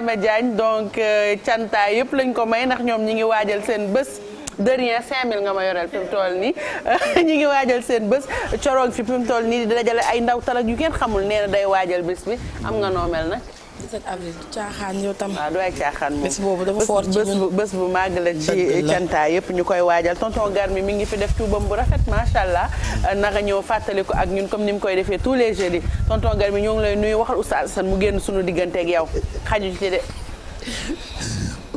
Ibrahima Diagne donc euh, cantaay yëpp lañ ko may ndax ñoom ñi ngi waajal seen bés de rien 5000 nga ma yoreel fi mu toll nii ñu ngi waajal seen bés coroog fi fi toll nii di dajale ay ndaw talag yu kenn xamul nee na day waajal bés bi am nga noo mel nag 17 avril caaxaan yow tam. waaw ah, du ay caaxaan moom bés boobu dafa fort ci ñun bés bu màgg la ci canta yëpp ñu koy waajal tonton gar mi mi ngi fi def tuubam bu rafet macha allah euh, naka ñëw fàttaliku ak ñun comme ni mu koy defee tous les jeudis tonton gar mi ñoo ngi lay nuyu waxal oustaz Assane mu génn suñu digganteeg yow xaju ci de.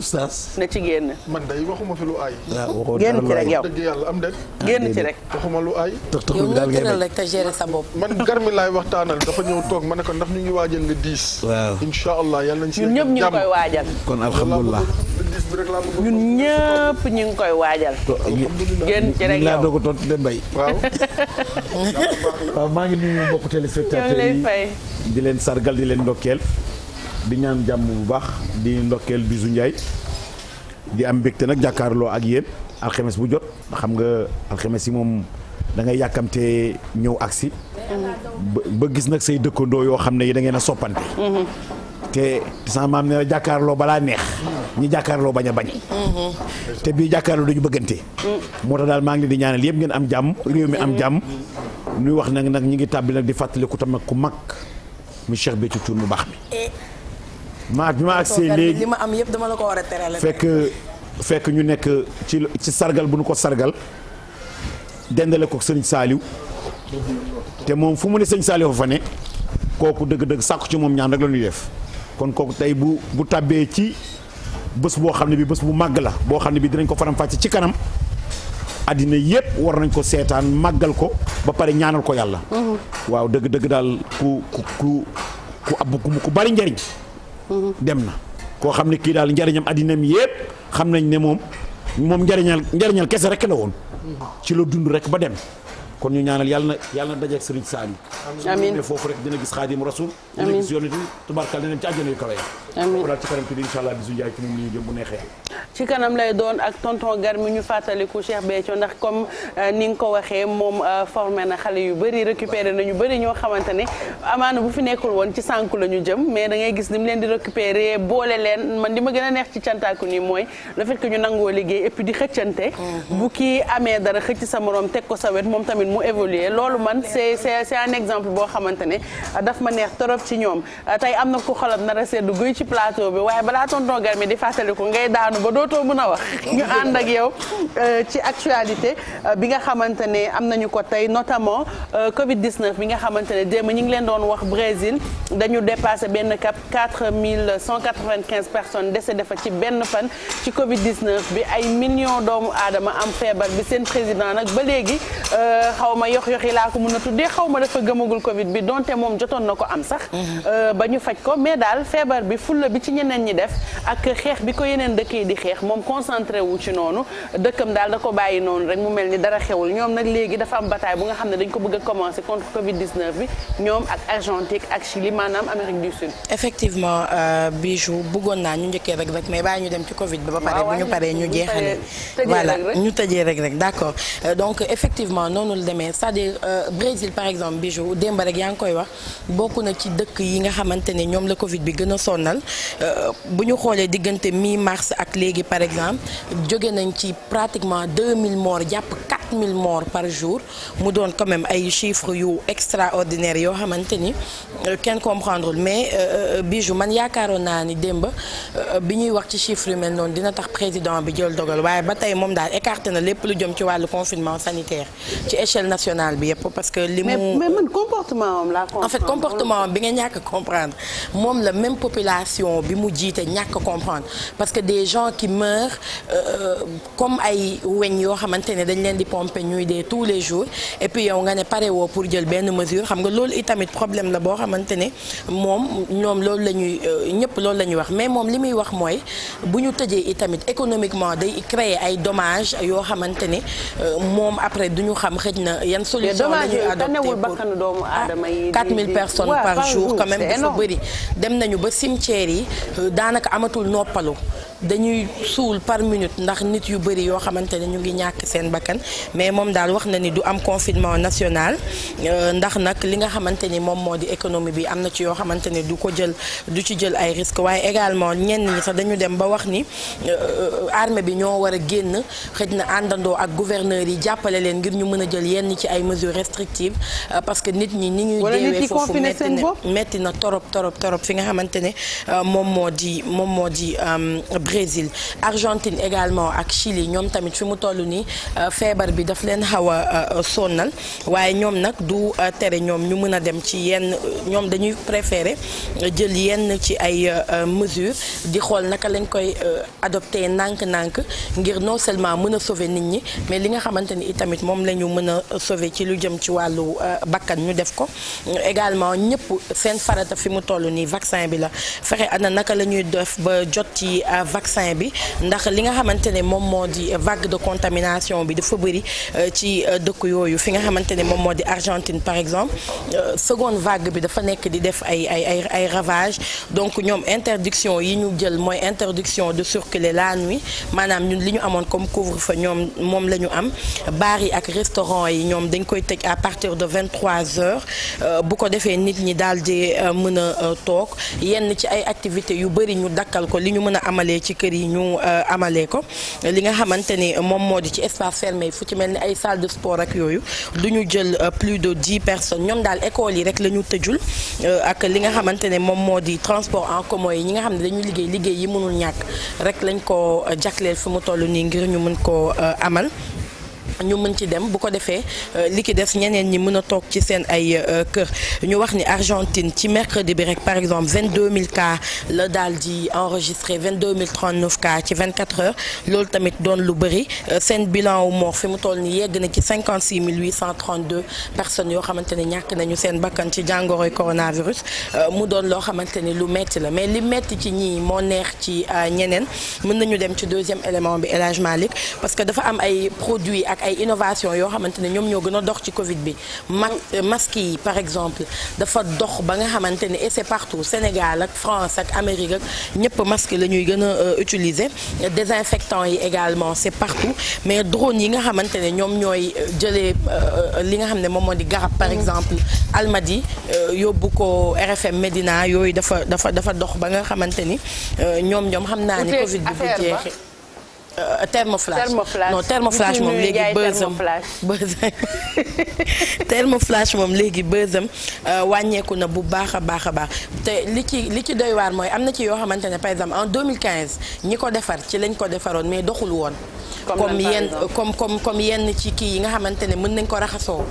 oustaz. na ci génn. man day fi lu ay. Ah, waaw génn ci rek yow am dëgg. Ah, génn ci rek. waxuma lu ay. tax taxul daal ngay yow rek te gérer sa garmi laay waxtaanal dafa ñëw toog ma ne ko ndax ñu ngi waajal nga diis. waaw incha allah yàlla nañ si. ñun ñëpp ñu ngi koy waajal. kon alhamdulilah. ñun ñëpp ñu ngi koy waajal. génn ci rek yow laa doog a tontu de mbay. waaw. waaw maa ngi nuyu di leen sargal di leen ndokkeel di ñaan jàmm bu baax di ndokkeel Bijou Ndiaye di am mbégte nag jàkkaarloo ak yéen alxemes bu jot xam nga alxemes yi moom dangay yàkkamte ñëw agsi ba gis nag say dëkkandoo yoo xam ne yi dangeen a soppante te sama maam ne jàkkaarloo balaa neex ñi jàkkaarloo bañ a bañ te bii jàkkaarloo dañu bëggante moo tax daal maa ngi di ñaanal yëpp ngeen am jàmm réew mi am jàmm nuy wax nag nag ñi ngi tàbbi nag di fàttaliku tam ku mag mu Cheikh Béthio Thioune mu baax mi maa bi ma agsee léegi li ma am yëpp dama la ko war a terale fekk fekk ñu nekk ci ci sargal bu nu ko sargal dendale ko sëñ Saaliw te moom fu mu ne sëñ Saaliw fa ne kooku dëgg-dëgg sàkku ci moom ñaan rek la ñuy kon kooku tey bu bu tàbbee ci bës boo xam ne bi bés bu màgg la boo xam ne bi dinañ ko faram-fàcce ci kanam àddina yëpp war nañ ko seetaan màggal ko ba pare ñaanal ko yàlla mm-hmm. waaw dëgg-dëgg daal ku ku ku bari njariñ dem na koo xam ne kii daal njariñam addinam yëpp xam nañ ne moom moom njariñal njariñal kese rek la woon ci la dund rekk ba dem kon ñu ñaanal yàlla na yàlla na dajeeg Serigne Saliou. amiin foofu rek dina gis xaadimu rasul. dina gis yonent tubaarkal dina dem ci àjjana ci kanam lay doon ak tonton Garmi ñu fàttaliku Cheikh Béthio ndax comme euh, ni nga ko waxee moom euh, formé na xale yu bëri récupéré na ñu bëri ñoo xamante ne bu fi nekkul woon ci sànku la ñu jëm mais da ngay gis ni mu leen di récupéré boole leen man li ma gën a neex ci cantaaku nii mooy le fait que ñu nangoo liggéey et puis di xëccante mm-hmm. bu kii amee dara xëcc mu évoluer loolu man c'est c'est un exemple boo xamante ne daf ma neex torop ci ñoom tey am na ku xolam nar a seddu guy ci plateau bi waaye balaa tonton Garmi di fàttaliku ngay daanu ba dootoo mën a wax ñu ànd ak yow euh, ci actualité euh, bi nga xamante ne am nañu ko tey notamment euh, Covid 19 bi nga xamante ne démb ñu ngi leen doon wax Brésil dañu dépassé benn cap 4195 personnes décédées fa ci benn fan ci Covid 19 bi ay million doomu aadama am feebar bi seen président nag ba léegi xaw ma yox yoxi laa ko mën a tuddee xaw dafa gëmagul Covid bi donte moom jotoon na ko am sax. Euh, ba ñu faj ko mais daal feebar bi fulla bi ci ñeneen ñi def ak xeex bi ko yeneen dëkk yi di xeex moom concentré wu ci noonu dëkkam daal da ko bàyyi noonu rek mu mel ni dara xewul ñoom nag léegi dafa am bataille bu nga xam ne dañ ko bëgg a commencé contre Covid 19 bi ñoom ak Argentine ak Chili maanaam Amérique du Sud. effectivement euh, naa ñu njëkkee rek rek mais bàyyi ñu dem ci Covid bi ba pare bu ñu paree ñu ñu tëjee rek rek d'accord euh, donc demee c'est-à-dire euh, Brésil par exemple bijou démb rek yaa ngi koy wax bokk na ci dëkk yi nga xamante ne ñoom la Covid bi gën a sonnal euh, bu ñu xoolee diggante mi mars ak léegi par exemple jóge nañ ci pratiquement 2000 morts jàpp 4000 morts par jour mu doon comme ay chiffres yu extraordinaire yoo xamante ni euh, kenn comprendrewul mais bijou man yaakaaroon naa ni démb bi ñuy wax ci chiffres yu mel noonu dina tax président bi jël dogal waaye ba tey moom daal écarté na lépp lu jëm ci wàllu confinement sanitaire échelle nationale bi yëpp parce que li mu mais man comportement am laa comprendre en fait comportement am bi nga ñàkk comprendre moom la même population bi mu jiite ñàkk comprendre parce que des gens qui meurent euh, euh, comme ay weñ yoo xamante ne dañ leen di pomper ñuy dee tous les jours et puis yow nga ne pare woo pour jël benn mesure xam nga loolu itamit problème la boo xamante ne moom ñoom loolu la ñuy euh, ñëpp loolu la ñuy wax mais moom li muy wax mooy bu ñu tëjee itamit économiquement day créer ay dommages yoo xamante ne moom après duñu xam xëj na yan solution la ñuy adopté pour quatre mille personnes par jour quand même dafa bëri dem nañu ba sim cimetière yi euh, daanaka amatul noppalu dañuy suul par minute ndax nit yu bëri yoo xamante ne ñu ngi ñàkk seen bakkan mais moom daal wax na ni du am confinement national euh, ndax nag li nga xamante ni moom moo di économie bi am na ci yoo xamante ni du ko jël du ci jël ay risques waaye également ñenn ñi sax dañu dem ba wax ni euh, armée bi ñoo war génn xëj na àndandoo ak gouverneur yi jàppale leen ngir ñu mën a jël yenn ci ay mesures restrictives euh, parce que nit ñi ni ñuy deewee foofu metti na metti na torop torop torop fi nga xamante ne euh, moom moo di moom moo di euh, Brésil Argentine également ak Chili ñoom tamit fi mu toll nii feebar bi daf leen xaw a sonnal waaye ñoom nag du tere ñoom ñu mën a dem ci yenn ñoom dañuy préférer jël yenn ci ay mesures di xool naka lañ koy adopté ndànk-ndànk ngir noo seulement mën a sauver nit ñi mais li nga xamante ni itamit moom la ñu mën a sauver ci lu jëm ci wàllu euh, bakkan ñu def ko également ñëpp seen farata fi mu toll nii vaccin bi la fexe na naka la ñuy def ba jot ci euh, vaccin bi ndax li nga xamante ne moom moo di vague de contamination bi dafa bëri euh, ci dëkk yooyu fi nga xamante ne moom moo di Argentine par exemple seconde vague bi dafa nekk di def ay ay ay ay ravage donc ñoom interdiction yi ñu jël mooy interdiction de circuler la nuit maanaam ñun li ñu amoon comme couvre fa ñoom moom la ñu am bar yi yi ñoom dañ koy tëj à partir de 23h euh, bu ko defee nit ñi daal di euh, mën a euh, toog yenn ci ay activités yu bëri ñu dakkal ko li ñu mën a amalee ci kër yi ñu amalee ko li nga xamante ni moom moo di ci espace fermé yi fu ci mel ni ay salle de sport ak yooyu du ñu jël plus de dix personnes ñoom daal école yi rek la ñu tëjul ak li nga xamante ne moom moo di transport en commun yi ñi nga xam ne dañuy liggéey liggéey yi mënul ñàkk rek lañ ko jagleel fi mu nii ngir ñu mën koo amal ñu mën ci dem bu ko defee euh, li ki des ñeneen ñi mën a toog ci seen ay euh, kër ñu wax ni Argentine ci mercredi bi rek par exemple 22000 cas la daal di enregistré 22039 cas ci 24 heures loolu tamit doon lu bari euh, seen bilan wu mort fi mu toll ni yegg na ci 56832 personnes yoo xamante ne ñàkk nañu seen bakkan ci jàngoroy coronavirus mu doon loo xamante ni lu metti la mais li metti ci ñii moo neex ci ñeneen mën nañu dem ci deuxième élément bi Elhaj Malick parce dafa am ay produits ay innovation yoo xamante ne ñoom ñoo gën a dox ci Covid bi ma euh, masque yi par exemple dafa dox ba nga xamante ne et c'est partout Sénégal ak France Amérique ñëpp masque la ñuy gën a euh, utiliser désinfectant yi également c'est partout mais drone yi nga xamante ne ñoom ñooy euh, jëlee li nga xam ne moom moo di garab par exemple Almadi yóbbu ko RFM Médina yooyu dafa dafa dafa dox ba nga xamante ni ñoom ñoom xam naa ni Covid bi bu jeexee Euh, thermoflash non thermoflash moom léegi bësam bësam thermoflash moom léegi bësam euh, wàññeeku na bu baax a baax a baax te li ci li ci doy waar mooy am na ci yoo xamante ne par exemple en 2015 ñi ko defar ci lañ ko defaroon mais doxul woon comme yenn comme comme comme yenn ci kii yi nga xamante ne mën nañ ko raxasoo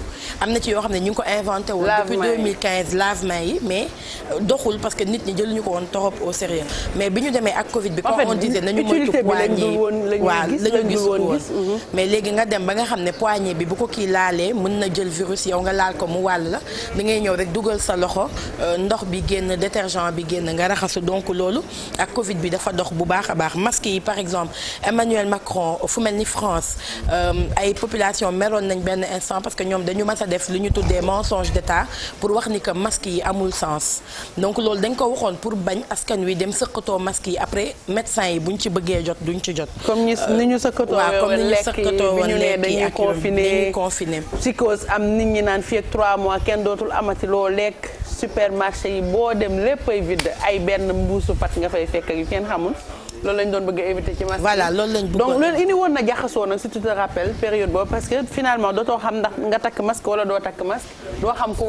am na ci yoo xam ne ñu ngi ko inventé woon depuis 2015 lave-mains yi mais euh, doxul parce que nit ñi ñu ko woon torop au sérieux mais bi ñu demee ak Covid bi comme on disait nañu moytu wàññi la ñuy gis woon mhm. mais léegi nga dem ba nga xam ne poignée bi bu ko kii laalee mën na jël virus yow nga laal ko mu wàll la da ngay ñëw rek dugal sa loxo euh, ndox bi génn détergent bi génn nga raxasu donc loolu ak Covid bi dafa dox bu baax a baax masque yi par exemple Emmanuel Macron fu mel ni France euh, ay population meroon nañ benn instant parce que ñoom dañu mas a def lu ñu tuddee mensonge d'état pour wax ni que masque yi amul sens donc loolu dañ ko waxoon pour bañ askan wi dem sëqatoo masque yi après médecin yi buñ ci bëggee jot duñ ci jot ñu euh, ni ñu sëkkatoo comme ni ñu sëkkatoo woon lekk yi ak dañuy confiné psychose am nit ñi naan fii ak 3 mois kenn dootul amati loo lekk supermarché yi boo dem lépp ay vide ay benn mbuusu pat nga fay fekk ak yu kenn xamul loolu lañ doon bëgg a éviter ci masque voilà loolu lañ bëgg donc loolu indi woon na jaxasoo nag si tu te rappelles période boobu parce que finalement dootoo xam ndax nga takk masque wala doo takk masque doo xam ko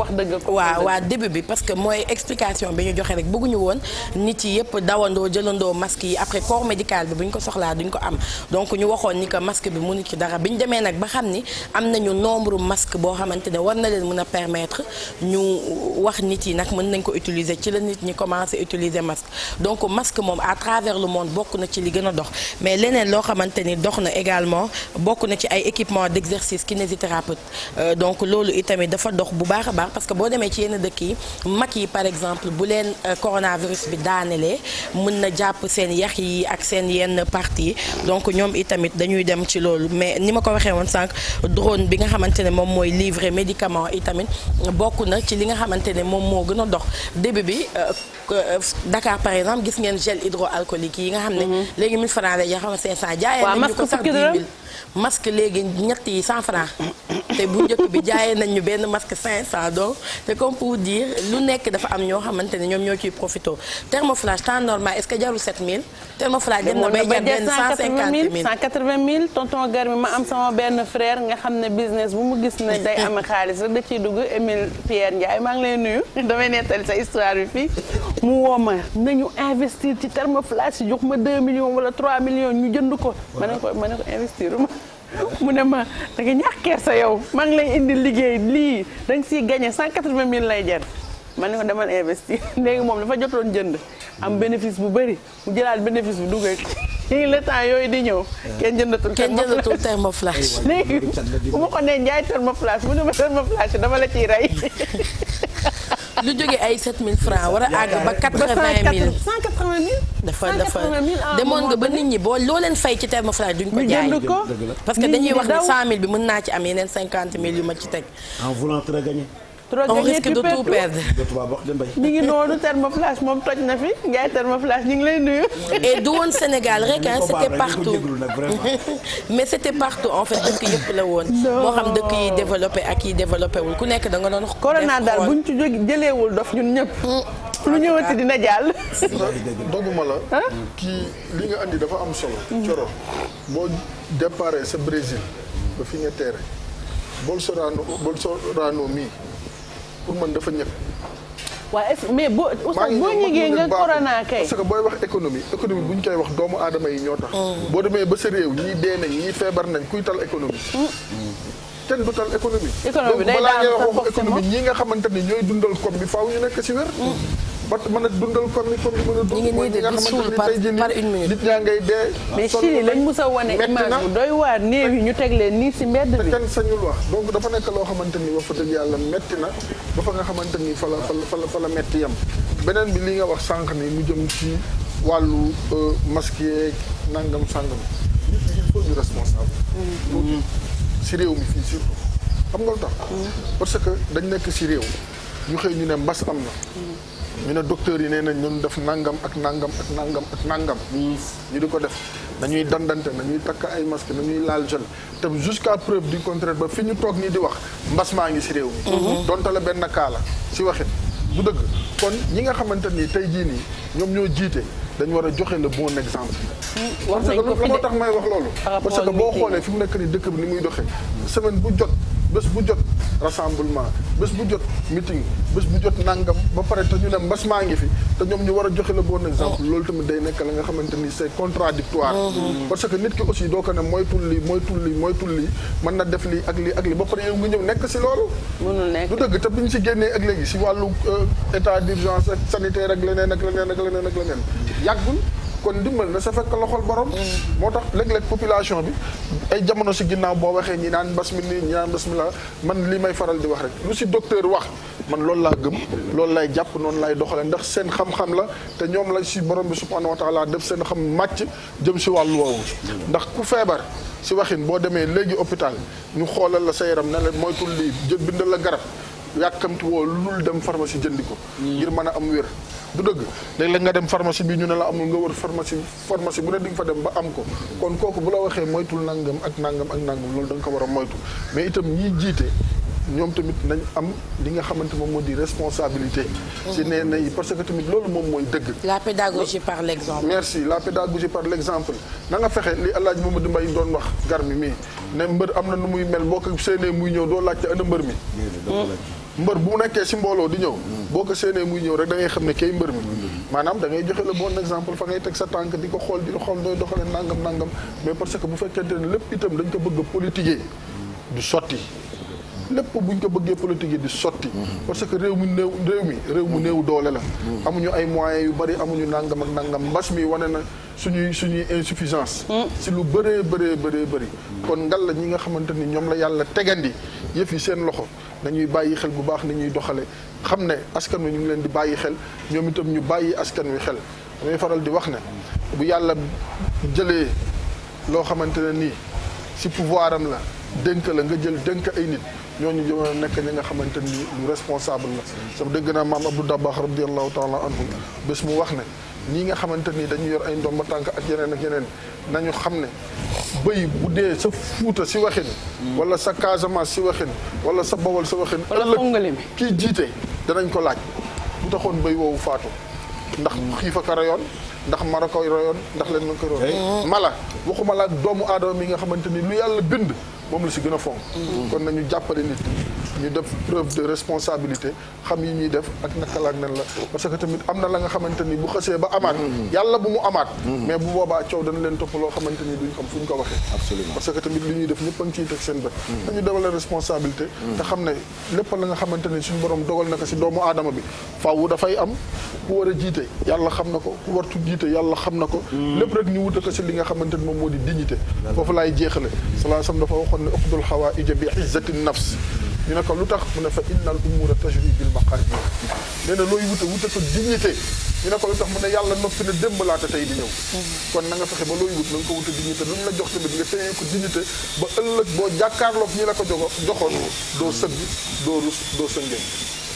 waaw waaw bi parce que mooy explication bi ñu joxe rek bëgguñu woon nit yi yëpp dawandoo jëlandoo masque yi après corps médical bi bu ñu ko soxlaa ko am donc ñu waxoon ni que masque bi mënu ci dara bi ñu demee nag ba xam ni am nañu nombre masque boo xamante ne war na leen mën a permettre ñu wax nit yi nag mën nañ ko utiliser ci la nit ñi commencé utiliser masque donc masque moom à travers le monde bokk na ci li gën a dox mais leneen loo xamante ni dox na également bokk euh, dafa dox bu baax a parce que boo demee ci yenn dëkk yi mag yi par exemple bu leen euh, coronavirus bi daanelee mën na jàpp seen yax yi ak seen yenn partie donc ñoom itamit dañuy dem ci loolu mais ni ma ko waxee woon sànq drone bi nga xamante ne moom mooy livrer médicament itamit bokk na ci li nga xamante ne moom moo gën a dox début bi euh, Dakar par exemple gis ngeen gel hydroalcoolique yi nga xam xam ne mm-hmm. léegi 1000 francs lay jaxaw 500 jaayee nañu ko sax 10 000 masque léegi ñett yi 100 francs te bu njëkk bi jaayee nañ ñu benn masque 500 donc te comme pour dire lu nekk dafa am ñoo xamante ne ñoom ñoo ciy profité thermoflash temps normal est-ce que jarul 7000. thermoflash dem na bay jar benn 150 000 180 000 tonton Garmi ma am sama benn frère nga xam ne business bu mu gis ne day am xaalis rek da ciy dugg Émile Pierre Ndiaye maa ngi lay nuyu damay nettali sa histoire bi fii mu woo ma nañu investir ci thermoflash jox ma 2 millions wala 3 millions ñu jënd ko. ma ne ko mu ne ma da nga ñàkk kersa yow maa lay indi liggéey lii da nga siy gagné cent quatre-vingt mille lay jar man ne ko demal investir léegi moom dafa jotoon jënd am bénéfice bu bëri mu jëlaat bénéfice bu dugal léegi le temps yooyu di ñëw kenn jëndatul kenn jëndatul thermoflash léegi bu ma ko nee njaay thermoflash mu ne ma thermoflash dama la ci rey lu jóge ay 7000 francs war a àgg ba 80 000 180 000. dafa dafa ah, demoon nga ba nit ñi boo loo leen fay ci Thermoflash duñ ko jaay. parce que dañuy wax ne 100000 bi mën naa ci am yeneen 50 000 yu ma ci teg. en on risque de tout perdre. mi ngi noonu thermoflash moom toj na fi Ndiaye thermoflash ñu ngi lay nuyu. et du woon Sénégal rek ah partout mais c'était partout en fait dëkk yëpp la woon. moo xam dëkk yi développé ak yi développé ku nekk da nga doon. corona daal bu ñu ci jëleewul dof ñun ñëpp. Mm. lu ñëwati dina jàll. doguma la. kii li nga andi dafa am solo. Mm. coro boo déparé sa Brésil ba fi nga teere Bolsorano Bolsorano mii. pour man dafa ñëpp. waaw est mais boo Oustaz boo ñëgee nga corona kay parce que booy wax économie économie bu ñu koy wax doomu aadama yi ñoo tax. Mm. boo demee ba sa réew ñii dee nañ ñii feebar nañ kuy tal économie. Mm. kenn du tal économie. économie day daal donc balaa ngay wax économie ñii nga xamante ni ñooy dundal koom bi faaw ñu nekk ci wér. Mm. ba mën a dundal comme ni comme ni mën a dund mooy ñi ngay dee mais lañ mës a image bu doy waar néew yi ñu teg leen nii si mbedd bi kenn sañul wax donc dafa nekk loo xamante ni wax fa dëgg yàlla metti na ba fa nga xamante fa la fa la fa la metti yam beneen bi li nga wax sànq ni mu jëm ci wàllu euh, masque yeeg nangam sàngam nit si mm-hmm. réew mi fii surtout xam nga lu tax mm-hmm. parce que dañ nekk si réew ñu xëy ñu ne mbas am na mm-hmm. ñu ne docteur yi nee nañ ñun def nangam ak nangam ak nangam ak nangam. ñu di ko def nañuy dandante nañuy takk ay masque nañuy laal gel te jusqu'à preuve du contraire ba fi ñu toog nii di wax mbas maa ngi si réew mi. Mhm. donte la benn kaala si waxin bu dëgg kon ñi nga xamante nii tey jii nii ñoom ñoo jiite dañ war a joxe le bon exemple. Mm, parce que lu moo tax may wax loolu. parce que boo xoolee fi mu nekk nii dëkk bi ni muy doxee. semaine bu jot bés bu jot. rassemblement bés bu jot meeting bés bu jot nangam ba pare te ñu ne mbas maa ngi fi te ñoom ñu war a joxe la bon exemple oh. loolu tamit day nekk la nga xamante ni c'est contradictoire oh. mm-hmm. parce que nit ki aussi doo ko ne moytul lii moytul lii moytul lii mën na def lii ak lii ak lii ba pare yow nga ñëw nekk si loolu du dëgg te bi ñu si génnee ak léegi si wàllu euh, état d'urgence ak sanitaire ak leneen ak leneen ak leneen ak leneen yàggul kon ndimbal na sa fekk loxol borom. Mm. moo tax léeg-léeg population bi ay jamono si ginnaaw boo waxee ñi naan mbas mi nii ñi naan mbas mi la man lii may faral di wax rek lu si docteur wax man loolu laa gëm loolu laay jàpp noonu laay doxale ndax seen xam-xam la te ñoom la si borom bi subhanahu wa taala def seen xam màcc jëm si wàllu woowu ndax ku feebar si waxin boo demee léegi hôpital ñu xoolal la sa yaram ne la moytul lii jël bindal la garab yàkkamti woo lul dem jëndi ko mm. ngir mën a am wér du dëgg léeg-léeg nga dem pharmacie bi ñu ne la amul nga wër pharmacie pharmacie bu ne di nga fa dem ba am ko kon kooku bu la waxee moytul nangam ak nangam ak nangam loolu da ko war a moytu mais itam ñiy jiite ñoom tamit nañ am li nga xamante moom moo di responsabilité. ci nee na yi parce que tamit loolu moom mooy dëgg. la pédagogie par l'exemple. merci la pédagogie par l'exemple na nga fexe li El moom Mamadou mbay doon wax garmi mi mii ne mbër am na nu muy mel boo ko muy ñëw doo laajte ana mbër mi. mbër bu nekkee ci mbooloo di ñëw boo ko séenee muy ñëw rek da xam ne kay mbër mi maanaam da ngay joxe le bon exemple fa ngay teg sa tànk di ko xool di ko xool nooy doxale nangam nangam mais parce que bu fekkente ne lépp itam dañ ko bëgg a politiquer du sotti lépp buñ ko bëggee politique yi di sotti parce que réew mi néew réew mi réew mu néew doole la amuñu ay moyens yu bari amuñu nangam ak nangam mbas mi wane na suñuy suñuy insuffisance si lu bëree bëree bëree bëri kon ngal la ñi nga xamante ni ñoom la yàlla tegandi yëf yi seen loxo nañuy bàyyi xel bu baax ni ñuy doxale xam ne askan wi ñu ngi leen di bàyyi xel ñoom itam ñu bàyyi askan wi xel damay faral di wax ne bu yàlla jëlee loo xamante ne nii si pouvoiram la dénk la nga jël dénk ay nit ñooñu jëmoon nekk ñi nga xamante ni lu responsable la sam dégg naa maam Abdou Dabakh radiallahu taala anhu bés mu wax ne ñii nga xamante ni dañu yor ay ndomba tànk ak yeneen ak yeneen nañu xam ne bëy bu dee sa fuuta si waxin wala sa Casamance si waxin wala sa Bawol sa waxin ëllëg kii jiite danañ ko laaj bu taxoon bëy woowu faatu ndax xiifa ka rayoon ndax mara ko royoon ndax leen ma ko royoon eh. mm-hmm. mala waxuma doomu aadama mi nga xamante ni lu yàlla bind moom la si gën a fonk mm-hmm. kon ñu jàppale nit ñu def preuve de responsabilité xam yi ñuy def ak naka la ak la parce que tamit am na la nga xamante ni bu xësee ba amaat mm-hmm. yàlla bu mu amaat mais bu boobaa coow dana leen topp loo xamante ni duñ xam fu ñu ko waxee absolument parce que tamit li ñuy def ñëpp a ngi ciy teg seen bët nañu dawale responsabilité te xam ne lépp la nga xamante ni suñu borom dogal na ko si doomu aadama bi faaw dafay am a jiite yàlla xam na ko jiite yàlla xam na ko hmm. lépp rek ñu wuta ko si li nga xamante ni moom moo di dignité foofu laay jeexale salaa sam dafa waxoon ne uqdul xawaïja bi izzati a hmm. ñu ne ko lu tax mu ne fa innal umura tajri bil maqadir nee na looy wuta wuta ko dignité ñu ne ko lu tax mu ne yàlla noppi na démb laata tey di ñëw hmm. kon na nga fexe ba looy wut na ko wuta dignité lu mu la jox tamit nga téye ko dignité ba ëllëg boo jàkkaarloog ñi la ko jogo joxoon doo sëgg doo rus doo sëngeen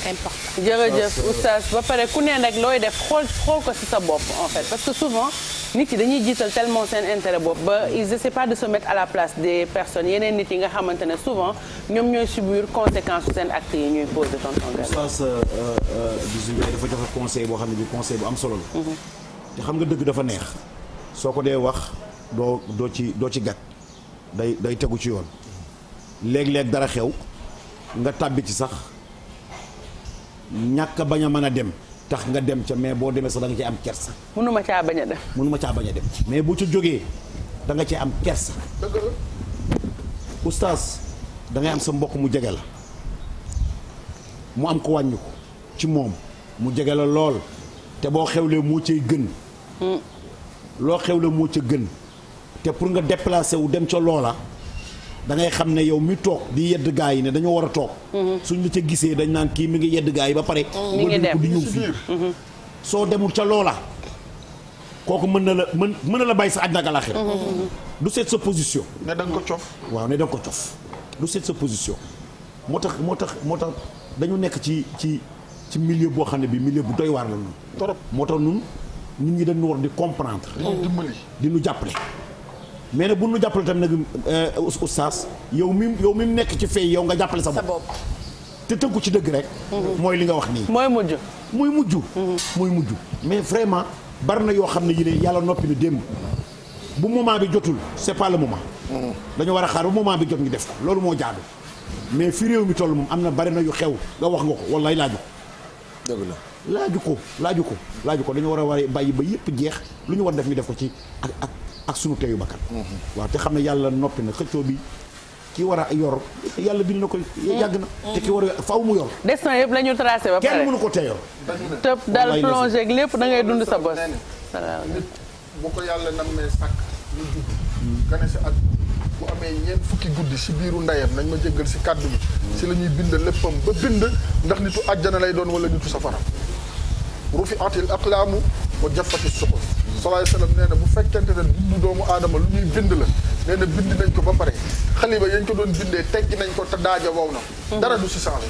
important. jërëjëf oustaz ba pare ku ne nag looy def xool xool ko ci sa bopp en fait parce que souvent nit yi dañuy gisal tellement seen intérêt bopp ba ils essaient pas de se mettre à la place des personnes yeneen nit yi nga xamante ne souvent ñoom ñooy subir conséquence su seen actes yi ñuy poser tonton Gallé. oustaz euh, euh, euh, Bijou Ndiaye dafa joxe conseil boo xam ne bi conseil bu am solo la. Mhm. te xam nga dëgg dafa neex. soo ko dee wax doo doo ci doo ci gàtt day day tegu ci yoon léeg-léeg dara xew nga tàbbi ci sax. ñàkk bañ a mën a dem tax nga dem ca mais boo demee sax da nga cee am kersa. mënuma caa bañ a dem. mënuma caa bañ a dem mais bu ca jógee da nga cee am kersa. dëgg la. oustaz am sa mbokk mu jege la mu am ko wàññi ci moom mu jege la lool te boo xewlee moo cay gën. Hmm. loo xewle moo ca gën te pour nga déplacer wu dem ca loola. dangay xam ne yow mi toog di yedd gaa yi ne dañoo war a toog. Mhm. suñu la ca gisee dañ naan kii mi ngi yedd gaa yi ba pare. mi mhm. ngi dem di ñëw fii. Mhm. soo demul ca loola. kooku mën na la mën mën na la bàyyi sa àddina ak àllaaxira du seet sa position. ne da ko cof. waaw ne da ko cof du seet sa position. moo tax moo tax moo tax dañu nekk ci ci ci milieu boo xam ne bi milieu bu doy waar la ñun. trop moo tax ñun nit ñi dañu war di comprendre. di dimbali di nu jàppale. mais nag bu nu jàppale tam nag oustaz euh, yow mi yow mi mu nekk ci fay yow nga jàppale sa bopp te tënku ci dëgg rek. Mhm. mooy li nga wax nii. mooy mujj. muy mujj. muy mhm. mujj mais vraiment bari na yoo xam ne yi ne yàlla noppi na démb bu moment bi jotul c'est pas moment. Mhm. dañu war a xaar bu moment bi jot ngi def ko loolu moo jaadu mais fi réew mi moom am na bari na yu xew nga wax nga ko wallaay laaju ko. dëgg la laaju ko laaju ko laaju ko dañu war a war a bàyyi ba yëpp jeex lu ñu war def ñu def ko ci ak ak. ak sunu teyu bakkan waaw te xam ne yàlla noppi na xëccoo bi ki war a yor yàlla bind na ko yàgg na te ki war a faw mu yor destin yëpp la ñu ba pare kenn mënu ko teeyor tëb dal plongé lépp da ngay dund sa bos nit ko yàlla nammee sàkk ñu si at bu amee ñeent fukki guddi si biiru ndeyam nañ ma jéggal si kàddu bi si la ñuy bind léppam ba bind ndax nitu àjjana lay doon walla nitu safara rufi atil aqlaamu wa jaffati suxuf salaay salaam nee na bu fekkente ne dundu doomu aadama lu ñuy bind la nee na bind nañ ko ba pare xaliba yañ ko doon bindee teggi nañ ko te daaja wow na. dara du si changé.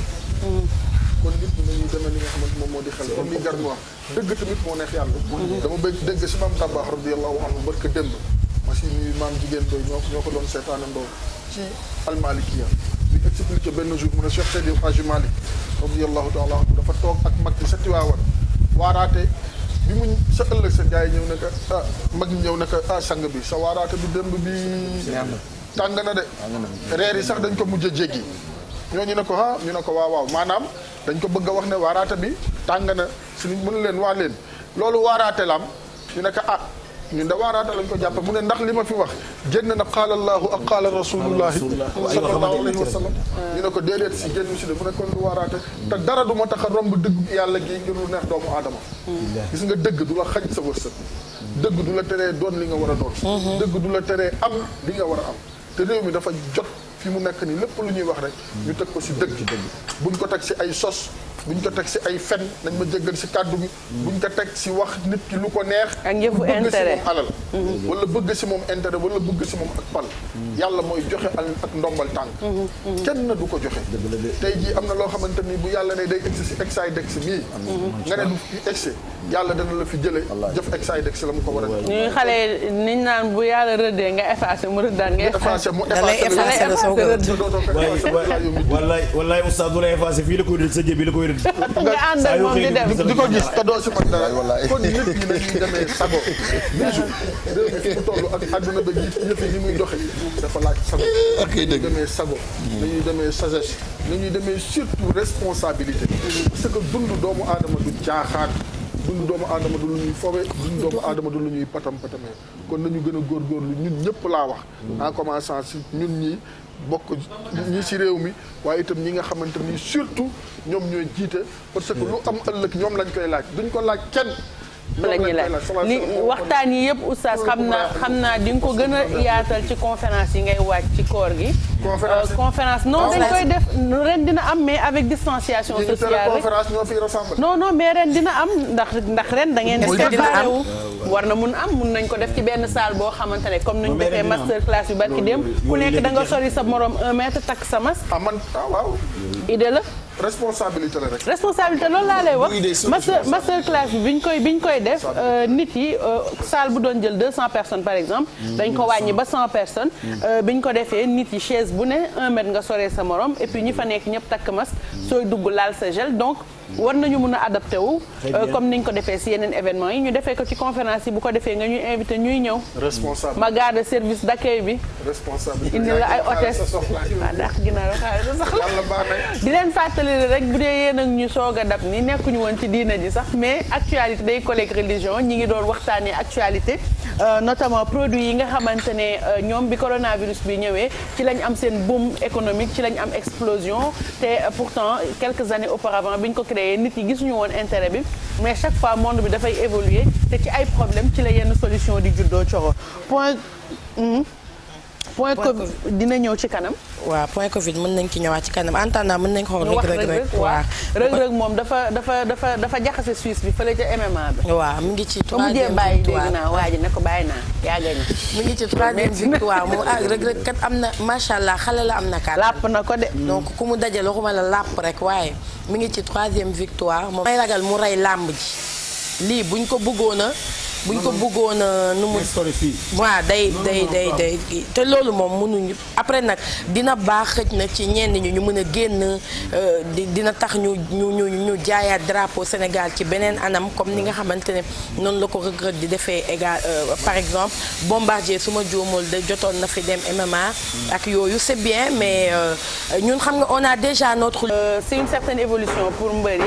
kon nit ñi dañuy demee li nga xamante moom moo di xel comme ni Garga wax dëgg tamit moo neex yàlla. dama bëgg dëgg si maam Tabax radiyallahu anhu barka démb. ma si nuyu maam jigéen doy ñoo ñoo ko doon seetaanandoo ci almalikiya di expliqué benn jour mu ne Cheikh Seydi Hadji Malick radiyallahu taala dafa toog ak mag ci sa tiwaawan waaraate. bi mu ñu sa ëllëg sa gars yi ñëw naka ah mag ñi ñëw naka ah sang bi sa waaraate bi démb bii tàng na de reer yi sax dañ ko mujj a ñoo ñu ne ko ah ñu ne ko waaw waaw maanaam dañ ko bëgg a wax ne waaraate bi tàng na suñu mënu leen wax leen loolu waaraate lam ñu ne ko ah ñun da waaraata lañ ko jàpp mu ne ndax li ma fi wax génn na qaala allahu ak qaala rasulullahi sallallahu a wa sallam ñu ne ko déedéet si génn si de mu ne kon du waaraate te dara du ma tax a romb dëgg yàlla gi ngir lu neex doomu aadama gis nga dëgg du la xañ sa wërsëg dëgg du la teree doon li nga war a doon mm-hmm. dëgg du la teree am li nga war a am te réew mi dafa jot fi mu nekk nii lépp lu ñuy wax rek ñu teg ko si dëgg buñ ko teg si ay sos buñ ko teg si ay fen nañ ma jéggal si kàddu bi buñ ko teg si wax nit ki lu ko neex bëgg si moom alal wala bëgg si moom intérêt wala bëgg si moom ak pal yàlla mooy joxe alal ak ndombal tànk kenn du ko joxe tey jii am na loo xamante ni bu yàlla ne day egsi si egsaay dex mii nga ne du fi egsi yàlla dana la fi jële jëf egsaay dex la mu ko war ñuy xale niñ naan bu yàlla rëddee nga effacé mu rëddaan nga effacé mu effacé la soog la effacé fii la koy rëdd nga ànd ak moom bi dem di ko gis te doo si mën dara kon nit ñi nañuy demee sago toujours réew mi fu toll ak àdduna ba yëf yi ni muy doxe dafa laaj sago nañuy demee sago nañuy demee sagesse nañuy demee surtout responsabilité parce que dund doomu aadama du caaxaan dund doomu aadama du lu ñuy fowe dund doomu aadama du lu ñuy patam patamee kon nañu gën a góorgóorlu ñun ñëpp laa wax mm. en commençant si ñun ñi bokk ñi ci réew mi waaye itam ñi nga xamante ni surtout ñoom ñooy jiite parce que lu am ëllëg ñoom lañ koy laaj duñ ko laaj kenn la ñuy laaj li waxtaan yi yëpp oustaz xam naa xam naa di nga ko gën a yaatal ci conférence yi ngay wàcc ci koor gi. conférence euh, no ah, dañ koy def ren dina am mais avec distanciation sociale rek non non mais ren dina am ndax ndax ren da ngeen di préparé war na mun am mun nañ ko def ci benn salle boo xamante ne comme nañu defee master class yu barki dem ku nekk da nga sori sa moroom un mètre takk sa masque. ah man ah, waaw idée la. responsabilité la rek. responsabilité loolu laa lay wax. master master class bi ñu koy bi koy def. Euh, nit yi euh, salle bu doon jël 200 personnes par exemple. Mm. dañ ko wàññi ba 100 personnes. Mm. Euh, bi ñu ko defee nit yi chaise bu ne 1 mètre nga soree sa morom et ñu fa nekk ñëpp takk masque mm. sooy dugg laal sa gel donc. war nañu mun a adapté wu. comme ñu ko defee si yeneen événement yi ñu defee ko ci conférence yi bu ko defee nga ñuy invité ñuy ñëw. responsable ma garde service d' accueil bi. responsable indi la ay hôtesse. waaw ah, ndax ginnaaw xaaral di leen fàttali fàttali rek bu dee yéen ak soog a dab ni nekkuñu woon ci diina ji sax mais actualité day collègue religion ñi ngi doon waxtaanee actualité euh, notamment produit yi nga xamante ne euh, ñoom bi coronavirus bi ñëwee ci lañ am seen boom économique ci lañ am explosion te euh, pourtant quelques années auparavant bi ñu ko créé nit yi gisuñu woon intérêt bi mais chaque fois monde bi dafay évoluer te ci ay problème ci la yenn solution di juddoo coro hmm? point covid dina ñëw ci kanam. waaw point covid mën nañ ci ñëwaat ci kanam en tout cas mën nañ xool rek rek rek moom dafa dafa dafa dafa jaxase Suisse bi fële ca MMA bi. waaw mu ngi ci troisième victoire ba waa ji ne bàyyi naa yaa gagné. mu ngi ci troisième victoire mu ah rek kat am na macha allah xale am na kat. làpp na ko de. donc ku mu dajal waxuma la rek waaye mu ngi ci troisième victoire moom. may ragal mu rey làmb ji lii buñ ko bëggoon a buñ ko bëggoon a nu mu waaw day day day day te loolu moom mënuñu après nag dina baax xëj na ci ñenn ñi ñu mën a génn euh, dina tax ñu ñu ñu ñu jaayaat drapeau Sénégal ci beneen anam comme ni nga xamante ne noonu la ko Reug-Reug di defee égal euh, par exemple Bombardier su ma juumul de jotoon na fi dem MMA ak yooyu c'est bien mais euh, ñun xam nga on a déjà notre c'est une certaine évolution pour mbër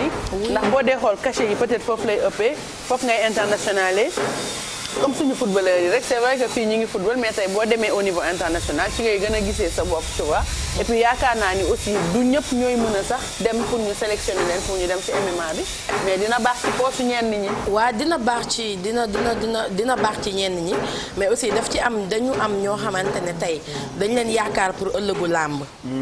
yi ndax boo dee xool cachet yi peut-être foofu lay ëppee foofu ngay internationalé Thank you. comme suñu footballeur yi rek c'est vrai que fii ñu ngi football mais tey boo demee au niveau international ci ngay gën a gisee sa bopp tu vois et yaakaar naa ni aussi du ñëpp ñooy mën a sax dem pour ñu sélectionner leen pour ñu dem ci MMA bi mais dina baax ci poosu ñenn ñi. waa dina baax ci dina dina dina dina baax ci ñenn ñi mais aussi daf ci am dañu am ñoo xamante ne tey dañ leen yaakaar pour ëllëgu làmb.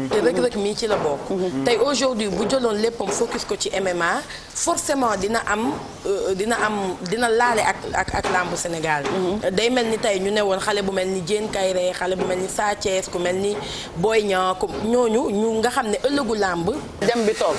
te rëg-rëg mii ci la bokk. Mhm. tey aujourd'hui bu jëloon léppam focus ko ci MMA forcément dina am euh, dina am dina laale ak ak ak làmb Sénégal Sénégal mhm. day mel ni tey ñu ne woon xale bu mel ni Diène Kayré xale bu mel ni Sa Thiès ku mel ni Boy Niang ku ñu nga xam ne ëllëgu làmb dem bi toog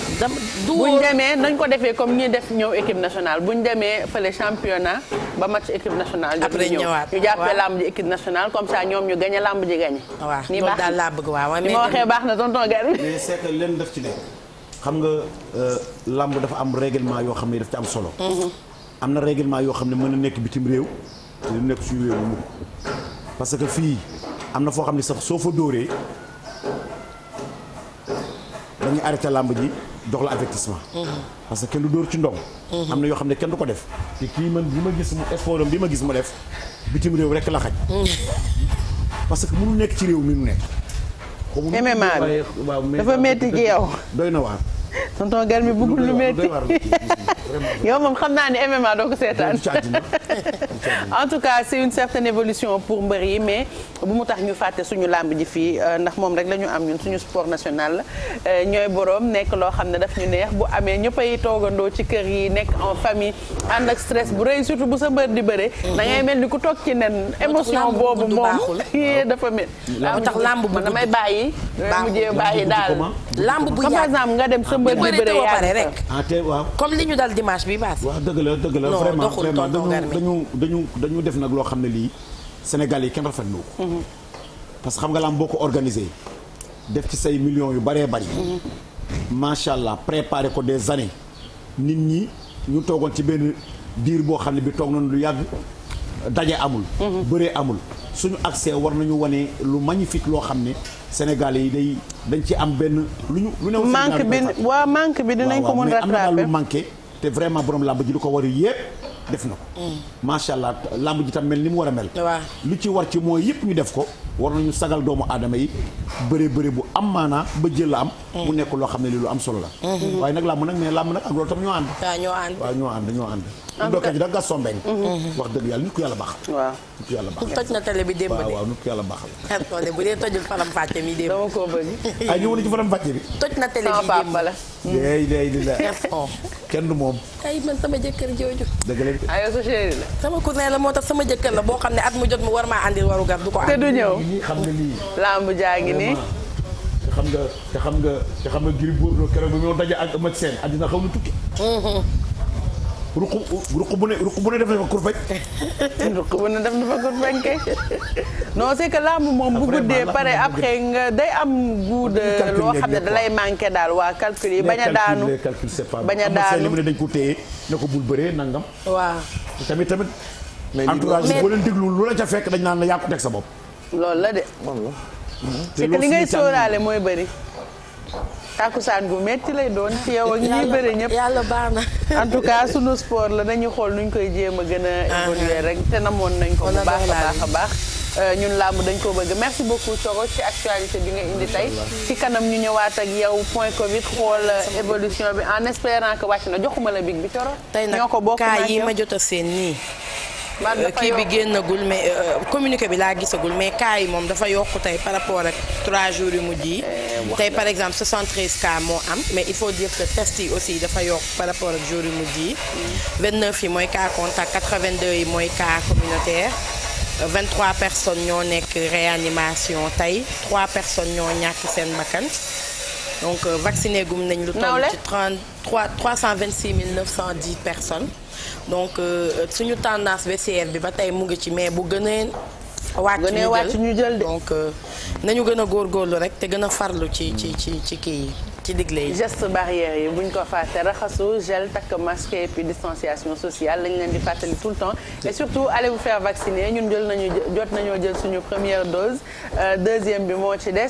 du buñ demee nañ ko defee comme ñuy def ñëw équipe nationale buñ demee fële championnat ba match équipe nationale après ñëwaat ñu jàppee làmb ji équipe nationale comme ça ñoom ñu gañe làmb ji gañe waaw loolu daal laa bëgg waaw ni ma waxee baax na tonton gar mais c'est que leen def ci ne xam nga euh, làmb dafa am règlement yoo xam ne daf ci am solo mhm. am na règlement yoo xam ne mën na nekk bitim réew te du nekk suñu réew mu mukk parce que fii am na foo xam ne sax soo fa dóoree dañuy arrêté làmb ji dox la avertissement parce que kenn du dóor ci ndong mhm. am na yoo xam ne kenn du ko def te kii man bi ma gis mu sport bi ma gis ma def bitim réew rek la xaj mhm. parce que mënu nekk ci réew mi mu nekk MMA bi dafa metti ci yow doy na waar tonton gar mi lu metti yow moom xam naa ne MMA doo ko seetaan en tout cas c'est une certaine évolution pour mbër yi mais bu mu tax ñu fàtte suñu làmb ji fii euh, ndax moom rek la ñu am ñun suñu sport national la euh, ñooy boroom nekk loo xam ne daf ñu neex bu amee ñëppay toogandoo ci kër yi nekk en famille ànd ak stress bu rëy surtout bu sa mbër di bëre mhm. da mel ni ku toog ci nen émotion boobu moom yee dafa mel moo tax làmb bu damay bàyyi euh, mujjee bàyyi daal làmb mbër di bëre yaa pare rek. ah te waaw. comme li ñu dal dimanche bi baas. waaw dañu dañu def nag loo xam ne lii Sénégal yi kenn rafetlu ko. Mhm. parce que xam nga lam boo ko organisé def ci say millions yu baree bari. Mhm. macha allah préparé ko des années nit ñi ñu toogoon ci benn diir boo xam ne bi toog nañ lu yàgg daje amul. Mhm. bëree amul suñu accès war nañu wane lu magnifique loo xam ne. Sénégal yi day dañ ci am benn lu ñu. lu new manque bi waa manque bi dinañ ko mën rattraper manqué. te vraiment borom làmb ji lu ko war yépp def na ko. Mm. macha allah làmb ji tam mel ni mu war a mel. lu ci war ci mooy yëpp ñu def ko. war nañu sagal doomu aadama yi bëre bëre bu am maanaa ba jël la am. Mm. mu nekk loo xam ne li lu am solo la. Mm-hmm. waaye nag làmb nag mais làmb nag ak loolu tam ñoo ànd. waaw ñoo ñoo ànd ñoo ànd. ndokkee ji da Gaston Mbengue mhm. wax dëgg yàlla nit ku yàlla baax waaw nit yàlla baax toj na yàlla la bu dee tojul faram fàcce mi démb dama koo bëgg ay ñëw na ci faram fàcce bi toj na télé bi démb la day hmm. day di la kenn du moom ay man sama jëkkër jooju dëgg la ay sa sama cousin la moo tax sama jëkkër la boo xam ne at mu jot mu war maa andil waru gar du ko te du ñëw xam nga lii lamb jaa ngi nii te xam nga te xam nga te xam nga Gris Bordeaux keroog bi moo daje ak Eumeu Sène àddina xaw na tukki mhm. ruq ruq bu ne ruq bu ne def na fa kurpeñ. ruq bu ne def na fa kurpeñ kay non c'est que làmb moom bu guddee pare après nga day am goût de loo xam ne dalay manqué daal waa calcul yi bañ a daanu les calculs c'est a daanu li mu ne dañ ko téye ne ko bëree nangam. waaw tamit tamit. entourage boo leen déglu lu la ca fekk dañ naan la yaa teg sa bopp. loolu la de. c'est que li ngay sóoraale mooy bëri. tàkkusaan gu metti lay doon ci yow ak ñuy bëri ñëpp yàlla baax na en tout cas sunu sport la dañuy xool ñu koy jéem a gën a ah, évoluer ah. rek te namoon nañ ko bu baax a baax a euh, baax ñun làmb dañ ko bëgg merci beaucoup Soro ci actualité bi nga indi tey ci kanam ñu ñëwaat ak yow point covid xool euh, évolution bi en espérant que wàcc na joxuma la big bi Soro tey nag ñoo ko bokk yi ma jot seen nii Euh, kii bi génnagul mais euh, communiqué bi laa gisagul mais cas yi moom dafa yokku tey par rapport ak 3 jours yu mujj yi. Eh, tey par exemple 73 cas moo am mais il faut dire que test yi aussi dafa yokk par rapport ak jours yu mujj yi. 29 mm. yi mooy cas contact 82 yi mooy cas communautaire. 23 euh, personnes ñoo nekk réanimation tey 3 personnes ñoo ñàkk seen bakkan donc vacciné gum nañ lu toll ci 33 cent 910 personnes donc euh, suñu tendance baissière bi ba tey mu ngi ci mais bu gënee wàcc ñu jël donc euh, nañu gën a góorlu rek te gën a farlu ci ci ci ci kii yi ci digle yi geste barrière yi buñ ko fàtte raxasu gel takk masque et puis distanciation sociale lañ leen di fàttali tout le temps et surtout allez vous faire vacciner ñun jël nañu jot nañoo jël suñu première dose euh, deuxième bi moo ci des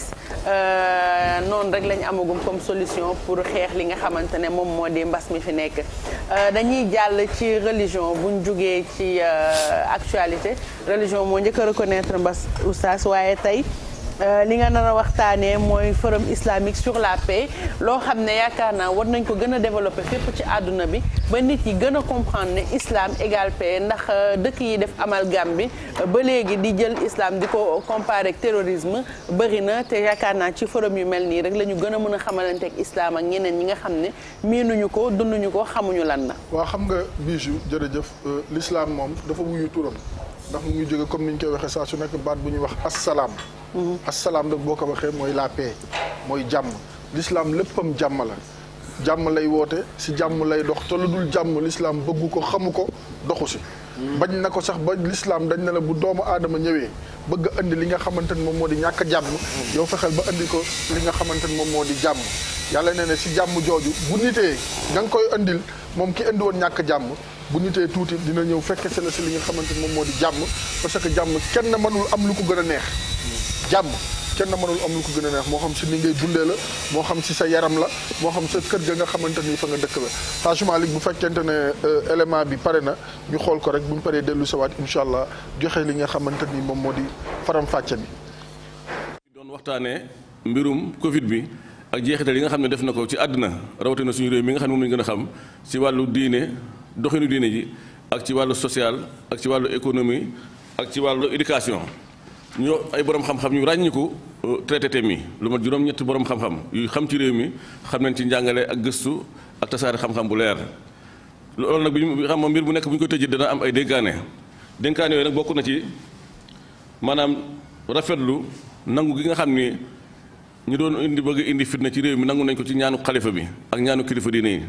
euh, noonu rek lañ amagum comme solution pour xeex li nga xamante ne moom moo di mbas mi fi nekk euh, dañuy jàll ci religion buñ jugee ci actualité religion moo njëkk a reconnaître mbas oustaz waaye tey Euh, li nga nar waxtaanee mooy forum islamique sur la paix loo xam ne yaakaar naa war nañ ko gën a développer fépp ci àdduna bi ba nit yi gën a comprendre ne islam égal paix ndax euh, dëkk yi def amal amalgame bi ba léegi di jël islam di ko comparer ak terrorisme bëri na te yaakaar naa ci forum yu mel nii rek la ñu gën a mën a xamalante ak islam ak ñeneen ñi nga xam ne miinuñu ko dunduñu ko xamuñu lan la. waaw xam nga bijou jërëjëf euh, l'islam moom dafa wuyu turam ndax mu ngi jóge comme ni ñu koy waxee saa su nekk baat bu Mm-hmm. asalaam nag boo ko waxee mooy la mooy jàmm l'islam léppam jàmm la jàmm lay woote si jàmm lay dox te lu dul jàmm l'islam bëggu ko xamu ko doxu si mm-hmm. bañ na ko sax ba lislaam dañ ne la bu doomu aadama ñëwee bëgg a indi li nga xamante ni moom moo di ñàkk jàmm mm-hmm. yow fexeel ba indi ko li nga xamante ni moom moo di jàmm yàlla nee ne si jàmm jooju bu nitee nga koy indil moom ki indi woon ñàkk jàmm bu nitee tuuti dina ñëw fekke si la si li nga xamante ni moom moo di jàmm parce que jàmm kenn mënul am lu ko gën a neex jàmm kenn mënul am lu ko gën a neex moo xam si ni ngay dundee la moo xam si sa yaram la moo xam sa kër ga nga xamante ni fa nga dëkk la Hadj Malick bu fekkente ne euh, élément bi pare na ñu xool ko rek bu ñu paree dellu sawaat incha allah joxe li nga xamante ni moom moo di faram-fàcce bi. doon waxtaanee mbirum Covid bi ak jeexital li nga xam ne def na ko ci àddina rawatina suñu réew mi nga xam ne moom lañu gën a xam ci wàllu diine doxinu diine ji ak ci wàllu social ak ci wàllu économie ak ci wàllu éducation. ñoo ay borom xam-xam ñu ràññiku euh, traité thème yi lu ma juróom-ñetti boroom xam-xam yu xam ci réew mi xam nañ ci njàngale ak gëstu ak tasaare xam-xam bu leer loolu nag bi ñu xam mbir bu nekk bu ñu ko tëjee dana am ay dénkaane dénkaane yooyu nag bokk na ci maanaam rafetlu nangu gi nga xam ni ñu doon indi bëgg indi fitna ci réew mi nangu nañ ko ci ñaanu xalifa bi ak ñaanu kilifa diine yi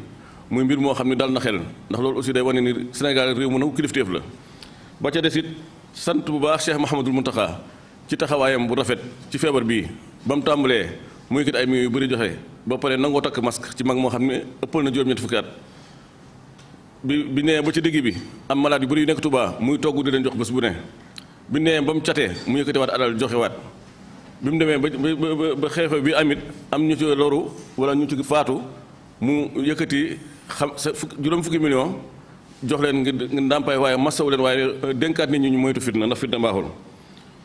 muy mbir moo xam ni dal na xel ndax loolu aussi day wane ni Sénégal réew mu nangu kilifteef la sant bu baax Cheikh mu Mountakha ci taxawaayam bu rafet ci feebar bii ba mu tàmbalee muy kit ay mi yu bëri joxe ba pare nangoo takk masque ci mag moo xam ne ëppal na juróom-ñetti fukki at bi bi nee ba ci digg bi am malade yu bëri yu nekk tubaa muy togg di leen jox bés bu ne bi nee ba mu catee mu yëkkatewaat alal joxe waat bi mu demee ba ba ba xeefe bi amit am ñu ci loru wala ñu ci faatu mu yëkkati xam sa juróom fukki million jox leen nga ndàmpaay waaye masawu leen waaye euh, dénkaat nit ñi ñu moytu fitna ndax fitna baaxul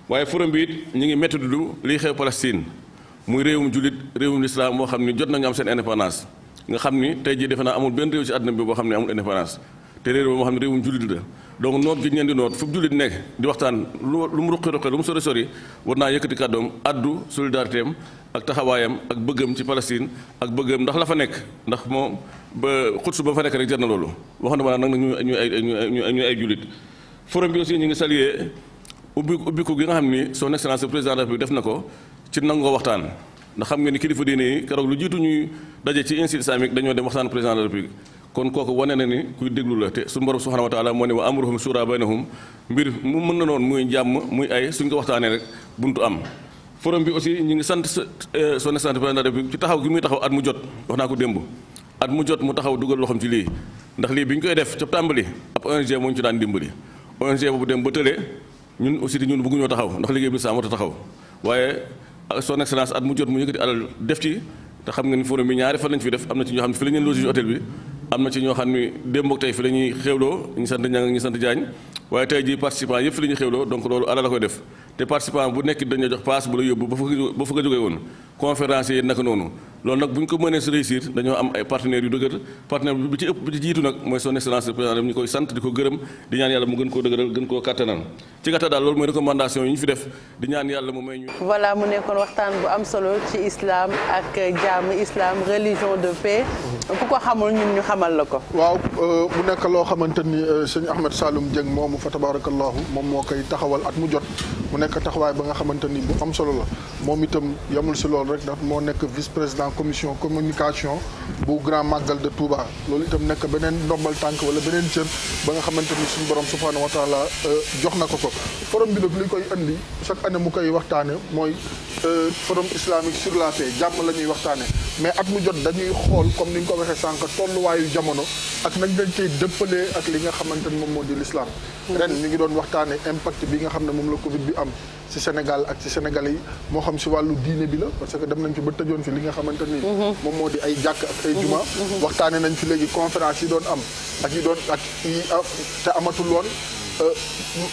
waaye forum bi ñu ngi métti du liy xew Palestine muy réewum jullit réewum lislaam moo xam ni jot nañu am seen indépendance nga xam ni tey jii defe naa amul benn réew ci àddina bi boo xam ne amul indépendance te réer boo ma xam ne réewum jullit la donc noot gi ñeen di noot fu jullit nekk di waxtaan lu mu ruqi ruqi lu mu sori sori war naa yëkkati kàddoom addu solidarité ak taxawaayam ak bëggam ci Palestine ak bëggam ndax la fa nekk ndax moom ba xutsu ba fa nekk rek jar na loolu wax na ma nag ñu ñu ay ñu ay jullit forum bi aussi ñu ngi saluer ubbi ubbiku gi nga xam ni son excellence président de la République def na ko ci nangoo waxtaan ndax xam nga ni kilifa diine yi keroog lu jiitu ñuy daje ci institut islamique dañoo dem waxtaan président de la République kon kooku wane na ni kuy déglu la te suñu borom subhanahu wa taala moo ne wa amruhum shura mbir mu mën na noonu muy jàmm muy ay suñ ko waxtaanee rek buntu am forum bi aussi ñu ngi sant euh, son excellence président de la ci taxaw gi muy taxaw at mu jot wax naa ko démb at mu jot mu taxaw dugal loxoom ci lii ndax lii bi ñu koy def ca tàmbali ab ONG moo ñu ci daan dimbali ONG boobu dem ba tële ñun aussi ñun bëgguñoo taxaw ndax liggéey bi saamata taxaw waaye son excellence at mu jot mu yëkkati alal def ci te xam ngeen fi def am na ñoo xam ne fi bi am na ci ñoo xam ne démb ak tey fi la ñuy xéwloo ñu sant Niang ñu sant Diagne waaye tey jii participants yëpp fi la ñuy xéwloo donc loolu alal a koy def te participant bu nekk dañoo jox paas bu la yóbbu ba fa ba fa nga jógee woon conférencier naka noonu loolu nag bu ñu ko mënee réussir dañoo am ay partenaires yu dëgër partenaire bi ci ëpp bi ci jiitu nag mooy son excellence président ñu koy sant di ko gërëm di ñaan yàlla mu gën koo dëgëral gën koo kattanal ci gàttal daal loolu mooy recommandation yi ñu fi def di ñaan yàlla mu may ñu. voilà mu nekkoon waxtaan bu am solo ci islam ak jaamu islam religion de paix. ko xamul ñun ñu xamal la ko. waaw euh, mu nekk loo xamante ni euh, sëñ Ahmed Saloum Dieng moomu fa moom moo koy taxawal at mu jot nekk taxawaay ba nga xamante ni bu am solo la moom itam yamul si loolu rek ndax moo nekk vice président commission communication bu grand màggal de Touba loolu itam nekk beneen ndombal tànk wala beneen cër ba nga xamante ni borom subhaanahu wa taala euh, jox na ko ko forum bi nag li koy andi chaque année mu koy waxtaane mooy euh, forum islamique sur la jàmm la waxtaane mais at mu jot dañuy xool comme ni ñu ko waxee sànq tolluwaayu jamono ak nañ dañ koy dëppalee ak li nga xamante ni moom moo di mm-hmm. la ci Sénégal ak ci senegal yi moo xam si wàllu diine bi la parce que dem nañ fi ba tëjoon fi li nga xamante ni mhm. moom moo di ay jàkk ak ay mhm. juma mhm. waxtaane nañ fi léegi conférence yi doon am ak yi doon ak yi ah, te amatul woon euh,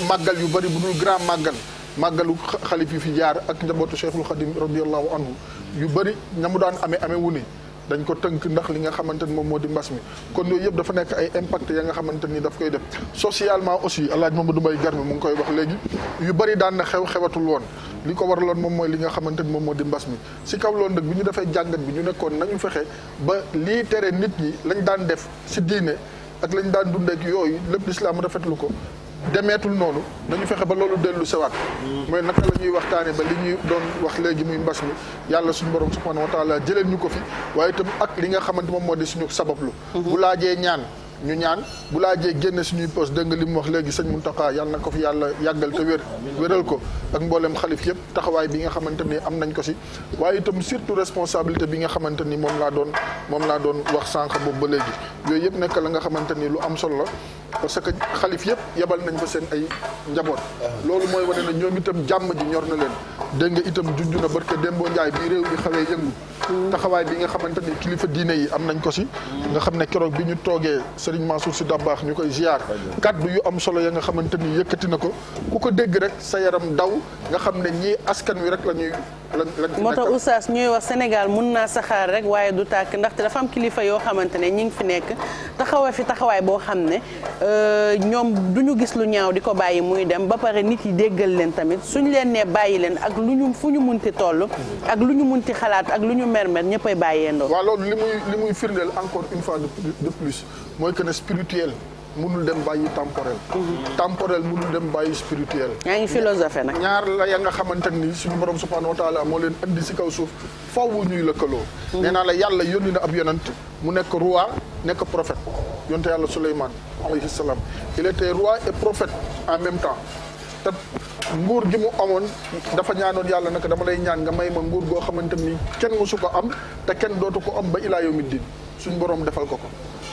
màggal yu bari bu dul grand màggal màggalu xalif yi fi jaar ak njabootu Cheikhul Khadim radiallahu anhu yu bari ña mu daan amee amee wu ni dañ ko tënk ndax li nga xamante ni moom moo di mbas mi kon yooyu yëpp dafa nekk ay impact ya nga xamante ni daf koy def socialement aussi El Hadj Mamadou Mbaye Garmi mu ngi koy wax léegi yu bëri daan na xew xewatul woon li ko waraloon moom mooy li nga xamante ni moom moo di mbas mi si kaw loolu nag bi ñu defee jàngat bi ñu nekkoon nañu fexe ba lii tere nit ñi lañ daan def si diine ak lañ daan dundeek yooyu lépp lislaam rafetlu ko demeetul noonu nañu fexe ba loolu dellu sewaat mooy naka la ñuy waxtaane ba li ñuy doon wax léegi muy mbas mi yàlla suñu borom subhanahu wa taala jëleen ñu ko fi waaye itam ak li nga xamante moom moo di suñu sabablu mhm. bu laajee ñaan ñu ñaan bu laajee génne suñuy poste dégg nga li mu wax léegi sëñ Mountakha yàlla na ko fi yàlla yàggal te wér wéral ko ak mbooleem xalif yëpp taxawaay bi nga xamante ni am nañ ko si waaye itam surtout responsabilité bi nga xamante ni moom laa doon moom laa doon wax sànq boobu ba léegi yooyu yëpp nekk la nga xamante ni lu am solo la parce que xalif yëpp yebal nañ ko seen ay njaboot loolu mooy wane na ñoom itam jàmm ji ñor na leen dégg nga itam junj na barke démboo Njaay bi réew mi xawee yëngu taxawaay bi nga xamante ni kilifa diine yi am nañ ko si nga xam ne keroog bi ñu toogee Serigne Mansour Sy Dabakh ñu koy ziar kaddu yu am solo ya nga xamante ni yëkkati na ko ku ko dégg rek sa yaram daw nga xam ne ñii askan wi rek la ñuy moo tax oustaz ñuy wax Sénégal mun naa saxaar rek waaye du tàkk ndaxte dafa am kilifa yoo xamante ne ñi ngi fi nekk taxawaay fi taxawaay boo xam ne euh, ñoom du ñu gis lu ñaaw di ko bàyyi muy dem ba pare nit yi déggal leen tamit suñ leen nee bàyyi leen ak lu ñu fu ñu mun munti toll ak lu ñu mun ti xalaat ak lu ñu mermer ñëppay bàyyee ndox waaw mooy que ne spirituel mënul dem bàyyi temporel. Mhm. temporel mënul dem bàyyi spirituel. yaa ngi philosophé nag. ñaar la ya nga xamante ni suñu borom subhaanahu wa taala moo leen indi si kaw suuf faw ñuy lëkkaloo. Mhm. nee naa la yàlla yónni na ab yonant mu nekk roi nekk prophète yonte yàlla Souleymane alayhi salaam il était roi et profet en même temps te nguur gi mu amoon dafa ñaanoon yàlla naka dama lay ñaan nga may ma nguur goo xamante ni kenn mosu ko am te kenn dootu ko am ba ilaa yawmi diin suñu borom defal ko ko.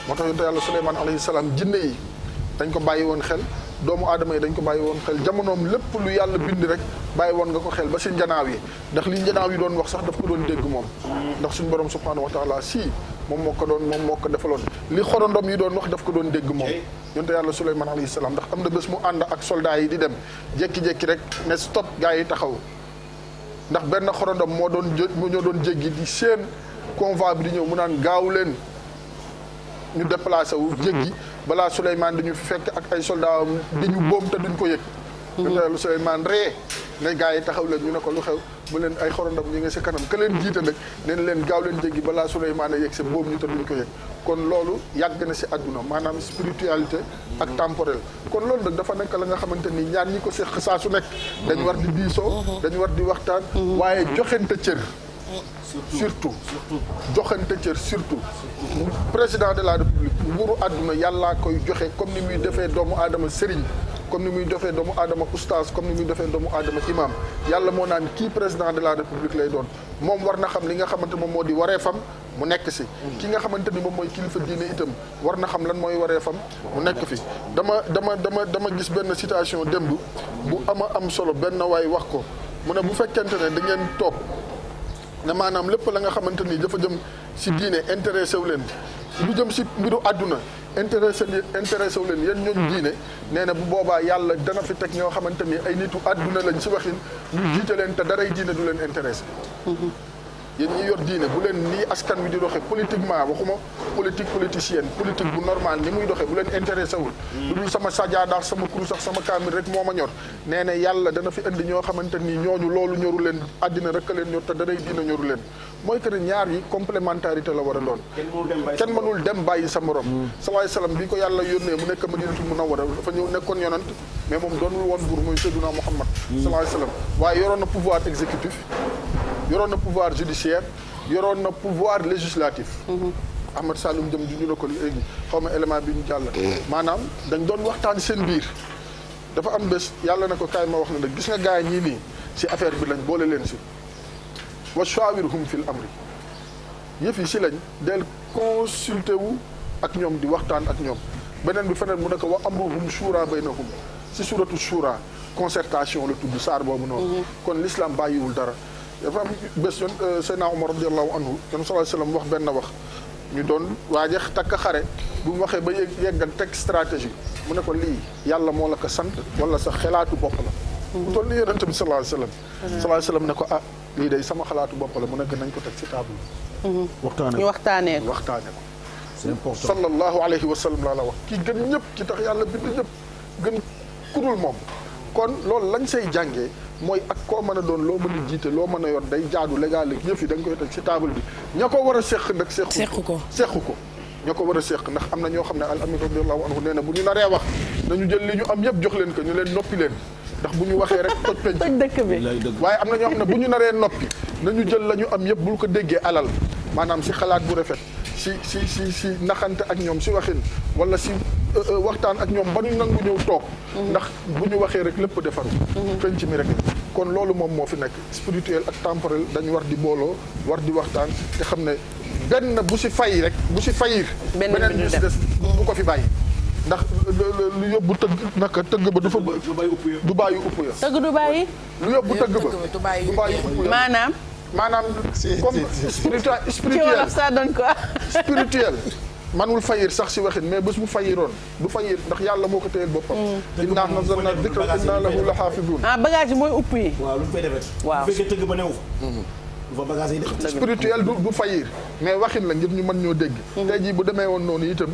moo tax yonte yàlla suleymaan alayhi salaam jinne yi dañ ko bàyyi woon xel doomu adama yi dañ ko bàyyi woon xel jamonoom lépp lu yàlla bind rek bàyyi woon nga ko xel ba si njanaaw yi ndax li njanaaw yi doon wax sax daf ko doon dégg moom ndax suñu borom subhaanahu wa taala si moom moo ko doon moom moo ko defaloon li xorondom yi doon wax daf ko doon dégg moom yonte yàlla suleymaan alayhi salaam ndax am na bés mu ànd ak soldat yi di dem jékki-jékki rek ne stop gars yi taxaw ndax benn xorondom moo doon ñoo doon jéggi di seen convoi bi di ñëw mu naan gaaw leen ñu déplacé wu. jéggi balaa Souleymane dañu fekk ak ay soldats am ñu boobu te duñ ko yëg. lu Souleymane ree ne gars yi taxaw leen ñu ne ko lu xew bu leen ay xorondam ñi nga si kanam ka leen jiite nag neen leen gaaw leen jéggi balaa Souleymane a yegg si boobu ñu te duñ ko yëg kon loolu yàgg na si àdduna maanaam spiritualité ak temporel kon loolu nag dafa nekk la nga xamante ni ñaar ñi ko séq saa su nekk dañ war di diisoo dañu war di waxtaan waaye joxente cër surtout joxante cër surtout président de la république nguuru àdduna yàllaa koy joxe comme ni muy defee doomu aadama sëriñ comme ni muy defee doomu aadama oustaz comme ni muy defee doomu aadama imam yàlla moo naan kii président de la république lay doon moom war na xam li nga xamante moom moo di wareefam mu nekk si ki nga xamante ni moom mooy kilifa diine itam war na xam lan mooy waree fam mu nekk fi dama dama dama dama gis benn situation démb bu ama am solo benn waay wax ko mu ne bu fekkente ne da ngeen toog ne maanaam lépp la nga xamante ni dafa jëm si diine intéressé wu leen lu jëm si mbiru àdduna intéressé intéressé wu leen yéen ñooñu hmm. diine nee na bu boobaa yàlla dana fi teg ñoo xamante ni ay nitu àdduna lañ si waxin ñu jiite leen te daray diine du leen intéressé hmm. yéen ñi yor diine bu leen nii askan wi di doxee politiquement waxuma politique politicienne politique bu mm. normal ni muy doxee bu leen intéressé mm. lu dul sama sajaada sama kurus sama kaamil rek moo ma ñor nee yàlla dana fi indi ñoo xamante ñooñu loolu ñoru leen àddina rek a leen ñor te danay diina ñoru leen mooy que ne ñaar yi complémentarité la war a doon. kenn mënul dem bàyyi sa morom. salaay mm. salaam bi ko yàlla yónnee mu nekk Madinatul Munawwara matière yoroon na pouvoir législatif. Mhm. Ahmed Saloum dem ju ñu na ko léegi xaw ma élément bi ñu jàll. maanaam dañ doon waxtaan seen biir. dafa am bés yàlla na ko kaay ma wax na nag gis nga gaay ñii nii si affaire bi lañ boole leen si. wa shawirhum fil amri yëf yi si lañ del consulté wu ak ñoom di waxtaan ak ñoom beneen bi feneen mu ne ko wa bay na baynahum si suratu shura concertation la tudd saar boobu noonu. Mhm. kon lislaam bàyyiwul dara. dafa am bés yoon euh, Seydina Omar radiyallahu anhu yoon sallallahu alayhi wasallam wax benn wax ñu doon waaje takk xare bu mu waxee ba yegg yegg ak teg stratégie mu ne ko lii yàlla moo la ko sant wala sa xalaatu bopp la. Mm-hmm. mu toll nii yonente bi sallallahu alayhi wasallam. Mm-hmm. sallallahu alayhi wasallam ne ko ah lii day sama xalaatu bopp la mu nekk nañ ko teg ci table bi. Mm-hmm. waxtaanee ko waxtaanee ko waxtaanee ko. c'est important sallallahu alayhi wasallam laa la wax ki gën ñëpp ki tax yàlla bind ñëpp gën kudul moom kon loolu lañ say jàngee. mooy ak koo mën a doon loo mën a jiite loo mën a yoon day jaadu légal ak yëf yi da koy teg ci taabal bi ña ko war a seq nag seq ko seq ko ña ko war a seq ndax am na ñoo xam ne al amin radiallahu anhu nee na bu ñu naree wax nañu jël li ñu am yëpp jox leen ko ñu leen noppi leen ndax bu ñu waxee rek toj penc toj dëkk bi waaye am na ñoo xam ne bu ñu naree noppi ñu jël la ñu am yëpp bul ko déggee alal maanaam si xalaat bu rafet si si si si naxante ak ñoom si waxin wala si euh, euh, waxtaan ak ñoom ba ñu nangu ñëw toog. ndax bu ñu waxee rek lépp defaru penc mi rek kon loolu moom moo fi nekk spirituel ak temporel dañu war di mbooloo war di waxtaan te xam ne benn bu si fay rek bu si fayir. beneen si des bu ko fi bàyyi. ndax lu yóbbu tëgg naka tëgg ba du fa. du bàyyi upp ya. tëgg du bàyyi. lu yóbbu tëgg ba du bàyyi upp ya maanaam. maanaam. comme spirituel spirituel ça donne quoi. spirituel. manul fayir sax si waxin mais bés bu fayiroon du fayir ndax yàlla moo ko téyel boppam. Mm. innaa nazzalnaa dikra innaa lahu la xaafiduun. ah bagage yi mooy upp yi. waaw lu mu koy defee. waaw bu fekkee tëgg ba newu fa mm-hmm. bagage yi def. spirituel du du fayir mais waxin la ngir ñu mën ñoo dégg. Mm-hmm. tey jii bu demee woon noonu itam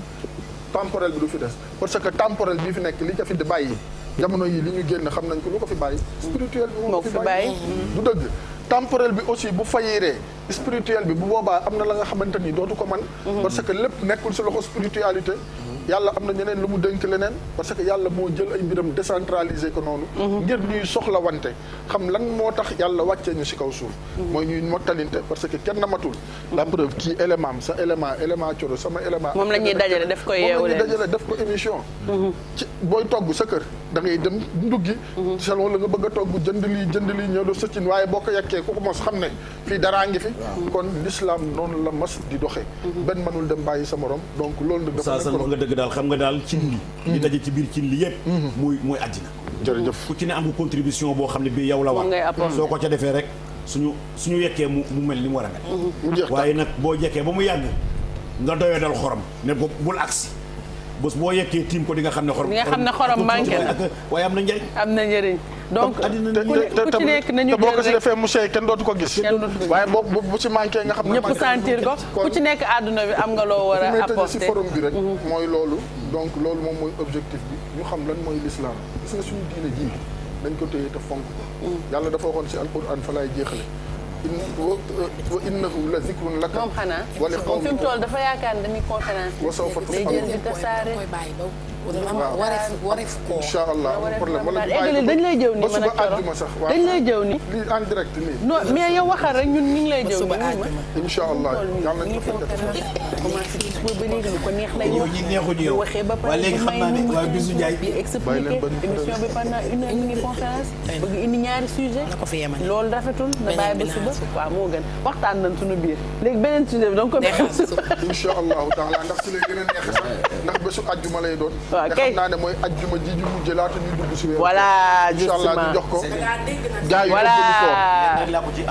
temporel bi du fi des parce que temporel bii fi nekk li ca fi bàyyi jamono yi li ñu génn xam nañ ko lu ko fi bàyyi. spirituel bi moo ko fi bàyyi du dëgg. temporel bi aussi bu fayiree spirituel bi bu boobaa am na la nga xamante ni dootu ko man mhm. parce que lépp nekkul si loxo spiritualité mhm. yàlla am na ñeneen lu mu dénk leneen parce que yàlla moo jël ay mbiram décentralisé ko noonu mhm. ngir ñuy soxla wante xam lan moo tax yàlla wàccee ñu si kaw suuf mhm. mooy ñuy mottalinte parce que kenn namatul la mhm. preuve kii élément am sa élément élément coro sama élément moom la ñuy dajale def ko émission ci booy togg sa kër da ngay dem nduggi selon la nga bëgg a togg jënd lii jënd lii ñëw do sëccin waaye boo ko yekkee ku ko mos xam ne fii daraa ngi fi kon la mas di doxee benn mënul dem bàyyi sa morom donc loolu nag dafa daal xam nga daal cin li mm-hmm. li daje ci biir cin li yëpp mm-hmm. muy mooy àddina jërëjëf ku ci ne amu nga contribution boo xam ne bii yow la war soo ko ca defee rek suñu ñu yekkee mu mu mel ni mu war a mel mm-hmm. waaye nag boo jekkee ba mu yàgg nga doyoo dal xorom ne ko bul agsi bés boo yekkee tiim ko nga xam ne xorom. na waaye am na njëriñ. am na njëriñ donc ku ci nekk nañu jël rek te boo ko si defee monsieur ko gis. waaye boo bu ci manqué nga xam ne. ñëpp sentir ko ku ci nekk àdduna bi am nga loo war a apporter. Mhm. mooy loolu donc loolu moom mooy objectif bi ñu xam lan mooy l'islam gis nga suñu diine jii dañ ko téye te fonk ko. Mhm. yàlla dafa waxoon si alquran fa laay jeexale wa innahu la zikrun laka. moom xanaa moom fi mu toll dafa yaakaar ne demi conférence. wasoo fa tuuti amul day jël di tasaare. waaw wareef wareef koo. incha allah problème wala dañ lay jëw nii mën a coro sax dañ lay jëw nii. lii en direct nii. non mais yow waxal rek ñun ñu ngi lay jëw nii. incha allah yàlla nañu ko ko neex lay wax. ñu waxee ba pare léegi xam naa ne waaye bisu Ndiaye. bi expliqué émission bi pendant une heure ñu ngi conférence. bëgg indi ñaari sujet loolu rafetul na bàyyi ba suba waaw moo gën waxtaan nañ suñu biir léegi beneen sujet bi donc ko. incha allah taala ndax su lay gën a neex sax ndax bésu àjjuma lay doon. waaw kay xam naa ne mooy àjjuma ji ju mujj laata ñuy dugg si. voilà justement incha allah ñu jox ko. gaa yi ñu laa ko ci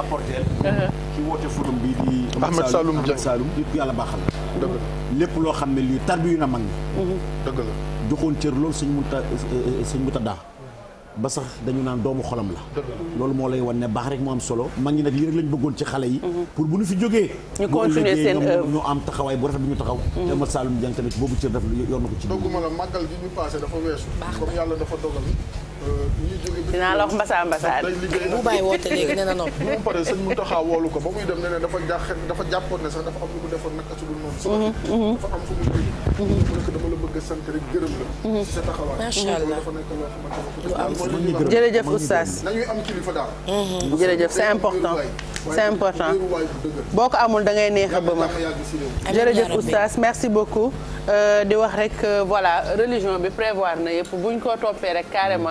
uh-huh. bi di. Ahmed Saloum Ahmed Saloum yëpp yàlla baaxal dëgg lépp loo xam ne lii tarbiyu na mag ñi. Uh-huh. dëgg la joxoon cër loolu suñ munta suñ munta daa. ba sax dañu naan doomu xolam la loolu moo lay wan ne baax rek moo am solo mag ñi nag lii rek lañ bëggoon ci xale yi mhm. pour bu ñu fi jógee ñu continuer seen ñu am taxawaay bu rafet bi ñu taxaw mhm. te ma Saloum Dieng tamit boobu cër def yor na ko ci dogguma la màggal gi ñu passé dafa weesu comme yàlla dafa dogal dinaa la wax mbasaa mbasaa bu bàyyi woote léegi nee na noonu. bu mu paree sëñ Mountakha woolu dafa jàppoon ne sax dafa am lu mu defoon nag a sant jërëjëf oustaz. kilifa daal. jërëjëf c'est important boo ko amul da ngay a ba ma. jërëjëf oustaz merci beaucoup. di wax rek voilà religion bi prévoir na yëpp buñ ko toppee rek carrément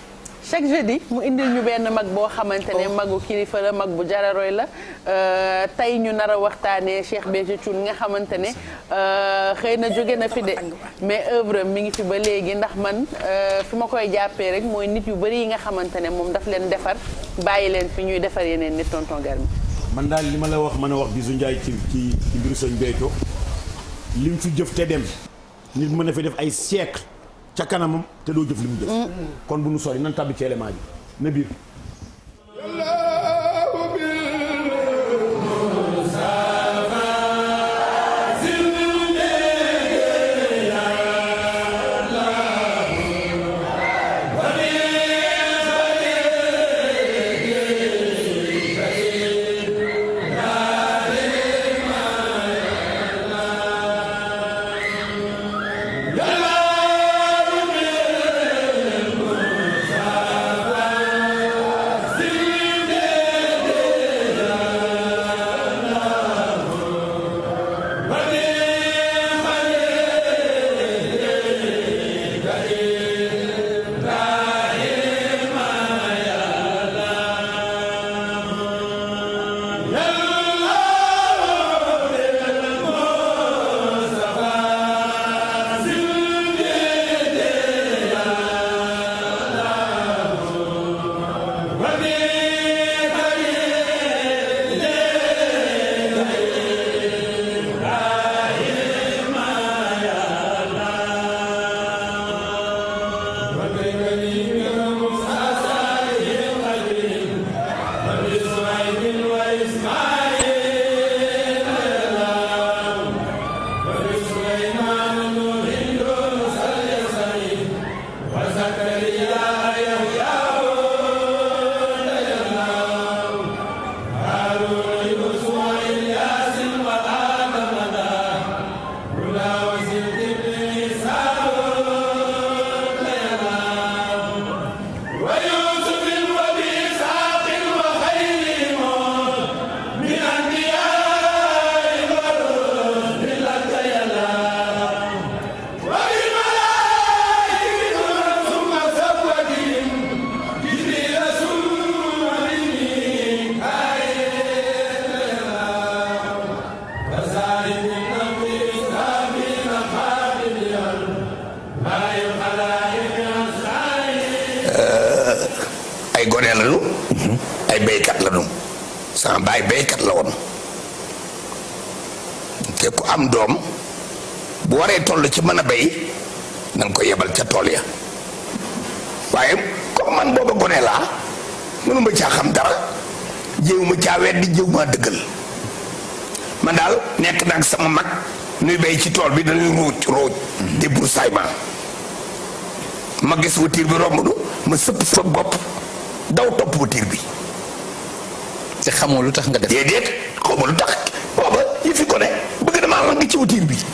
chaque jeudi mu indi ñu benn mag boo xamante ne oh. magu kilifa la mag bu jararoy la euh, tey ñu nar a waxtaanee Cheikh Béthio Thioune nga xamante ne euh, xëy na jóge na fi de mais œuvre mi ngi fi ba léegi ndax man euh, fi ma koy jàppee rek mooy nit yu bëri yi nga xamante ne moom daf leen defar bàyyi leen fi ñuy defar yeneen nit tonton Garmi man daal li ma la wax mën a wax Bijou Ndiaye ci ci ci mbiru sëñ Béthio fi jëf te dem nit mën a fi def ay siècle ca kanamam te doo jëf li jëf mm. kon bu nu sori nan tàbbi ci élément bi na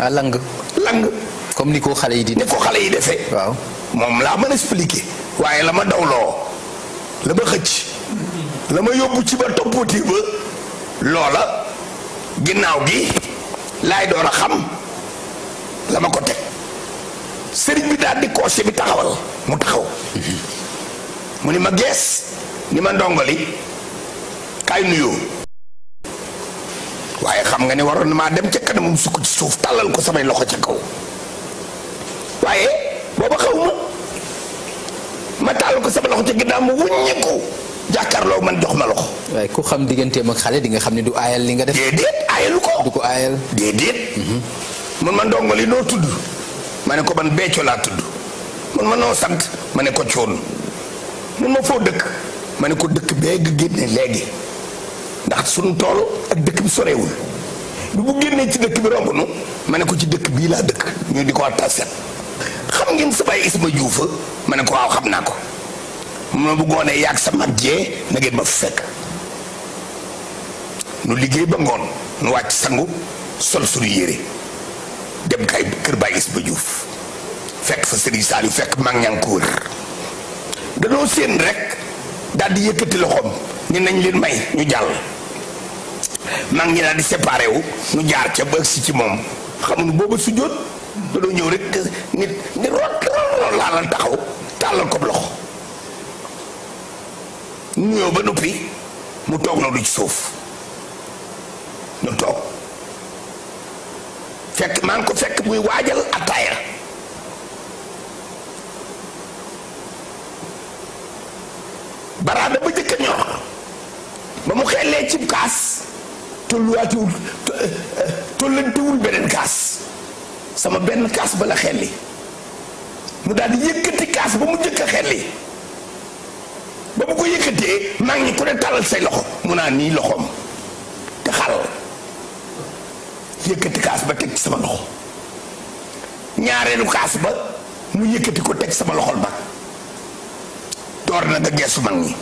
ah lang. lang comme ni ko xale yi di. ni ko xale yi defee. waaw moom laa mën expliquer waaye la ma dawloo la ma xëcc. la ma yóbbu ci ba toppati ba. loola ginnaaw gi laay door a xam la ma ko teg sëriñ bi daal di coché bi taxawal mu taxaw mu ni ma gees ni ma ndongoli kaay nuyoo waaye xam nga ni waroon maa dem ca kanamam sukk suuf tàllal ko samay loxo ca kaw waaye booba xaw ma ma ko sama loxo ca ginnaaw ma wuññiku jàkkaarloo man jox ma loxo. waaye ku xam digganteem ak xale di nga xam ne du aayal li nga def. déedéet aayalu ko. du ko aayal. déedéet. mun mhm. ma ndongo li noo tudd. ma ne ko man Béthio laa tudd. mun ma noo sant. ma ne ko coon. mun ma foo dëkk. ma ne ko dëkk bee génne léegi. ndax sunu tool ak dëkk bi sorewul bu génnee ci dëkk bi romb nu ma ne ko ci dëkk bii laa dëkk ñu di ko attaset xam ngeen sa baay Isma Juufa ma ne ko waaw xam naa ko ma bëggoon a ak sa mag jee na ngeen ma fekk nu liggéey ba ngoon nu wàcc sangu sol suñu yére dem kay kër baay Isma Juuf fekk fa Sëriñ Saaliw fekk mag ñaa ngi ko wër danoo séen rek daal di yëkkati loxoom ñu nañ leen may ñu jàll mag ñi naa di séparé wu ñu jaar ca ba si ci moom xamuñu booba sujjóot dañoo ñëw rek nit ni rot rot laalal taxaw tàllal ko loxo nuyoo ba noppi mu toog na du ci suuf ñu toog fekk maa ngi ko fekk muy waajal attaaya baraada ba jëkk ñor ba mu xellee cib kaas tolluwaatiwul tollantiwul beneen kaas sama benn kaas ba la xelli mu daal di yëkkati kaas ba mu jëkk a xelli ba mu ko yëkkatee maa ngi ko ne tàllal say loxo mu naa nii loxoom te xal yëkkati kaas ba teg sama loxo ñaareelu kaas ba mu yëkkati ko teg sama loxol ba door na nga geesu mag ñi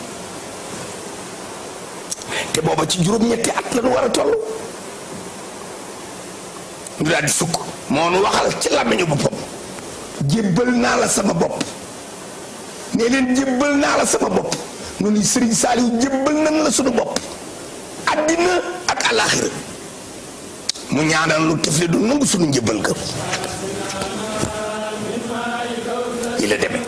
te booba ci juróom-ñetti at la war a toll ñu daal di sukk moo nu waxal ci làmmiñu boppam jébbal naa la sama bopp nee leen jébbal naa la sama bopp noonu sëriñ Saaliw jébbal nan la sunu bopp àddina ak alaaxira mu ñaanal lu tëfle du nangu sunu njëbbal ga yi la demee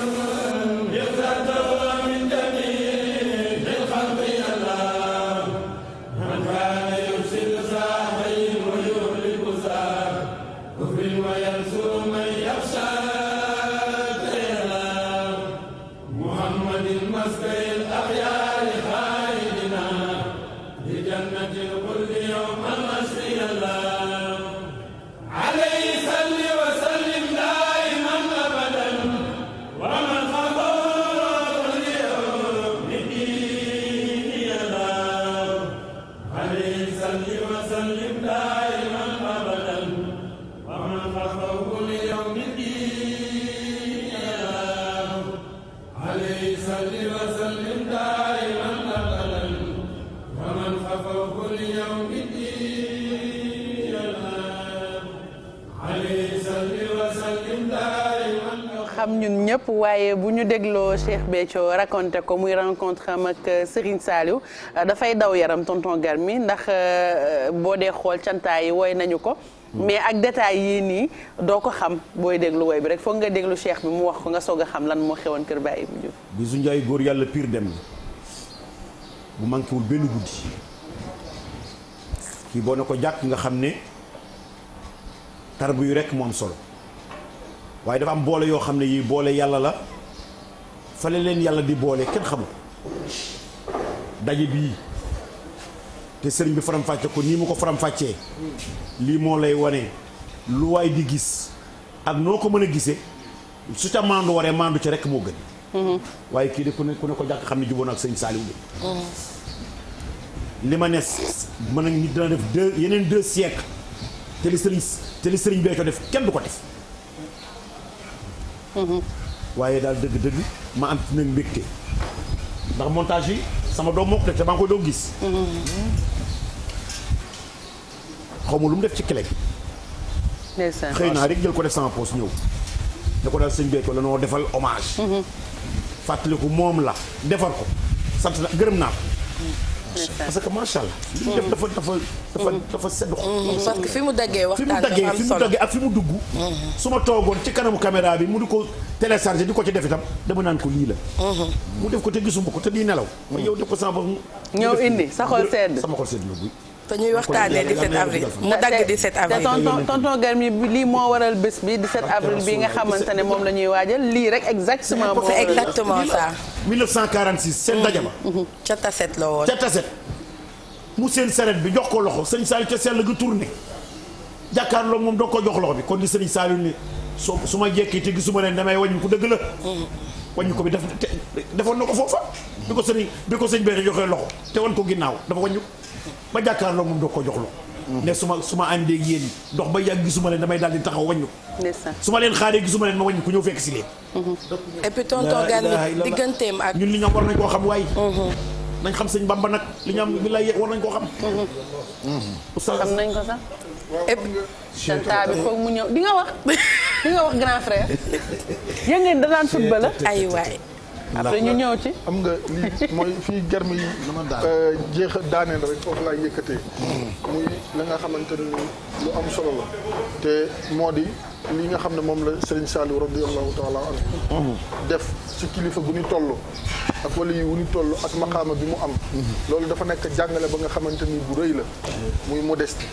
waaye bu ñu dégloo Cheikh Béthio raconté ko muy rencontre am ak euh, Serigne Saliou euh, dafay daw yaram tonton Garmi ndax euh, boo dee xool cantaay yi woy nañu ko. Mm. mais ak détails yii nii doo ko xam booy déglu woy bi rek foog nga déglu Cheikh bi mu wax ko nga soog a xam lan moo xewoon Kër Baye Ibou Diouf. Bijou Ndiaye góor yàlla pire dem na bu manqué benn guddi kii boo ne ko jàkk nga xam ne tarbu yu rek moom solo. waaye dafa am boole yoo xam ne yii boole yàlla la fale leen yàlla di boole kenn xamul daje bii te sëriñ bi faram-fàcce ko nii mu ko faram-fàccee lii moo lay wane lu waay di gis ak noo ko mën a gisee su ca maandu waree maandu ci rekk moo gën. Mm-hmm. waaye kii de ku ne ku ne ko jàkk xam ne jubóo na ak sëñ Saliou de. Mm-hmm. li ma ne mën a nit dina def deux yeneen deux siècles te li sëriñ te li sëriñ bee ko def kenn du ko def. waaye daal dëgg-dëgg ma am ci nag mbégte ndax montage yi sama doom moo ko te maa ngi koy doon gis. xaw ma lu mu def ci clé bi. xëy naa rek jël ko def sama poos ñëw. da ko dal sëñ beeko la noo defal hommage. Mhm. fàttaliku moom la defar ko sant gërëm naa ko. marche parce que macha allah. li mm. ñu def dafa dafa dafa mm. dafa sedd xol. Mm. parce que fi mu daggee waxtaan dafa am solo fi mu daggee ak fi mu dugg. Mm-hmm. su ma toogoon ci kanamu caméra bi mu di ko téléchargé di ko ci def itam dama naan ko lii la. Mm-hmm. mu def ko te gisuma ko te di nelaw. ma yow def ko sama bopp. ñëw indi sa xol sedd sama xol sedd la buy. te ñuy waxtaanee 17 avril mu dagg 17 avril. tonton tonton Garmi lii moo waral bés bi 17 avril bi nga xamante ne moom la ñuy waajal lii rek exactement. moo waral exactement ça. 1946 seen daje ba. Mhm. ca Tasset la woon ca Tasset. mu seen saret bi jox ko loxo sëñ Saliou ca sell ga jàkkaar jàkkaarloo moom doo ko jox loxo bi kon di sëñ Saliou ni soo su ma jekki te gisuma leen damay wàññi ko dëgg la. Mhm. wàññi ko bi def defoon na ko foofa. bi ko sëñ bi ko sëñ bee joxee loxo te wan ko ginnaaw dafa wàññi ko ba jàkkaarloo moom doo ko jox loo ne su ma su ma àndeeg yéen dox ba yàgg gisuma leen damay daal di taxaw wàññu ko su ma leen xaaree gisuma leen ma wàññu ko ñëw fekk si leen mm-hmm. et tonton Gane digganteem ak ñun li ñoom war nañ koo xam waaye mm-hmm. nañ xam sëñ Bamba nag li ñoom bi lay war nañ koo xam mm-hmm. oustaz xam nañ ko sax et tanta bi euh, foog mu ñëw di nga wax di nga wax grand frère yëngeen danaan football ah? ay waay après ñu ñëw ci. am nga lii mooy fii germe yi. jeex a daaneel rek foofu laay yëkkatee. muy la nga xamante ne lu am solo la. te moo di li nga xam ne moom la Serigne Saliou radiyallahu taala anhu def ci kilifa gu ñu toll. ak wala yi wu ñu toll ak maqaama bi mu am. loolu dafa nekk jàngale ba nga xamante ni bu rëy la. muy modeste.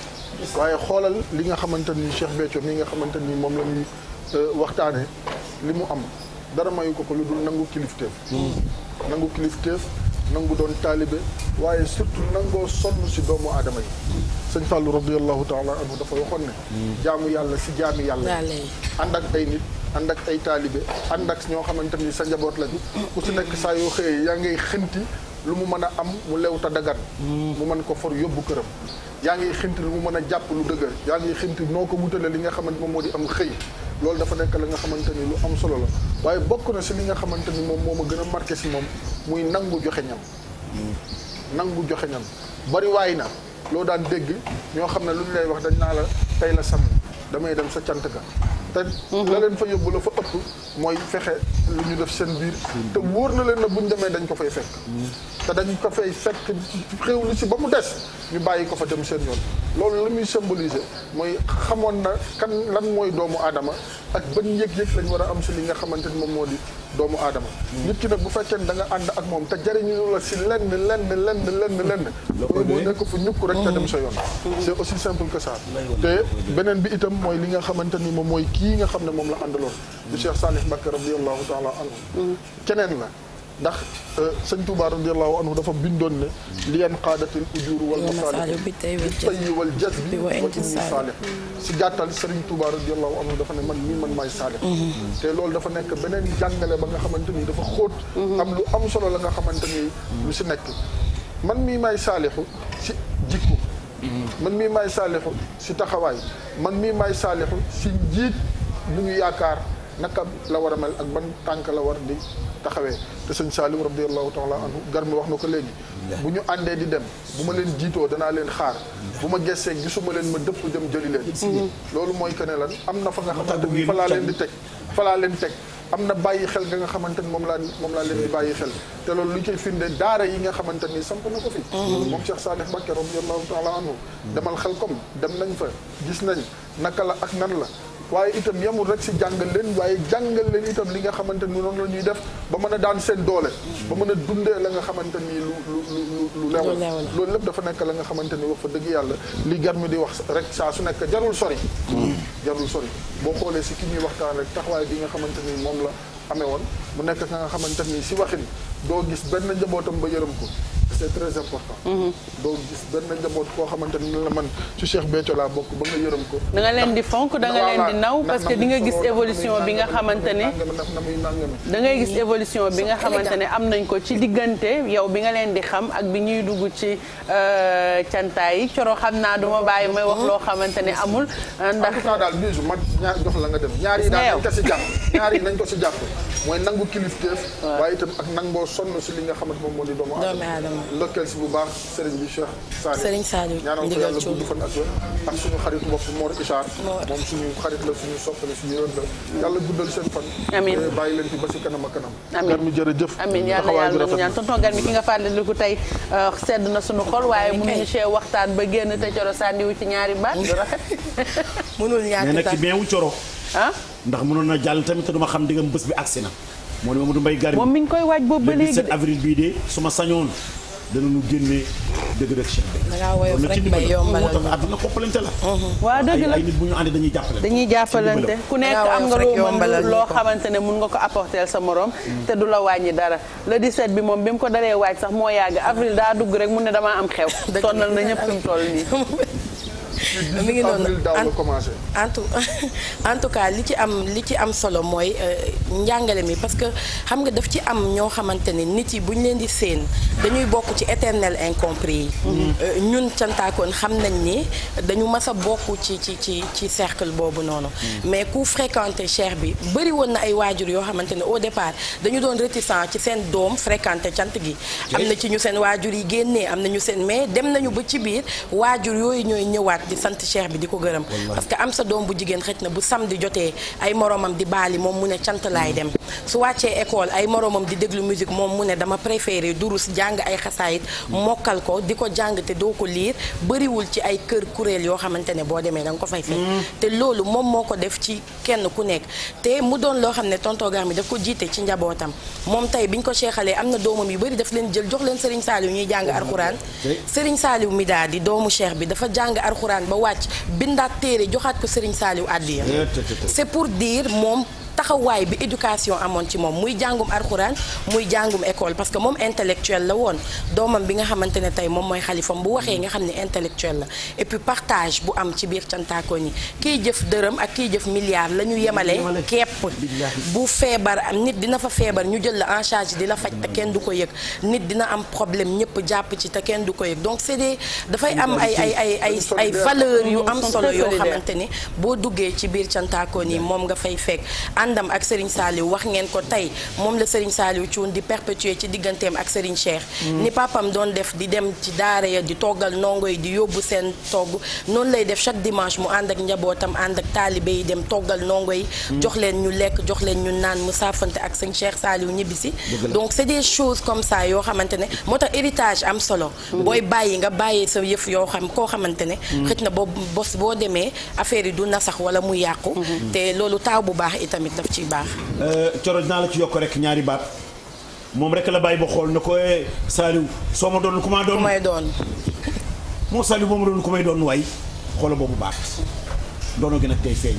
waaye xoolal li nga xamante ni Cheikh Béthio mi nga xamante ni moom la ñuy euh, waxtaanee li mu am. dara mayu ko ko lu dul nangu kilifteef nangu kilifteef nangu doon taalibe waaye surtout nangoo sonn si doomu aadama yi sëñ Fallou radiallahu taala anhu dafa waxoon ne jaamu yàlla si jaami yàlla ànd ak ay nit ànd ak ay taalibe ànd ak ñoo xamante ni sa njaboot lañu ku si nekk saa yoo xëyee yaa ngay xënti lu mu mën a am mu lew ta dagan hmm. mu mën ko for yóbbu këram yaa ngi xint lu mu mën a jàpp lu dëgër yaa ngi xint noo ko wutale li nga xamante moom moo di am xëy loolu dafa nekk la nga xamante ni lu am solo la waaye bokk na si li nga xamante ni moom moo ma gën a marqué si moom muy nangu joxe ñam nangu joxe ñam bari waay na loo daan dégg ñoo xam ne lu ñu lay wax dañ naa la tey la sam damay dem sa cant ka te mhm. la leen fa yóbbu la fa ëpp mooy fexe lu ñu def seen biir mhm. te wóor na leen bu ñu demee dañ ko fay fekk mhm. te dañ ko fay fekk xéwlu si ba mu des ñu bàyyi ko fa dem seen yoon loolu la muy symboliser mooy xamoon na kan lan mooy doomu aadama ak ban yëg-yëg lañ war a am si li nga xamante ni moom moo di doomu aadama. nit ki nag bu fekkee ne da nga ànd ak moom te jëriñu la si lenn lenn lenn lenn lenn. loolu moo nekk fu ñukk rek te dem sa yoon. c'est aussi simple que ça. te beneen bi itam mooy li nga xamante ni moom mooy kii nga xam ne moom la àndaloon. di Cheikh Salih Mbacké radiyallahu taala anhu keneen la. ndax euh, sëñ Touba radiallahu anhu dafa bindoon ne li yan qaadatil ujur wal masaalih bi tayyi wal jazbi wa inni saalih si gàttal sëriñ Touba radiallahu anhu dafa ne man mii man maay saalih mhm. te loolu dafa nekk beneen jàngale ba nga xamante ni dafa xóot am lu am solo la nga xamante ni lu si nekk man mii maay saalihu si jikko man mii maay saalihu si taxawaay man mii maay saalihu si njiit bu ñu yaakaar naka la war a mel ak ban tànk la war di taxawee te sëñ Saliou radiallahu taala anhu gar mi wax na ko léegi bu ñu àndee di dem bu ma leen jiitoo danaa leen xaar bu ma gessee gisuma leen ma dëpp dem jëli leen loolu mooy que lan am na fa nga xamante ni fa laa leen di teg fa laa leen teg am na bàyyi xel ga nga xamante ni moom laa moom laa leen di bàyyi xel te loolu lu koy findee daara yi nga xamante ni samp na ko fi moom Cheikh Salih Mbacké radiallahu taala anhu demal xel kom dem nañ fa gis nañ naka la ak nan la waaye itam yemul rek si jàngal leen waaye jàngal leen itam li nga xamante ni noonu la ñuy def ba mën a daan seen doole. ba mën a dundee la nga xamante nii lu lu lu lu loolu lépp dafa nekk la nga xamante ni wax fa dëgg yàlla li gar mi di wax rek saa su nekk jarul sori. jarul sori boo xoolee si ki ñuy waxtaan rek taxawaay bi nga xamante ni moom la amee woon mu nekk ka nga xamante ni si waxin doo gis benn njabootam ba yërëm ko. c'est très important. Mhm. doo gis benn njaboot koo xamante ne la man ci Cheikh Béthio laa bokk ba nga yërëm ko. da nga leen di fonk da nga leen di naw parce que di gis évolution bi nga xamante ne. gis évolution bi nga xamante am nañ ko ci diggante yow bi nga leen di xam ak bi ñuy dugg ci euh, cantaay yi coro xam naa duma bàyyi may wax loo xamante ne amul. ndax en tout cas daal bisu ma ñaar la nga dem. ñaar yi daal nañ ko si jàpp ñaar yi nañ ko si jàpp mooy nangu kilifteef. waaye itam ak nangoo sonn si li nga xamante moom ndokkeel si bu baax Serigne bi Cheikh Saliou Serigne Saliou ñaanal ko yàlla gudd fan ak wér ak suñu xaritu bopp Mor Isar moom suñu la eh, ba si kanam ak kanam amiin gar euh, na suñu xol waaye mënuñu see ba génn te coro sandiwu ci ñaari baat du rafet mënul ñàkk coro ah? ndax mënoon na jàll tamit te duma xam diggam bés bi agsi na moo ne Mamadou Mbaye Gari moom mi ngi koy waaj boobu ba léegi 17 avril bii de su ma sañoon danañu génne dëgg rek Cheikh Bey. dangaa woyof rek may yombalal moo tax àdduna koppalante la. Mhm. waaw dëgg la ay dañuy jàppalante. ku nekk am nga loo mën loo xamante ne mun nga ko apporter sa morom. te du la wàññi dara. le 17 bi moom bi mu ko dalee waaj sax moo yàgg avril daa dugg rek mun ne damaa am xew. dëgg la sonnal na ñëpp fi nii. mi ngi noonu en tout en tout cas li ci am li ci am solo mooy euh, njàngale mi parce que xam nga daf ci am ñoo xamante ne nit yi bu ñu leen di séen dañuy bokk ci éternel incompris yi mm-hmm. euh, ñun cantaakoon xam nañ ni dañu mas a bokk ci ci ci ci cercle boobu noonu mm-hmm. mais ku fréquenté cher bi bëri woon na ay waajur yoo xamante ne au départ dañu doon réticent ci seen doom fréquenté cant gi am na ci ñu seen waajur yi génnee am na ñu seen mais dem nañu ba ci biir waajur yooyu ñooy ñëwaat sant cheikh bi di ko gërëm parce que am sa doom bu jigéen xëj na bu samedi jotee ay moromam di baali moom mu ne cant laay dem su wàccee école ay moromam di déglu musique moom mu ne dama préféré durus jàng ay xasaayit mokkal ko di ko jàng te doo ko liir bëriwul ci ay kër kuréel yoo xamante ne boo demee da ko fay fekk mm. te loolu moom moo ko def ci kenn ku nekk te mu doon loo xam ne tonton bi daf ko jiite ci njabootam moom tey ko seexalee am na doomam yu bëri daf leen jël jox leen Serigne Saliou ñuy jàng arxuraan Serigne Saliou mi daa di bi dafa jàng arxuraan ba wàcc bindaat téere joxaat ko Serigne Saliou addiya c'est pour dire moom taxawaay bi éducation amoon ci moom muy jàngum arxuraan muy jàngum école parce que moom intellectuel la woon doomam bi nga xamante ne tey moom mooy xalifam bu waxee nga xam ne intellectuel la et partage bu am ci biir cantaakon yi kiy jëf dërëm ak kiy jëf milliard la ñu yemale képp bu feebar nit dina fa feebar ñu jël la en charge di la faj te kenn du ko yëg nit dina am problème ñëpp jàpp ci te kenn du ko yëg donc c'est dafay am ay ay ay ay ay valeurs yu am solo yoo xamante ni boo duggee ci biir cantaakon yi moom nga fay fekk àndam ak Serigne Saliou wax ngeen ko tey moom la Serigne Saliou Thioune di perpétuer ci digganteem ak Serigne Cheikh. Mm. ni papam doon def di dem ci daara ya di toggal ndongo yi di yóbbu seen togg noonu lay def chaque dimanche mu ànd ak njabootam ànd ak taalibe yi dem toggal ndongo yi. Mm. jox leen ñu lekk jox leen ñu naan mu saafante ak Serigne Cheikh Saliou ñibbisi. donc c'est des choses comme ça yoo xamante ne moo tax héritage am solo. Mm. booy bàyyi nga bàyyee sa yëf yoo xam koo xamante ne. daf ciy baax. Euh, coro dinaa la ci yokk rek ñaari baat moom rek la bàyyi ba xool na ko eh, Saliou soo ma doon ku ma doon. ku may doon. moo Saliou moom doon may doon waay xoola boobu baax doonoo gën a tay feeñ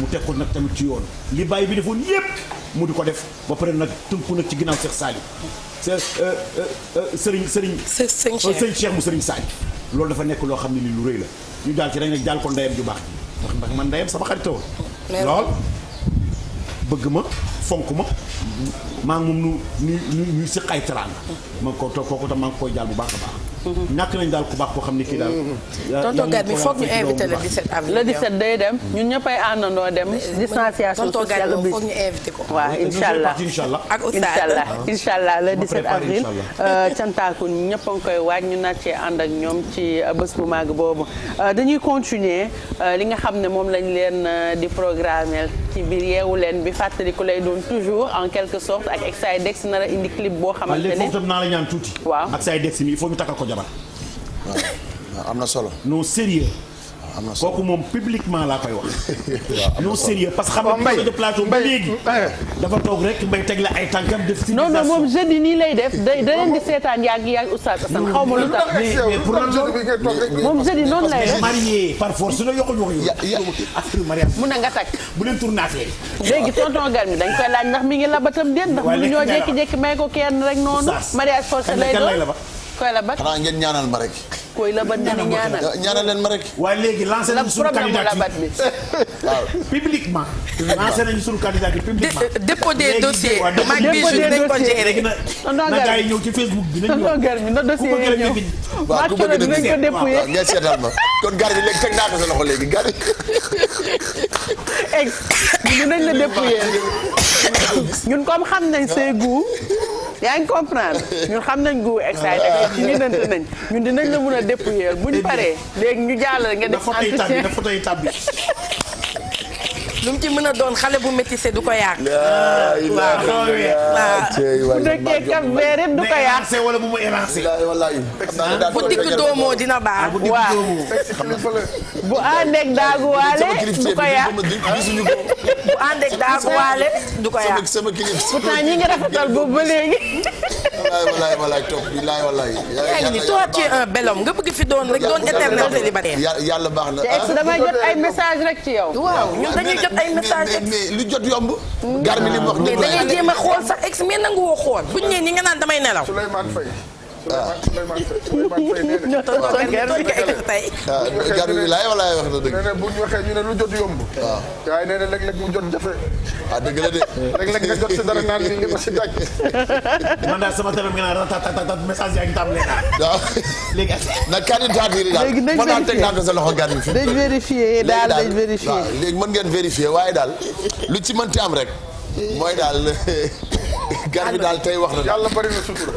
mu teg ko nag tamit ci yoon li bàyyi bi defoon yépp mu di ko def ba pare nag ko nag ci ginnaaw Cheikh Saliou. Serigne euh, euh, Serigne. Serigne Cheikh Serigne Cheikh mu Serigne Saliou. loolu dafa nekk loo xam ne li lu rëy la ñu daal ci rek nag daal ko ndeyam ju baax ji ndax man ndeyam sama xarit woon lool. bëgg ma fonk ma maa ngi moom nu nu ñuy si xay teraanga ma ko toog kooku tam maa jaal bu baax a baax ñàkk nañ daal ku baax koo xam ne kii daal. Mm-hmm. tonton Gaby foog le 17 avril. le 17 day dem ñun ñëppay àndandoo dem. distanciation sociale bi foog ñu invité ko. waa incha allah ak incha allah le 17 avril. Euh, cantaakun ñëpp a koy waaj ñu naaj cee ànd ak ñoom ci euh, bës bu màgg boobu euh, dañuy continuer li nga xam ne moom lañ leen di programmeel ci biir leen bi fàttaliku lay doon toujours en quelque sorte ak Exay Dex nar a indi clip boo. xamante ne léegi foofu naa tuuti. waaw ak Exay Dex mi il faut ñu takkal ko jabar. waaw na solo. non sérieux am na solo moom publiquement laa koy wax. non sérieux parce que xam nga mbay de plateau ba léegi. dafa toog rek mbay teg la nii lay def day da di seetaan yàgg yàgg oustaz Assane xaw ma lu tax. moom jeudi noonu lay def. marié par force la yokkul wax yow. ya mun nga takk. bu leen tourné affaire léegi tonton Gal mi dañ koy laaj ndax mi ngi labatam déet ndax. waaye ñoo jékki-jékki may ko kenn rek noonu. mariage forcé lay doon koy la bat xanaa ngeen ñaanal ma la bat dina ñaanal ñaanal leen ma rek. waaye léegi lancé nañu suñu candidat la bat bi waaw publiquement. lancé nañu suñu candidat bi publiquement. Euh, dépôt des dossiers mag bi je ne ko géré. na gars yi ñëw ci Facebook bi nañu ñëw ku bëgg rek waaw ku bëgg dinañ ko dépouillé waaw ngeen seetal ma kon comme xam nañ say goût yaa ngi comprendre ñun limante nañ ñun dinañ la mun a dépouiller buñ paree léegi ñu jàllale nga def entretien dafa tey tàbbi lu mu ci mën a doon xale bu métissé du ko yàq. waaw bu dëkkee Cap Vert it du ko yàq. bu mu élancé. Ah. bu dikk doomoo dina baax. Ah, waaw bu ànd ak daaguwaale du ko yàq. bu ànd ak daaguwaale du ko yàq. pourtant ñi nga rafetal boobu ba léegi. walaay walaay topp bi laay walaay. yaa ngi toog ci un euh, bel nga bëgg fi doon rek doon éternel célibataire. yàlla baax na te damay ah. jot ay message rek ci yow. waaw ñun dañuy jot ay message rek lu jot yomb. garmi li mu wax mais dañuy jéem a xool sax x mais nangu woo xool. buñu nee ni nga naan damay nelaw. Souleymane Faye. Souleymane Souleymane Faye nee na walaay wax na dëgg nee na bu ñu waxee ñu ne lu jot yomb waaw waaye nee na léeg-léeg mu jot jafe ah dëgg la de léeg-léeg nga jot si dara naan li li ma si daj man daal sama téléphone nga naan tat tat message yi ak table waaw léegi nag candidat yi daal mën naa teg naa ko sa loxo gan yi fi dañ vérifié daal dañ vérifié léegi mën ngeen vérifié waaye daal lu ci mënti am rek mooy daal gar daal tey wax na yàlla bari na sutura.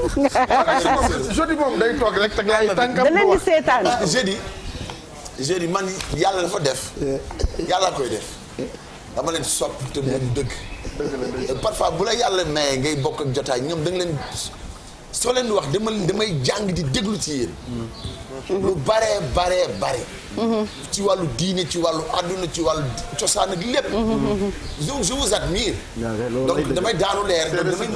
jeudi moom day toog rek teg laay tànkam. da leen di seetaan jeudi jeudi man yàlla dafa def. yàllaa koy def. dama leen sopp te mën dëgg. parfois bu la yàlla mayee ngay bokk ak jotaay ñoom da nga leen. soo leen di wax dama damay jàng di déglu ci yéen. lu baree baree bare. ci wàllu diine ci wàllu àdduna ci wàllu cosaan ak lépp. je je vous admire. donc damay daanu leer damay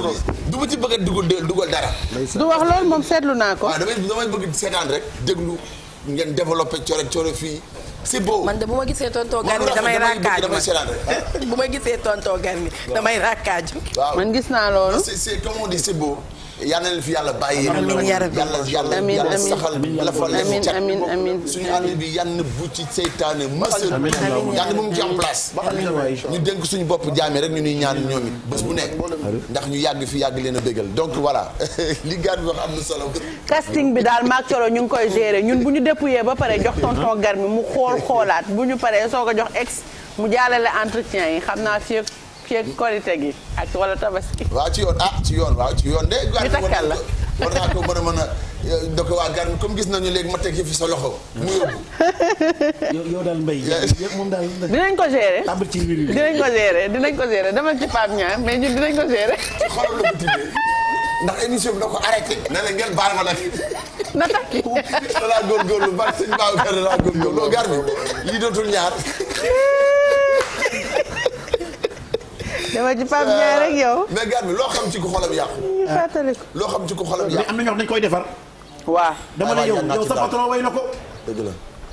du ma ci bëgg a dugal dugal dara. du wax loolu moom seetlu naa ko. waaw damay damay bëgg seetaan rek déglu ngeen développé coore coore fii. c'est beau man de bu ma gisee tonton Garmi damay rakkaaju man bu ma gisee tonton Garmi damay rakkaaju. man gis naa loolu. c'est c'est comme on dit c'est beau. yal na leen fi yàlla bàyyi. amiin yaa rabbi yàlla yàlla saxal la fa leen ci amiin amiin suñu àll bi yal bu ci seytaane mësal yal na mu ci am place ñu dénk suñu bopp jaame rek ñu nuy ñaan ñoom it bés bu nekk ndax ñu yàgg fi yàgg leen a bégal donc voilà li gaan bi wax am na solo casting bi daal maag coro ñu ngi koy gérer ñun bu ñu dépuyee ba pare jox tonton gar mi mu xool xoolaat bu ñu paree soo ko jox ex mu jàllale entretien yi xam naa fii fii korite gi ak wala tabaski. waaw ci yoon ah ci yoon waaw ci yoon de. ñu takkal la war naa ko mën a mën a eh, donc waa Garmi comme gis nañu léegi ma teg yëf yi sa loxo. mu yóbbu. yow daal mbay yëpp moom daal. dinañ ko gérer tàmbali ci mbir dinañ ko gérer dinañ ko gérer demal ci Pape Niang mais ñun dinañ ko gérer. ci xolam la ko tibbee ndax émission bi da ko arrêté. nee na ngeen baal ma nag. na takki da laa góorgóorlu ban sëñ Ba Garmi lii dootul ñaar. dama ci Pape Ndiaye rek yow. Euh, mais gàtt bi loo xam ci ku xolam yàqu. ñu fàttali ko loo xam ci ku xolam yàqu. mais am na ñoo xam dañ koy defar. waaw dama ne yow yow sa patron way na ko. dëgg la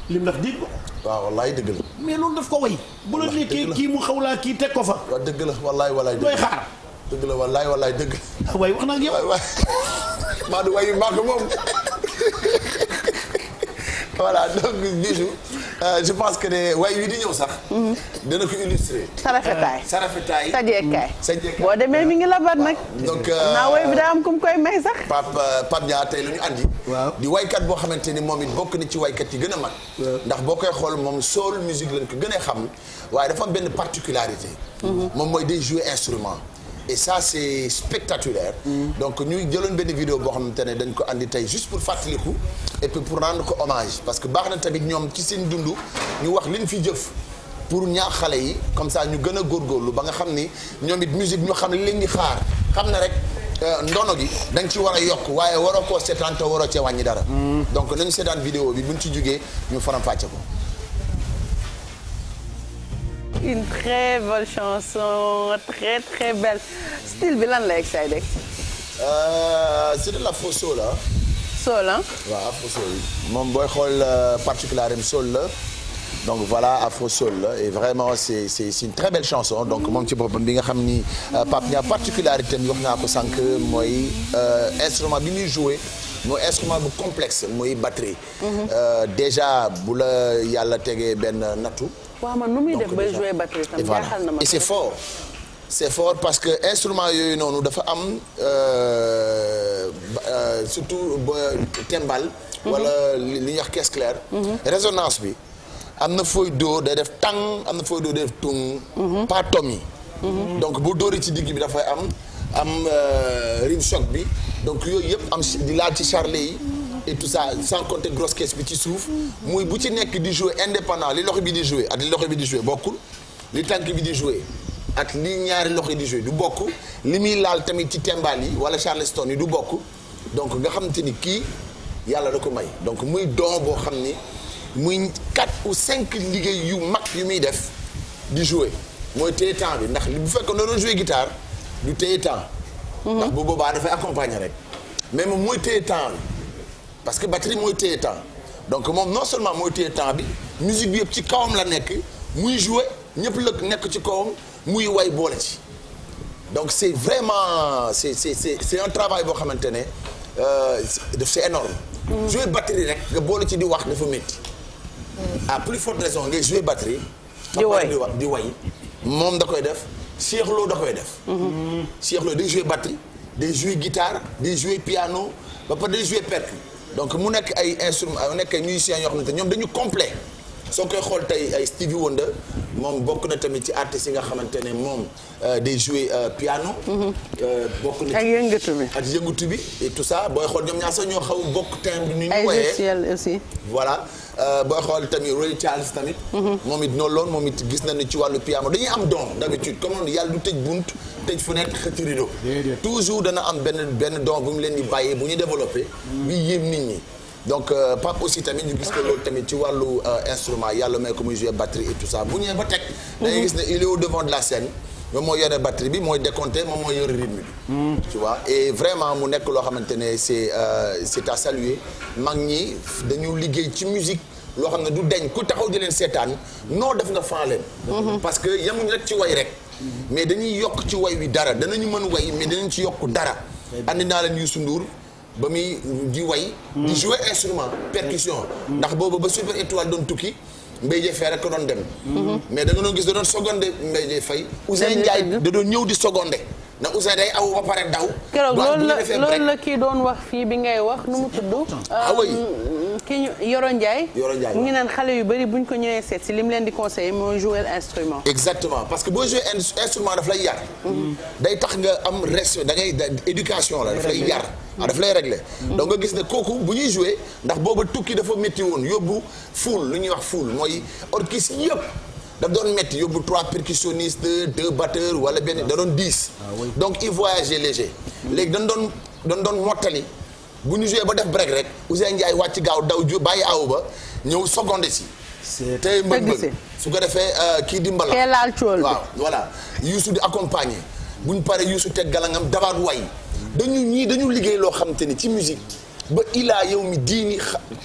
lim ndax diig ko. waaw wallaay dëgg la. mais loolu daf ko way. bu la nekkee kii mu xaw laa kii teg ko fa. waaw dëgg la wallaay wallaay dëgg la dooy xaar. dëgg la wallaay wallaay dëgg. waaye wax na ak yow. waay waay Madou waay yu mag moom. voilà donc Bijou euh, je pense que ne way wi di ñëw sax. dana ko illustrer. sa rafetaay sa rafetaay. sa jeekaay sa jeekaay boo demee mi ngi labat nag. Euh, naa way bi daa am ku mu koy may sax. Pape euh, Pape Dia tey lu ñu andi. di waykat boo xamante ni moom it bokk na ci waykat yi gën a mag. ndax boo koy xool moom soul musique lañ ko gën a xam waaye dafa am benn particularité. Mhm. moom mooy day jouer instrument. et sa c'est spectaculaire. Mm. donc ñuy jëloon benn vidéo boo xamante ne dañ ko andi tey juste pour fàttaliku et puis pour rendre ko hommage parce que baax na tamit ñoom ci seen dundu ñu wax liñ fi jëf. pour ñaax xale yi comme ça ñu gën a góorgóorlu ba nga xam ni ñoom it musique ñu xam li leen di xaar xam na rek euh, ndono gi dañ nga ci war a yokk waaye waroo koo seetaan te waroo cee wàññi dara. Mm. donc nañu seetaan vidéo bi buñ ci jógee ñu faram fàcce ko. une très belle chanson très très belle style bi lan la excité. Euh, c'est de l'afro soul ah. soul ah. waaw afro soul moom booy xool euh, particularim soul la donc voilà afro soul la et vraiment c'est c'est c'est une très belle chanson donc moom ci boppam bi nga xam ni euh, Pape Niang particularité am wax naa ko sànq mooy instrument bi muy joué. mooy instrument bu complexe mooy batterie. Mhm. déjà bu la yàlla tege benn nattu. waa man nu muy def ba jouer batterie tam jaaxal na ma et c'est fort c'est fort parce que instrument yooyu noonu dafa am euh, euh, surtout timbal mhm. wala li ñuy wax caisse claire mhm. résonance bi am na fooy dóor de def tàng am na fooy dóor day def tung mhm. pas donc bu dóoree ci digg bi dafay am am euh, rim bi donc yooyu yëpp am di laal ci charlet yi et tout ça sans compter grosse caisse bi ci suuf. muy bu ci nekk di jouer indépendant li loxo bi di jouer ak li loxo bi di jouer bokkul li tànk bi di jouer ak li ñaari loxo yi di jouer du bokk li muy laal tamit ci tembaal yi wala charleston yi du bokk donc nga xamante ni kii yàlla da ko may donc muy don boo xam ni muy quatre ou cinq liggéey yu mag yu muy def di jouer mooy téye temps bi ndax bu fekkoon da doon jouer guitare du téye temps. Mhm. ndax bu boobaa dafay accompagner rek mais moom mooy téye temps parce que batterie mooy téye temps donc moom non seulement mooy téye temps bi musique bi yëpp ci kawam la nekk muy jouer ñëpp lëkk nekk ci kawam muy way boole ci donc c'est vraiment c'est c'est c'est c'est un travail boo xamante ne def euh, c'est énorme mm. jouer batterie rek nga boole ci di wax dafa métti mm. à plus forte raison ngay jouer batterie di way di moom da koy def Cheikh da koy def mm-hmm. Cheikh Lo day jouer batterie day jouer guitare day jouer piano ba pare day jouer percu donc mu nekk ay instruments mu nekk ay musiciens yoo xam ne ñoom dañu complet soo koy xool tey ay Stevie Wonder moom bokk na tamit ci artistes yi nga xamante ne moom euh, day jouer euh, piano. Mm-hmm. Euh, bokk na ak yëngatu bi ak yëngatu bi tout ça booy xool ñoom ñaar sax ñoo xaw bokk timbre ni ñu wooyee ay aussi. voilà booy xool tamit Ray Charles tamit. Mm-hmm. moom it noonu lool moom it gis nañu ci wàllu piano dañuy am don d'habitude comme yàlla du tëj bunt tëj fenêtre xëcc rideau toujours dana am benn benn don bu mu leen di bàyyee bu ñu développé. bi mm-hmm. yéem nit ñi. donc euh, Pape aussi tamit ñu gis ko loolu tamit ci wàllu euh, instrument yàlla may ko muy jouer batterie et tout ça bu ñëwee ba teg. dañuy gis ne il est au devant de la scène. moom mooy yore batterie bi mooy décompté moom mooy yore rythme bi. Hmm. tu vois et vraiment mu nekk loo xamante ne c'est euh, c'est à saluer mag ñi dañu liggéey ci musique loo xam ne du deñ ku taxaw di leen seetaan noo def nga fan leen. Hmm. parce que yemuñ rek ci way rek. Hmm. mais dañuy yokk ci way wi dara danañu mën way mais danañ ci yokk dara. andi naa leen Youssou Ndour ba muy ji way di hmm. jouer instrument percussion ndax boobu ba super étoile doon tukki Mbaye Dièye Faye rek doon dem hmm. mais da nga gis da doon secondé Mbaye Dièye Faye Ousseyn Ndiaye da doon ñëw di secondé na Ouzin day aw ba pare daw. keroog loolu la loolu kii doon wax fii bi ngay wax nu mu tudd. Ah euh, ki ñu Yoro Ndiaye. Yoro Ndiaye mu ngi naan xale yu bëri buñ ko ñëwee seet si li mu leen di conseiller mooy jouer instrument. exactement parce que boo jouer instrument daf lay yar. Mm-hmm. day tax nga am respect da ngay éducation la daf lay yar. ma ah, daf lay réglé. Mm-hmm. donc nga gis ne kooku bu ñuy jouer ndax booba tukki dafa métti woon yóbbu fuul lu ñuy wax fuul mooy kii si yëpp. daf doon métti yóbbu trois percussionnistes de batteurs wala benn da doon dix. Ah, donc il voyageait léger. léegi dañ doon dañ doon mottali bu ñu joué ba def break rek Ousseyn Ndiaye wàcc gaaw daw ju bàyyi aw ba ñëw seconde si. te mbëg su ko defee euh, kii di mbala kee laal cool waaw voilà Youssou di accompagner bu ñu paree Youssou teg galangam dabaat way dañu ñii dañu liggéey loo xam ni ci musique ba ilaa yow mi diini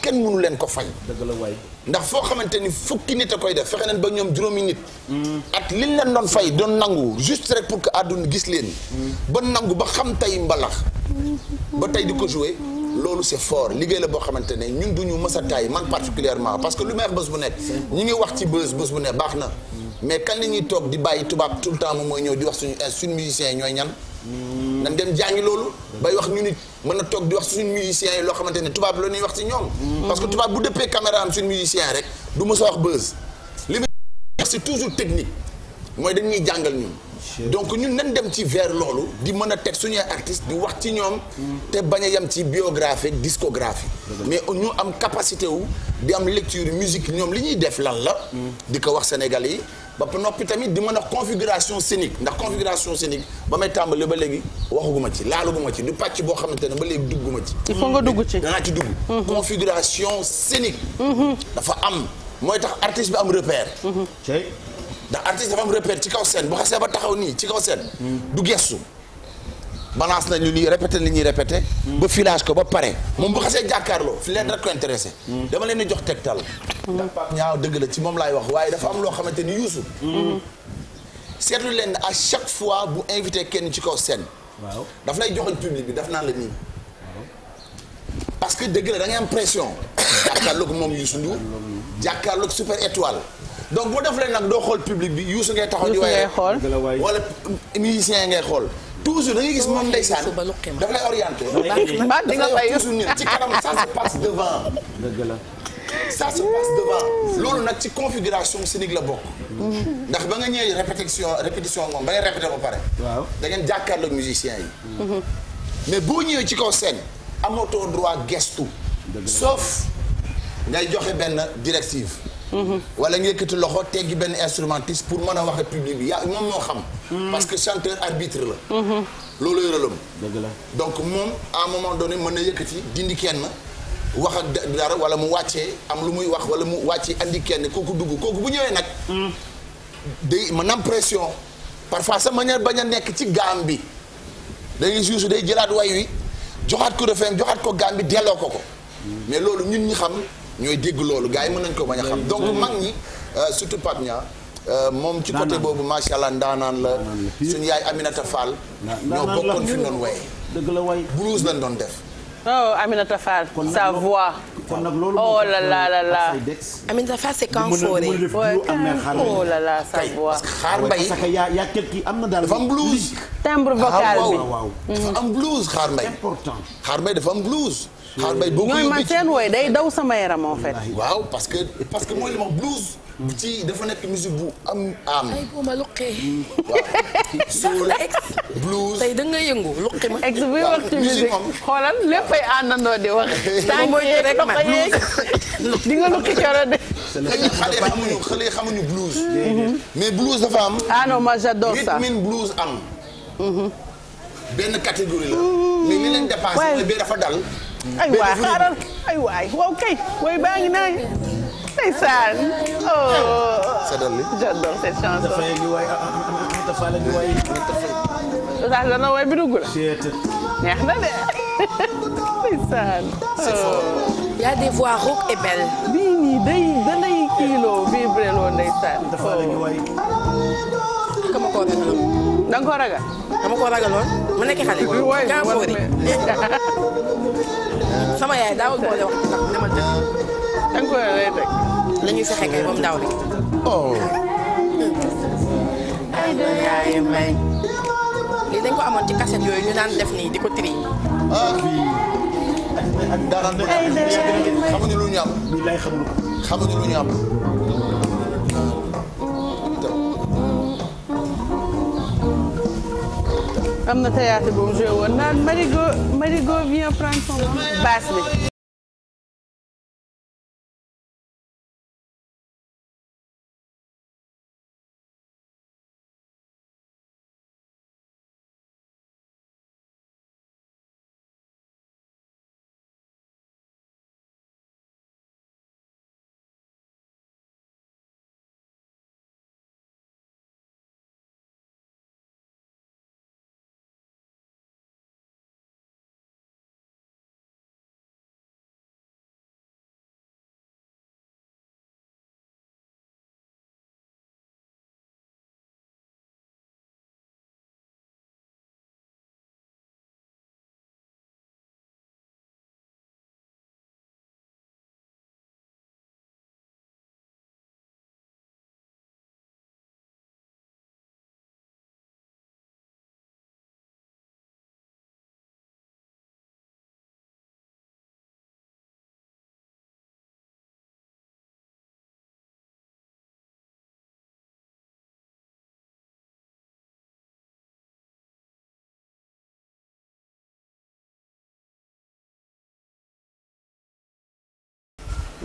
kenn munu leen ko fay. dëgg la waay ndax foo xamante ni fukki nit a koy def fexe nañ ba ñoom juróomi nit. Mm. at liñ leen doon fay doon nangu juste rek pour que àdduna gis leen. Mm. ba nangu ba xam tey mbalax. ba tey di ko joué. loolu c'est fort liggéey la boo xamante ne ñun du ñu mës a taay man particulièrement parce que lu may bés bu nekk. ñu ngi wax ci bés bés bu nekk baax na. Mm. mais kan la ñuy toog di bàyyi tubaab tout le temps mooy ñëw di wax suñu suñu musiciens ñooy ñan. nañ dem jàngi loolu. bay wax ñu nit. mën a toog di wax suñu musiciens yi loo xamante ne tubaab la ñuy wax ci ñoom. parce que tubaab bu dëppee caméra am suñu musiciens rek du mës a wax buzz. li muy wax c'est toujours technique mooy dañuy jàngal ñun. donc ñun nañ dem ci vers loolu di mën a teg suñuy artistes di wax ci ñoom. te bañ a yem ci biographie discographie. mais ñu am capacité wu di am lecture musique ñoom li ñuy def lan la. di ko wax sénégal yi. ba noppi tamit di mën a configuration scénique ndax configuration scénique ba may tàmbali ba léegi waxuguma ci laaluguma ci du pàcc boo xamante ne ba léegi dugguma ci. il faut nga dugg ci danaa ci dugg. Mhm. configuration scénique. Mhm. dafa am mooy tax artiste bi am repère. Mhm. ndax artiste dafa am repère ci kaw seen bu xasee ba taxaw nii ci kaw seen. du gestu. balance nañ lu ñuy répété li ñuy répété. Hmm. ba filage ko ba pare. moom bu xasee jàkkaarloo. fi leen rek ko intéressé. Hmm. dama leen di jox teg hmm. ndax Pape ñaaw dëgg ci moom laay wax waaye loo xamante ni Youssou. seetlu leen à chaque fois bu invité kenn ci kaw scène. waaw daf lay joxoñ public bi daf naan la nii. parce que dëgg la da ngay am pression. jàkkaarloog moom Youssou Ndour. jàkkaarloog super étoile. donc boo def leen nag doo xool public bi Youssou ngay taxaw di. waaye wala musicien ngay xool. toujours da ngay gis moom ndeysaan daf lay orienté. di nga fay toujours nii ci kanam ça se passe devant. dëgg la. ça se loolu nag ci configuration cynique la bokk. ndax ba nga ñëwee répétition répétition moom ba ngeen répété ba pare. waaw da ngeen jàkkaarloog musiciens yi. mais boo ñëwee ci kaw scène amatoo droit gestu. sauf ngay joxe benn directive. Mm-hmm. wala nga yëkkati loxo teggi benn instrumentiste pour mën a wax ak public bi yaa moom moo xam. Mm-hmm. parce que chanteur arbitre la. Mm-hmm. loolu yërëlam. dëgg la donc moom à un moment donné mën na yëkkati dindi kenn. wax ak dara wala mu wàccee am lu muy wax wala mu wàccee andi kenn kooku dugg kooku bu ñëwee nag. Mm. day mën am pression parfois sa manière bañ a nekk ci gaam bi da ngay suusu day jëlaat way wi joxaat ko refrain joxaat ko gaam bi delloo ko ko mm. mais loolu ñooy dégg loolu gars yi mën nañ ko bañ a xam donc mag ñi euh, surtout Pape Niang euh, moom ci côté boobu macha allah ndaanaan la suñu yaay Aminata Fall ñoo bokkoon fi doon waye la way blues lañ doon def oh Aminata Fall sa voix kon nag loolu oh la la la la Aminata Fall c'est canforé oh la sa voix xaar mbay a y a quelque am na daal dafa am blues timbre vocal ah, bi dafa am blues xaar mbay important xaar mbay dafa am blues xaal mbay boo ñooy man seen wooy day daw sama yaram en fait. waaw parce que parce que mooy li ma blues. ci dafa nekk musique bu am am. ay bu ma luqee. waaw blues. tey da nga yëngu luqi ma. ex buy wax ci musique xoolal léppay àndandoo di wax. tànk yeeg rek ma di nga luqi coro de. xale xamuñu xale xamuñu blues. Mhm. mais blues dafa am. ah non moi j'adore ça rythme blues am. Mhm. benn catégorie la. mais ni leen dépassé. waaye dafa dal. ay waay xaaral ay waay waaw kay way baa ngi naay ndeysaan oh j'adore cette chanson Oustaz dana way bi dugg la neex na de ndeysaan y a des voix rauques et belles bii nii day danay kiiloo vibré loo ndeysaan dama koo ragaloon da nga koo ragal dama koo ragaloon ma nekk xale sama yaay daawul boole wax ndax dama def da nga koy rek. la ñuy fexe kay moom daaw rek. oh. ay do yaay may. lii dañ ko amoon ci cassette yooyu ñu daan def nii di ko tri. ah fii. ay do yaay may daanaka xamuñu lu ñu am. xamuñu lu ñu am. am na théâtre bu mu joué woon naan Marigot Marigot vient prendre son basse bi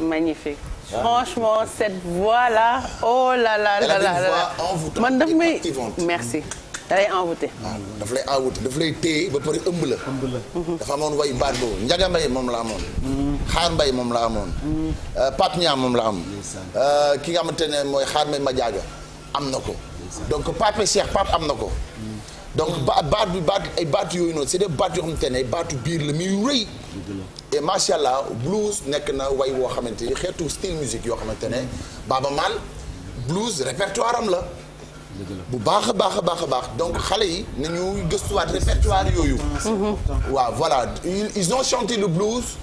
magnifique ah. franchement cette voix là oh là la là là là man daf may merci da lay envoûté. waaw ah, daf lay envoûté daf lay téye ba pare ëmb la. ëmb la mhm. dafa amoon way baat boobu Ndiaga Mbaye moom la amoon. Mhm. Xaar mbay moom la amoon. Mhm. Euh, Pape Niang moom la am. Euh, ki nga xamante ne mooy Xaar ma Madiaga am na ko. donc Pape Cheikh Pape am na ko. donc ba baat bi baat ay baatu yooyu noonu c'est des baat yoo xamante ne ay baatu biir la muy rëy et macha allah blues nekk na way woo xamante ni xeetu style musique yoo xamante ne Baaba Maal blues répertoire am la bu baax a baax a baax a baax donc xale yi nañu gëstuwaat répertoire yooyu waaw voilà ils ont chanté le blues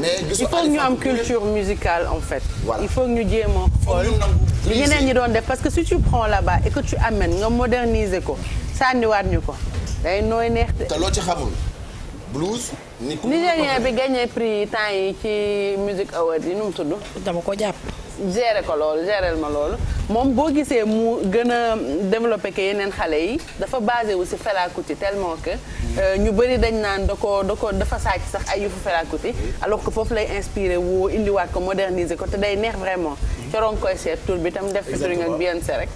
mais il faut ñu am culture musicale en fait voilà. il faut ñu jéem a xool ñeneen ñi doon def parce que si tu prends là-bas et que tu amènes nga moderniser ko sànniwaat ñu ko. day nooy neex de. te loo ci xamul. blues. ni ku nigérien bi gagné pris yi temps yi ci music award yi nu mu tudd. dama ko jàpp. géré ko loolu gérel ma loolu moom boo gisee mu gën a développé que yeneen xale yi dafa basé wu si Fela Kuti tellement que euh, ñu bëri dañ naan da ko da ko dafa sàcc sax ay yëfu Fela Kuti alors foofu lay inspiré woo indiwaat ko moderniser ko te day neex vraiment mm-hmm. coroon koy seet tur bi tam def featuring ak se rek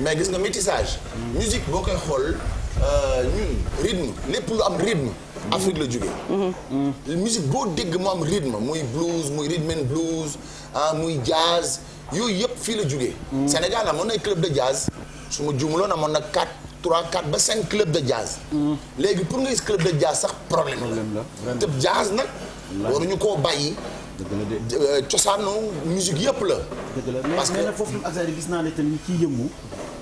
mais gis nga métissage. musique boo koy xool euh, ñun rythme lépp lu am rythme. Afrique la jógee. Mm-hmm. musique boo dégg mu am rythme muy blues muy rhythm and blues ah muy jazz yooyu yëpp fii la jógee. Mm-hmm. Sénégal amoon na club de jazz su ma juumloon amoon nag quatre trois quatre ba cinq club de jazz. Mm-hmm. léegi pour nga gis club de jazz sax problème la. te jazz nag waruñu koo bàyyi. Euh, cosaanu musique yëpp la. parce que foofu ak gis naa ne tamit ciy yëngu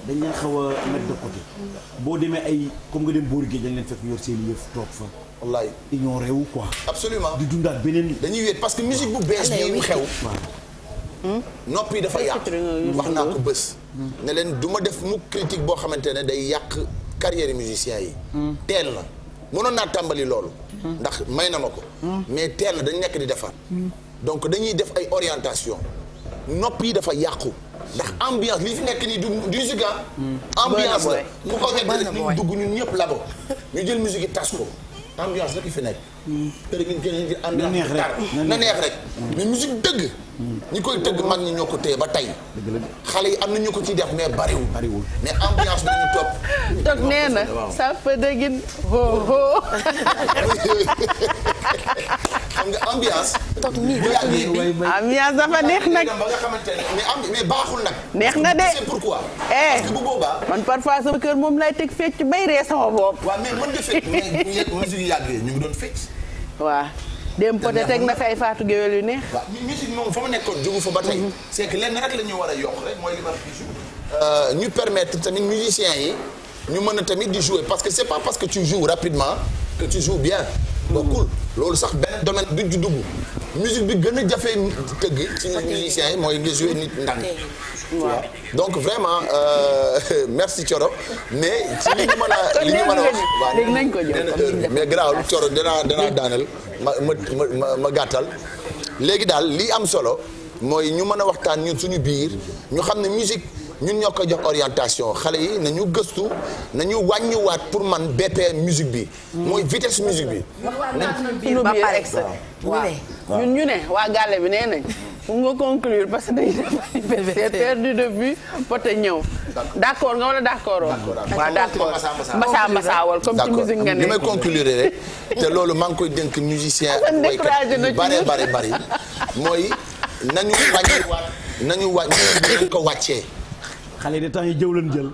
dañ leen xaw a mettre de côté. boo demee ay comme nga dem boori géej dañ leen fekk yor seen yëf toog fa. wallaay union réew quoi. absolument di dundaat beneen. dañuy wéet parce que musique bu bees bii mu xew. Hmm? noppi dafa yàq wax naa ko bës hmm. ne leen du ma def mu critique boo xamante ne day yàq carrière musicien yi. Hmm. teel na mënoon naa tàmbali loolu. ndax may na ma ko. mais teel na dañ nekk di defar. donc dañuy def ay orientation nopp yi dafa yàqu ndax ambiance li fi nekk nii du du musique ah. hmm. ambiance la bu ko nekk dugg ñun ñëpp labo ñu jël musique yi tas ko ambiance la ki fi nekk te dañuy génn ngir na neex rek na neex rek mais musique dëgg ñi koy tëgg mag ñi ñoo ko téye ba tey xale yi am na ñu ko ci def mais bariwul bariwul mais ambiance na sa fa dëggin ho ho xam nga ambiance toog nii ambiance dafa neex nag ba nga xamante ne mais baaxul nag neex na de c'est pourquoi eh. parce que bu boobaa man parfois sama kër moom lay teg fecc bay ree sama bopp waaw mais mën nga fecc yàggee ñu ngi doon fecc waa démb peut être teg na fay faatu géwél yu neex waaw musique moom fa mu nekkoon jógu fa ba tey mm-hmm. c'est que lenn rek la ñu war a yokk rek mooy li ma toujours ñu permettre tamit musiciens yi ñu mën a tamit di jouer parce que c'est pas parce que tu joues rapidement que tu joues bien bokkul mm-hmm. loolu sax benn domaine bi ju dugg musique bi gën a jafe tëgg ci musiciens yi mooy nga jouer nit ndànk waaw donc vraiment euh, merci Thioro mais. ci li ñu mën a li ñu mën wax léegi ko jox mais garaawul Thioro danaa danaa daaneel ma ma ma gàttal léegi daal li am solo mooy ñu mën a waxtaan ñun suñu biir ñu xam ne musique ñun ñoo ko jox orientation xale yi nañu gëstu na nañu wàññiwaat pour man BPM musique bi. mooy vitesse musique bi. ñun ñu ne waa gàlle bi nee nañ. pour nga parce que dañuy def c'est perdu de vue pote ñëw. d'accord nga wala d'accord waaw d'accord mbasaa mbasaawal comme ci musique nga ne li may conclure rek te loolu maa ngi koy dénk musicien ak waykat yu bari bari bari mooy nañu wàññi nañu wàññi ko wàccee xale de temps yi jëw lañ jël.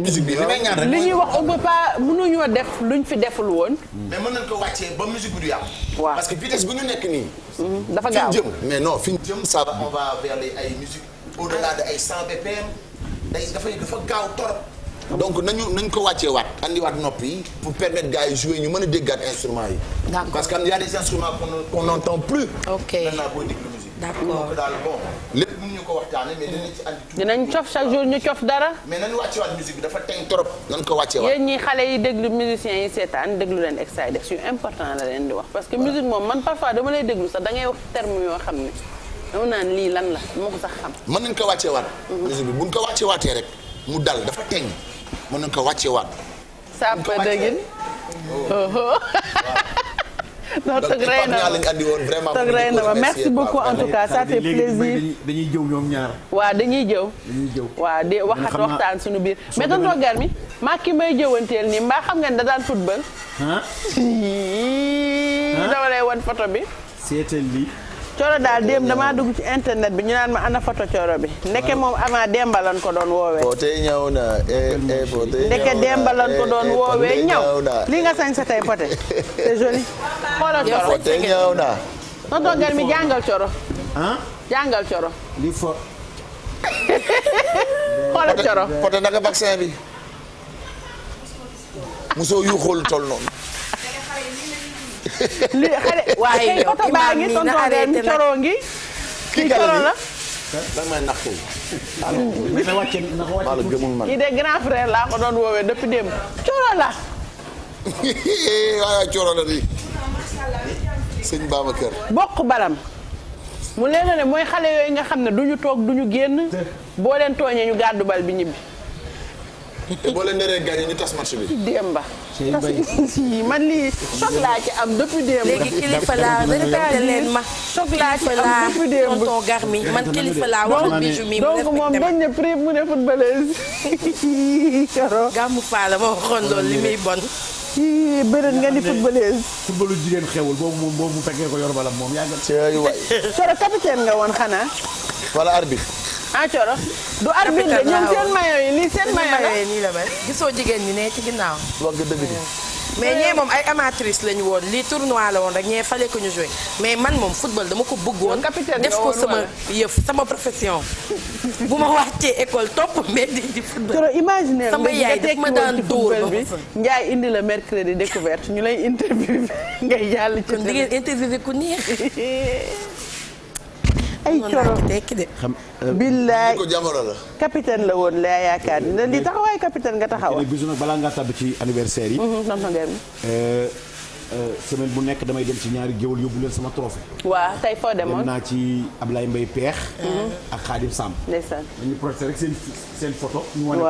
musique bi li may ñaan rek li ñuy wax on peut pas mënuñoo def luñ fi deful woon. mais mën nañ ko wàccee ba musique bi du yàqu. parce que vitesse bu ñu nekk nii. Mm-hmm. dafa gaaw mais non fi ñu jëm ça va on va vers les ay musique au torop. donc nañu nañ ko wàccee waat andi waat nopp yi pour permettre gars yi jouer ñu mën a déggaat instruments yi. parce que y a des instruments qu'on n'entend plus. ok d'accord daal bon ko waxtaane mais dinañ ci andi. chaque jour ñu cof dara. mais nañu wàcceewaat musique bi dafa teg trop. nañu ko wàcceewaat yéen ñi xale yi déglu musiciens yi seetaan déglu leen extrait def suñu important la leen di wax. parce que musique moom man parfois dama lay déglu sax da ngay wax terme yoo xam ne dama naan lii lan la moo ko sax xam. mën nañu ko wàcceewaat. Mhm. musique bi buñ ko wàcceewaatee rek mu dal dafa teg mën nañu ko wàcceewaat. buñ ko wàcceewaat non toog rey na ma donc toog rey na ma merci beaucoup en tout cas ça fait plaisir dañuy jëw ñoom ñaar. waaw dañuy jëw. dañuy jëw waxat waxtaan suñu biir. mais tonton Garmi maa ki may jëwanteel nii mbaa xam nga ne da daan football. ah. dama lay wan photo bi. seetal lii. coro daal démb damaa dugg ci internet bi ñu naan ma ana photo coro bi ndeke moom avant Demba ko doon woowee poté ñëw na eh, eh, ndeke Demba lan ko eh, doon woowee ñëw li nga sañ sa tey poté c'est joli xoolal coro poté ñëw na jàngal coro jàngal coro li fo xoolal coro bi mosoo yu xool noonu li xale waaye yow imaam mi na arrêté nag ngi kii coro la. lan may nax kii. de grand frère laa ko doon woowee depuis démb coro la. waaw coro la di. sëñ Babacar. bokk balam. mu leen ne mooy xale yooyu nga xam ne du ñu toog du ñu génn. boo leen tooñee ñu gàddu bal bi ñibbi. te boo leen naree gagné ñu tas match bi. man lii choc ci am depuis démb. léegi kilifa laa ma. choc laa ci am depuis démb tonton Garmi man kilifa laa wax bijou mi. donc moom dañ ne prix mu ne footballeuse. gàmmu faala ma waxoon loolu li muy bon. ci bërët nga di footballeuse. footballu jigéen xewul boobu moom boobu fekkee ko yor balam moom yaa ngi. cëy waay. Coro capitaine nga woon xanaa. wala arbitre. ah Coro. du arbitre de ñoom seen maillot yi lii seen maillot la. gisoo jigéen ñi ne ci ginnaaw. lool ga dëgg mais ñee moom ay amatrice lañu woon lii tournoi la woon rek ñee fale ko ñu joué mais man moom football dama ko bëggoon def ko sama yëf sama profession bu ma wax wàccee école topp mais di di football imaginaire sama yaay daf ma daan dóor njaay indi la mercredi découverte ñu lay interview ngay jàll ci di ngeen interviewé ku neex ay coro xam euh, billaay capitaine la woon laa yaakaar ne li taxawaay capitaine nga taxaw. bisu nag balaa ngaa tàbb ci anniversaire yi. Mhm, Euh, semaine bu nekk damay dem ci ñaari géwël yóbbu leen sama trophée. waaw tey foo demoon dem naa ci Ablaye Mbaye Peex. Mm-hmm. ak Khadim Samb. ndeysaan dañu projeté rek seen seen ñu wane ko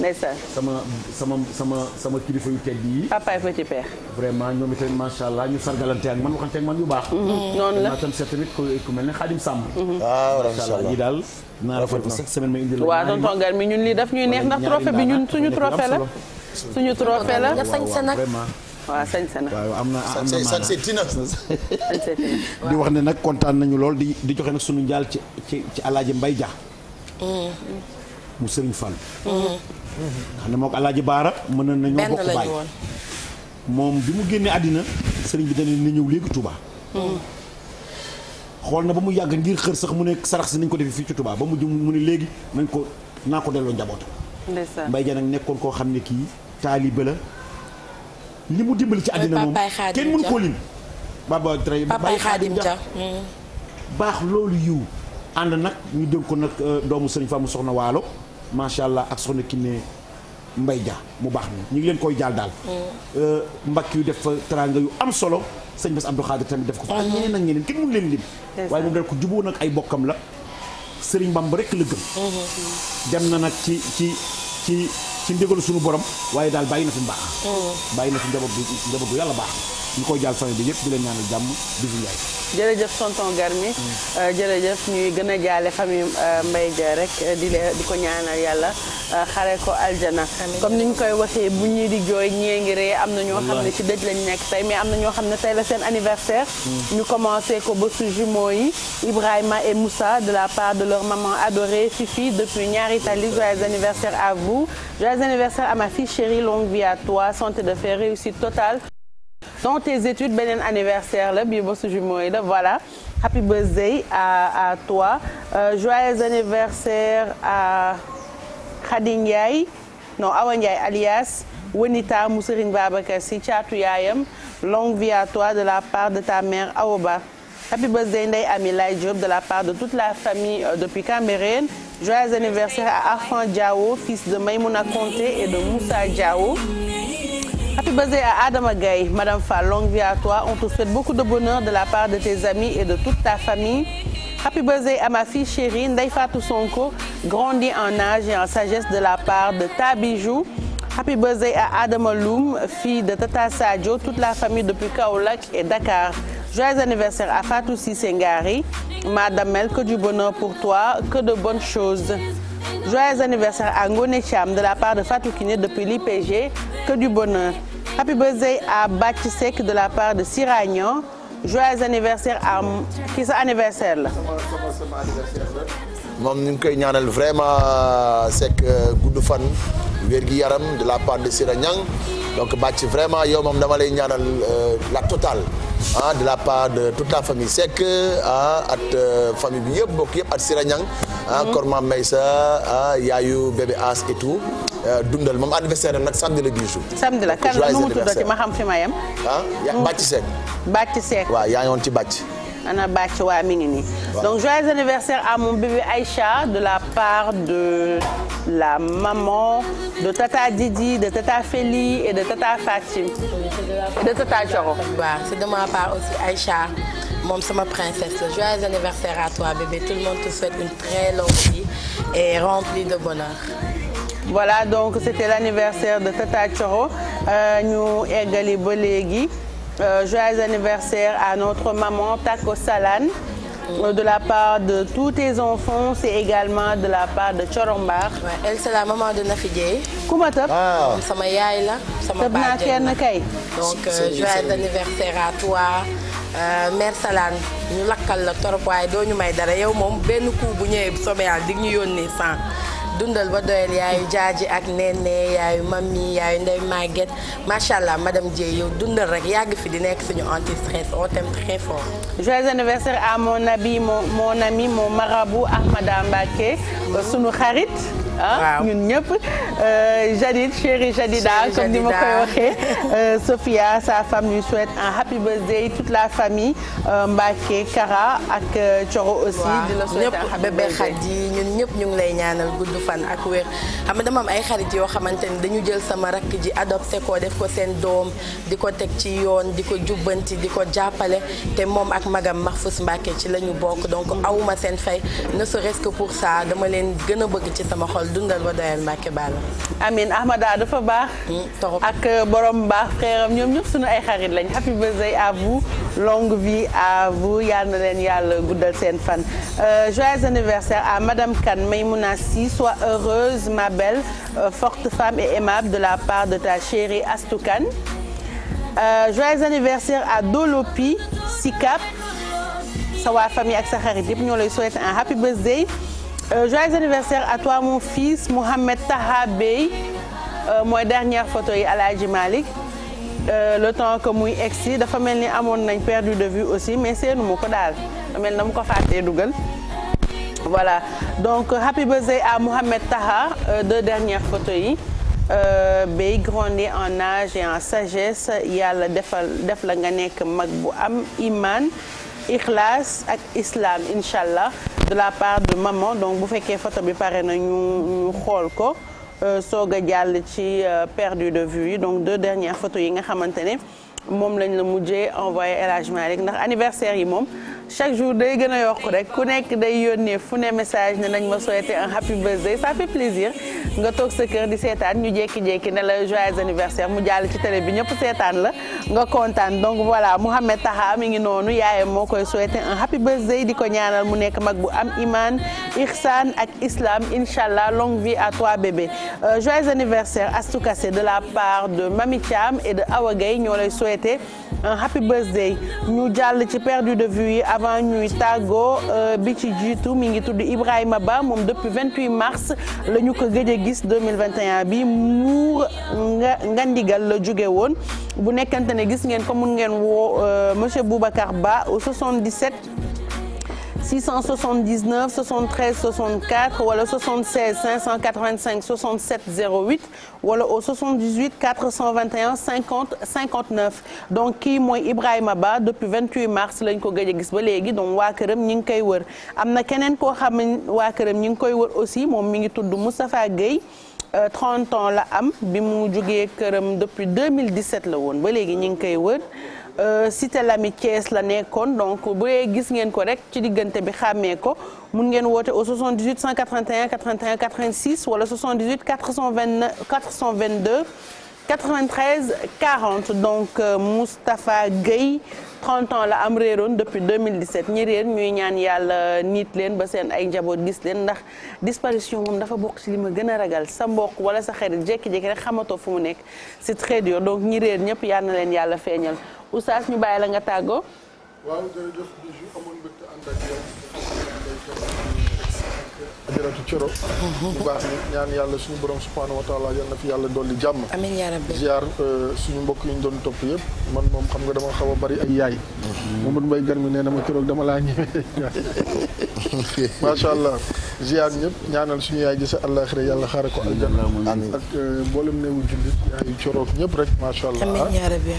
ndeysaan sama sama sama sama kilifa yu tedd yi. papaay fa ci peex. ñoom itamit macha ñu sargalante ak man waxante ak man yu baax. Mm-hmm. Mm-hmm. noonu la maa tam seet ku mel ne Khadim Samb. Ah, daal. naa rafetlu chaque semaine may indi la. waaw tonton Gar mi ñun lii daf ñuy neex ndax trophée bi ñun suñu trophée la. suñu trophée la waaw sañse na waaw am na am na sañse tina di wax ne nag kontaan nañu lool di di joxe nag suñu njaal ci ci ci alaaji Mbay Jax mm-hmm. mu Sëriñ Fall mm-hmm. xam ne mook alaaji Baara mën na nañoo bokk baay moom bi mu génnee àddina sëriñ bi dana ne ñëw léegi Touba mm-hmm. xool na ba mu yàgg ngir xër sax mu ne sarax si nañ ko defee fii ci tubaa ba mu jëm mu ne léegi nañ ko naa ko delloo njabootam Mbay Jax nag nekkoon koo xam ne kii taalibe la li mu dimbali ci àddina moom kenn mënu koo lim baba tray papaay xaadim baax loolu yiw ànd nag ñu dénk ko nag euh, doomu sëriñ fa mu soxna waalo macha allah ak soxna Kiné Mbay Ja mu baax ni ñu ngi leen koy jaal daal mm. euh, mbakk yu def fa teraanga yu am solo sëñ Bass Abdou Khadre tamit def ko fa ak ñeneen ak ñeneen kenn mënu leen lim waaye moom dal ko juboo nag ay bokkam la sëriñ Bamba rek la gëm mm-hmm. dem na nag ci ci ci ci ndigalu suñu borom waaye daal bàyyi na fi mbaax mm. bàyyi na fi njaboot bu njaboot bu yàlla baax ñu koy jaal famille bi yëpp di leen ñaanal jàmm bisu Ndiaye. jërëjëf tonton Garmi. Mm. Euh, jërëjëf ñuy gën a jaale famille euh, Mbaye Dia rek euh, di leen di ko ñaanal yàlla xare ko aljana comme ni ñu koy waxee bu ñii di jooy ñee ngi am na ñoo xam ne ci dëj lañu nekk tey mais am na ñoo xam ne tey la seen anniversaire. Mm. ñu commencé ko ba su jumeaux yi Ibrahima et Moussa de la part de leur maman adorée Fifi depuis ñaari tali joyeux anniversaire à vous joyeux anniversaire à ma fille chérie longue vie à de fer totale. dans tes études beneen anniversaire la bii bésu jumeau yi la voilà happy birthday à à toi euh, joyeux anniversaire à Khady Ndiaye non Awa alias Wenita mu Serigne Babacar Sy caatu toi de la part de ta mère Awa Ba happy birthday Ndeye Amy Laye de la part de toute la famille euh, depuis Cambérène joyeux anniversaire à Arfan Diawo fils de Maïmouna Konté et de Moussa Diawo Happy birthday à Adama Madame Fall longue toi on te souhaite beaucoup de bonheur de la part de tes amis et de toute ta famille Happy birthday à ma fille chérie Ndeye Fatou Sonko grandis en âge et en sagesse de la part de ta bijou Happy birthday à Adama fille de Tata Sadio toute la famille depuis Kaolack et Dakar joyeux anniversaire à Fatou Cissé Ngari Madamel que du bonheur pour toi que de bonnes choses joyeux anniversaire à Ngoné de la part de Fatou Kiné depuis l'IPG que du bonheur. Happy birthday à Bathie Seck de la part de Siragnon. joyeux anniversaire à kii sa anniversaire la. moom ñu ngi koy ñaanal vraiment Seck euh, gudd fan wér gi yaram de la part de Siragnon. donc Bathie vraiment yow moom dama lay ñaanal euh, la total ah de la part de tout la famille Seck ah at euh, famille bi yëpp bokk yëpp at Sira Niang ah mhm. Korma Maysa ah yaayu bébé As et euh, dundal moom anniversaire am nag samedi la bijou. samedi la kan nu mu tuddati ma xam fi ma yem. ah mm. Bathie Seck. waaw yaa ngi ci Bathie. ana bàcc waa mi ngi donc joyeux anniversaire à mon bébé Aïcha de la part de la maman de Tata Didi de Tata Feli et de Tata Fatim de Tata Thioro c'est de ma part aussi Aïcha moom sama princesse joyeux anniversaire à toi bébé tout le monde te souhaite une très longue vie et remplie de bonheur voilà donc c'était l'anniversaire de Tata Thioro euh, ñu eggali ba Euh, joyeux anniversaire à notre maman Tako Salane euh, de la part de tous tes enfants c'est également de la part de Corombar. waaw elle c'est la maman de Nafi Dieye. ku ah. sama yaay la. sama bàjjen la tëb kay. donc euh, joyeux à toi. mère Salane ñu lakkal la torop doo ñu may dara yow moom benn coup bu ñëwee bu dig ñu yónnee 100. dundal ba doyal yaayu jaaji ak nenne yaayu mami yaayu ndey Maguette macha allah madame Dieye dundal rek yàgg fi di nekk suñu anti-stress on t'aime très fort. joyeux anniversaire à mon ami mon mon ami mon marabout Ahmada Mbacké euh, sunu xarit. ah ñun ñëpp euh, Jadid chérie Jadida comme ni ma koy waxee euh, Sophia sa femme lui souhaite un happy birthday toute la famille euh, Mbacké Kara ak Thioro aussi di la souhaiter un happy ñun ñëpp ñu ngi lay ñaanal gudd fan ak wér xam nga dama ay xarit yoo xamante ni dañu jël sama rakk ji adopté ko def ko seen doom di ko teg ci yoon di ko jubbanti di ko jàppale te moom ak magam Mahfous Mbacké ci lañu bokk donc awuma seen fay ne serait-ce pour ça dama leen gën a bëgg ci sama xol xol dundal ba doyal Mbacke Balla. amiin Ahmada dafa baax. Hmm, ak euh, borom baax frère lañ happy birthday à yàlla guddal seen euh, madame Kane Maymouna Si sois heureuse ma belle euh, forte femme et aimable de la part de ta chérie Astou Kane. joyeux anniversaire à Dolopi Sikap sa famille ak sa xarit yëpp un happy birthday. Euh, joyeux anniversaire à toi mon fils Mohamed Taha Bey euh, mooy dernière photo yi Alaaji Malick euh, le temps que muy egsi dafa mel ni amoon nañ perdu de vue aussi mais seenu ma ko daal mel na mu ko fàttee dugal voilà donc happy birthday à Mohamed Taha euh, deux dernières photos yi euh, Bey grandit en âge et en sagesse yàlla defal def la nga nekk mag bu am iman ixlaas ak islam incha allah de la part de maman donc bu fekkee photo bi pare na ñu ñu xool ko euh, soog a jàll ci euh, perdu de vue yi donc deux dernières photo yi nga xamante ne moom lañ la mujjee envoyé El Hadj Malick ndax anniversaire yi moom chaque jour day gën a yokk rek ku nekk day yónnee fu ne message ne nañ ma souhaiter un happy birthday ça fait plaisir nga toog sa di seetaan ñu jékki-jékki ne la joyeux anniversaire mu jàll ci télé bi ñëpp seetaan la nga kontaan donc voilà Mouhamed Taha mi ngi noonu yaayam moo koy souhaiter un happy birthday di ko ñaanal mu nekk mag bu am iman ihsan ak islam incha allah longue vie à toi bébé euh, joyeux anniversaire Astou Kassé de la part de Mami Thiam et de Awa ñoo lay souhaiter un happy avant ñuy tàggoo euh, bi ci jiitu mi ngi tudd Ibrahima Ba moom depuis 28 mars la ñu ko gëj a gis 2021 bi muur nga ngandigal la jóge woon bu nekkante ne gis ngeen ko mun ngeen woo euh, monsieur Boubacar Ba au 77 679 73 64 wala 76 585 67 08 wala au 78 421 50 59 donc kii mooy Ibrahima Ba depuis 28 mars lañ ko gëj a gis ba léegi donc waa këram ñi ngi koy wër am na keneen koo xam ne waa këram ñi ngi koy wër aussi moom mi ngi tudd Moustapha Guèye 30 euh, ans la am bi mu jugee këram depuis 2017 la woon ba léegi ñi ngi koy wër. Euh, cité Lamy Thiès la nekkoon donc bu dee gis ngeen ko rek ci diggante bi xàmmee ko mun ngeen woote au 78 181 81 86 wala 78 429 422 93 40 donc euh, Moustapha Gueye 30 ans la am réeroon depuis 2017 ñi réer ñuy ñaan yàlla nit leen ba seen ay njaboot gis leen ndax disparition moom dafa bokk ci li ma gën a ragal sa mbokk wala sa xarit jékki-jékki rek xamatoo fu mu nekk c'est très dur donc ñi réer ñëpp yal na leen yàlla feeñal. oustaz ñu bàyyi la nga tàggoo. waaw jërëjëf Bijou amoon mbégte ànd ak yow. ajaratu coro bu baax ni ñaan yàlla suñu borom subhaanahu wa taala yal na fi yàlla dolli jàmm amiin yaa rabbi ziar euh, suñu mbokk yi ñu doon topp yëpp man moom xam nga dama xaw a bari ay yaay Mamadou Mbaye gan mi nee na ma coroog dama laa ñemee macha allah ziar ñëpp ñaanal suñu yaay ji sa àllaaxira yàlla xaare ko ak euh, mboolem neewu jullit yaayu coroog ñëpp rek macha allah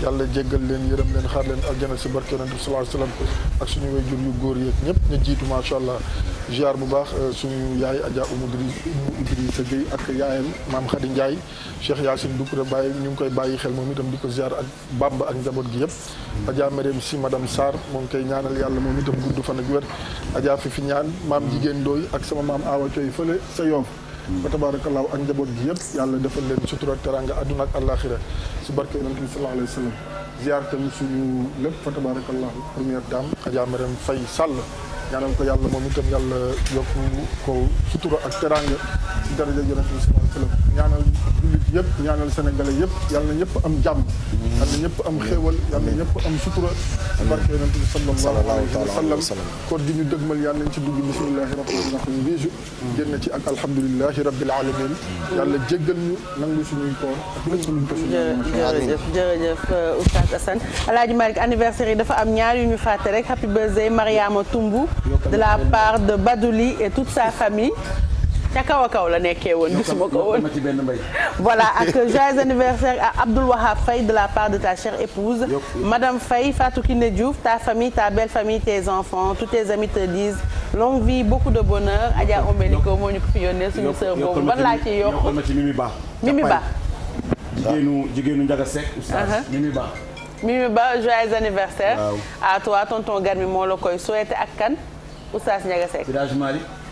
yàlla jéggal leen yërëm leen xaar leen aljana si barke yonent bi sallallahu alayhi wa sallam ak suñu way jur yu góor yeeg ñëpp ñu jiitu macha allah ziar bu baax euh, Ndiaye Adja Oumou Idrissa Gueye ak yaayam maam Khady Ndiaye Cheikh Yacine Doucouré Baye ñu ngi koy bàyyi xel moom itam di ko ziar ak Bamba ak njaboot gi yëpp Adja Mariam si madame Sarr moom koy ñaanal yàlla moom itam gudd fan ak wér Adja Fifi ñaan maam jigéen dooy ak sama maam Awa Coy fële sa yoof ba tabaarakallaahu ak njaboot gi yëpp yàlla defal leen sutura teranga àdduna ak àllaaxira si barke yonent bi sallallaahu alayhi wa sallam ziar tamit suñu lépp fa tabaarakallaahu première dame Adja Mariam ñaanal ko yàlla moom itam yàlla yokk ko sutura ak teraanga ci daraja yonent bi sallallahu alayhi wa sallam yëpp ñaanal sénégalais yëpp yal na ñëpp am jàmm yal na ñëpp am xéewal yal na ñëpp am sutura barke yonent bi sallallahu alayhi wa sallam koor di ñu dëgmal yal nañ ci dugg bismillahi rahmani rahim bisu génn ci ak alhamdulilahi rabbil alamin yàlla jéggal ñu nangu suñuy koor ak luñ ko jërëjëf jërëjëf euh, Oustaz Assane Alaaji Malick anniversaire yi dafa am ñaar yu ñu fàtte rek happy birthday Mariama Tumbu de la part de Badouli et toute sa famille ca kaw a kaw la nekkee woon gisuma ko woon voilà ak joyeux anniversaire à Abdoul Wahab de la part de ta chère épouse Madame Faye Fatou Kiné Diouf ta famille ta belle famille tes enfants tous te disent longue vie de bonheur Adja Ombeliko moo ñu ko fi yónnee suñu sœur boobu ban laa ci yokk Mimi Ba Mimi Ba jigéenu jigéenu Ndiaga Seck oustaz uh-huh. Mimi Ba Mimi Ba joyeux anniversaire à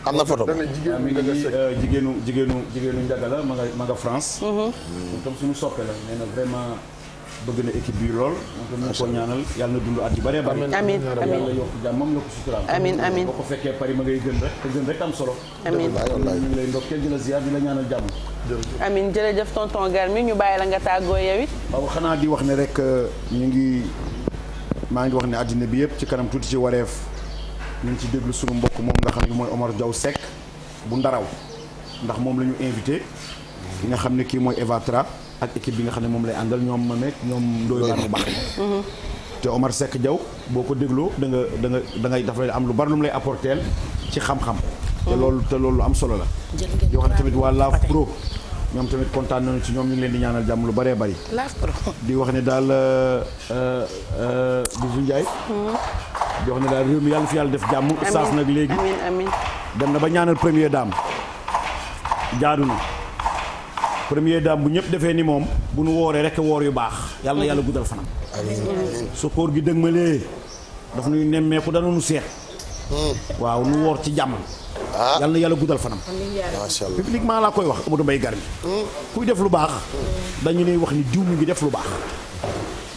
am na photo dana jigéen mi ngi euh, jigéenu jigéenu jigéenu Ndiaga la ma nga ma nga France. moom mhm. tam suñu soppe la nee vraiment bëgg na équipe bi lool. moom tam ko ñaanal yàlla na dund at yu bëree bëri. amiin amiin yàlla yokk jàmmam yokk suturaam. amiin amiin boo ko fekkee Paris ma ngay gën rek te gën rek am solo. amiin wallaay ñu ngi lay ndokkeel di la ziar di la jàmm. jërëjëf amiin jërëjëf tonton Garmi ñu bàyyi la nga tàggoo yow it. waaw xanaa di wax ne rek euh, ñu ngi maa ngi wax ne àddina bi yëpp ci kanam tuuti ci wareef ñu ci déglu suñu mbokk moom nga xam ne mooy Omar Diaw Seck bu Ndaraw ndax moom la ñu invité ki nga xam ne kii mooy Evatra ak équipe bi nga xam ne moom lay àndal ñoom ma nekk ñoom ndooyu baax baax te Omar sekk Diaw boo ko dégloo da nga da da ngay daf lay am lu bari lu mu lay apporteel ci xam-xam te loolu lu am solo la yoo xam tamit waa Love ñoom tamit kontaan nañu ci ñoom ñu ngi leen di ñaanal jàmm lu bëree bëri. di wax ne daal euh, euh, euh, Bijou Ndiaye. Hmm. di wax ne daal réew mi yàlla fi yàlla def jàmm. saas nag léegi dem na ba ñaanal première dame jaadu na. première dame bu ñëpp defee ni moom bu nu wooree rek woor yu baax yàlla na yàlla guddal fanam su gi dëgmalee daf nuy nemmeeku danoonu seet hmm. waaw nu woor ci jàmm Ah. yal na yàlla guddal fanam. macha allah publiquement laa koy wax Amadou Mbaye Garmi. Hmm. kuy def lu baax. Hmm. dañu lay wax ni diw mi ngi def lu baax.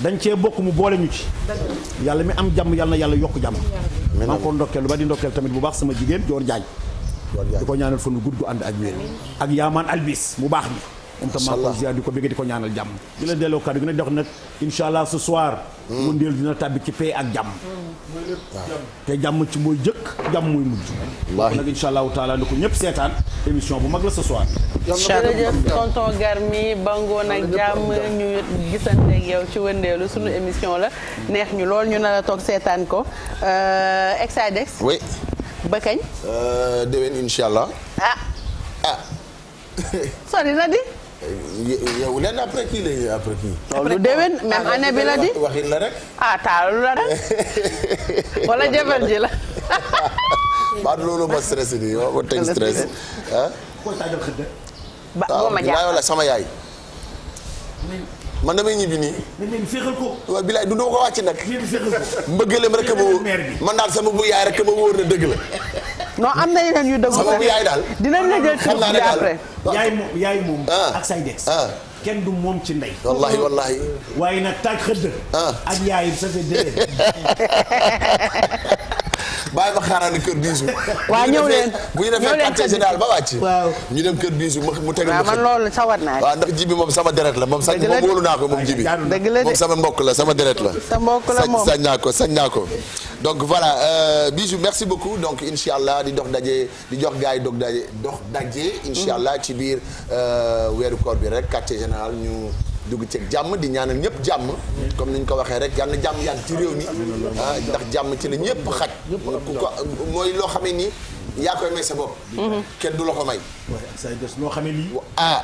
dañ cee bokk mu boole ñu ci. yàlla mi am jàmm yàlla yàlla yokk jàmm. maa ngi ko ndokkeel lu ba di ndokkeel tamit bu baax sama jigéen Dior Diagne. di ko ñaanal fan gu gudd gu ànd ak wér. ak Yaamaan Albis mu baax mi incha allah maa ko ziar di ko bëgg di ko ñaanal jàmm. di soir. Hmm. mu ndeel dina tàbbi ci paix ak hmm. jàmm. ci mooy jëkk jàmm mooy mujj. wallaahi nag ko ñëpp seetaan émission bu mag la ce soir. jërëjëf tonton Garmi bangoon ak jàmm ñu gisante ak ci wëndeelu sunu émission la. neex ñu lool ñu nar a toog seetaan ko. Euh, Exadex. oui. ba kañ. Euh, déwén ah. ah. sori na di. Euh, yow lenn après kii léegi après kii. loolu déwén même année bi la di waxin la rek. ah taalu la rek wala jabar ji la. maa loolu ma stress nii ah? ba boo ah, ma jaaxal wala sama yaay. man damay ñibbi nii. dañ féexal ko. waaw bilaay du ko wàcc nag. mbëggaleem rek ma man daal sama bu yaay rek ma wóor na dëgg la. non am na yeneen yu dëgg. sama yaay daal dinañ la jël tur bi après. yaay moom yaay moom. Ah. ak say des. Ah. kenn du moom ci ndey. wallahi wallahi waaye nag tànk xëdd. Ah. ak yaay sa fi déedéet. bàyyi ma xaarandi kër biisu. waaw ñëw leen bu ñu defee quartier général ba wàcc. waaw ñu dem kër biisu mu tegal ma. waaw man loolu sawar naa waaw moom sama deret la moom sax moom wóolu naa ko moom jibi moom sama mbokk la sama deret la. sa mbokk la sañ naa ko sañ naa ko. donc voilà euh, biisu merci beaucoup donc incha allah di dox daje di jox gars yi dox daje dox daje. incha allah ci biir euh, weeru koor bi rek quartier général ñu. dugg ceeg jàmm di ñaanal ñëpp jàmm comme ni ñu ko waxee rek yal na jàmm yàgg ci réew mi ah, ndax jàmm ci la ñëpp xaj ku ko mooy loo xamee ni yaa koy may sa bopp mhm. kenn du la ko may say des noo xamee lii ah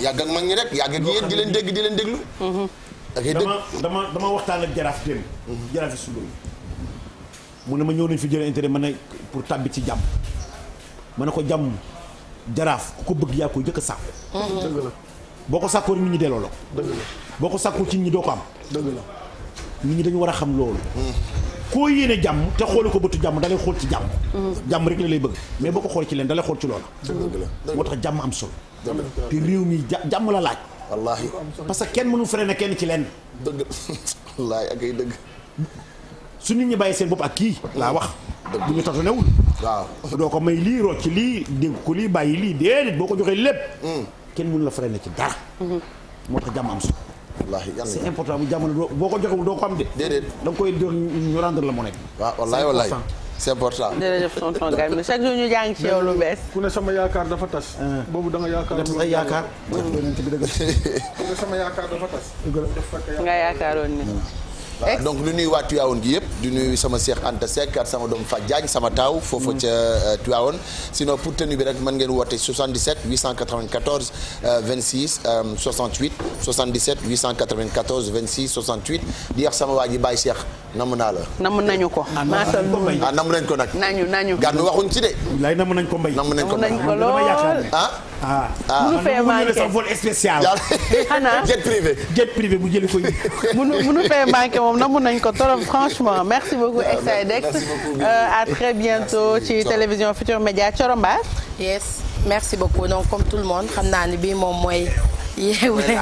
yàgg ak mag ñi rek yàgg ak yéen di leen dégg di leen déglu mhm. dama dama dama waxtaan ak jaraaf dem mhm. jaraaf yi sulo mun na ma ñëw nañ fi jël intérêt mën na pour tàbbi ci jàmm ma ne ko jàmm jaraaf ku ko bëgg yaa koy jëkk a sàkku boo ko sàkkoo nit ñi delloo la ko. boo ko sàkkoo ci ñi doo ko am. dëgg la nit ñi dañu war a xam loolu. Hmm. koo yéene jàmm te xooli ko bëtu jàmm dalay xool ci jàmm. Hmm. jàmm rek lay bëgg. mais boo ko xool ci leen dalay xool ci loola. moo tax jàmm am solo. te réew mi jàmm la laaj. wallaahi parce que kenn mënu freiné kenn ci leen. dëgg wallaahi ay dëgg. su nit ñi bàyyi seen bopp ak kii laa hmm. wax. dëgg du ñu tatonewul. waaw doo ko may lii rocc lii dégg ko lii bàyyi lii déedéet boo ko joxee lépp. kenn mënu la freiné ci dara. Mm-hmm. moo tax jàmm am solo. wallaahi c'est important bu jàmm boo ko joxewul doo ko am de. déedéet da koy jox ñu rendre la monnaie. waaw wallaahi wallaahi c'est important. jërëjëf tonton Galmi chaque jour ñu jàng ci yow lu bees. ku ne sama yaakaar dafa tas. Ah. boobu da nga yaakaar lu ay yaakaar. Mm. ku ne sama yaakaar dafa tas. nga yaakaaroon ni. Ah. donc lu nuy waa Tivaouane gi yëpp du nuy sama Cheikh Anta Seck ak sama doom Fat Diagne sama taaw foofu ca euh, Tivaouane sinon pour tenue bi rek mën ngeen woote 77 894 26 68 77 894 26 68 di wax sama waa ji Baye Cheikh namm naa la namm nañu ko maasal ah namm nañ ah, ko nag nañu nañu gànn waxuñ ci de lay namm nañ ko mbay namm nañ ko lool ah? ah ah munu fee manqué sax moom namu nañ ko trop franchement merci beaucoup Exidex euh, à très bientôt ci télévision Futur Média Thioro Mbaye yes merci beaucoup donc comme tout le monde xam naa ni bii moom mooy yeewu leen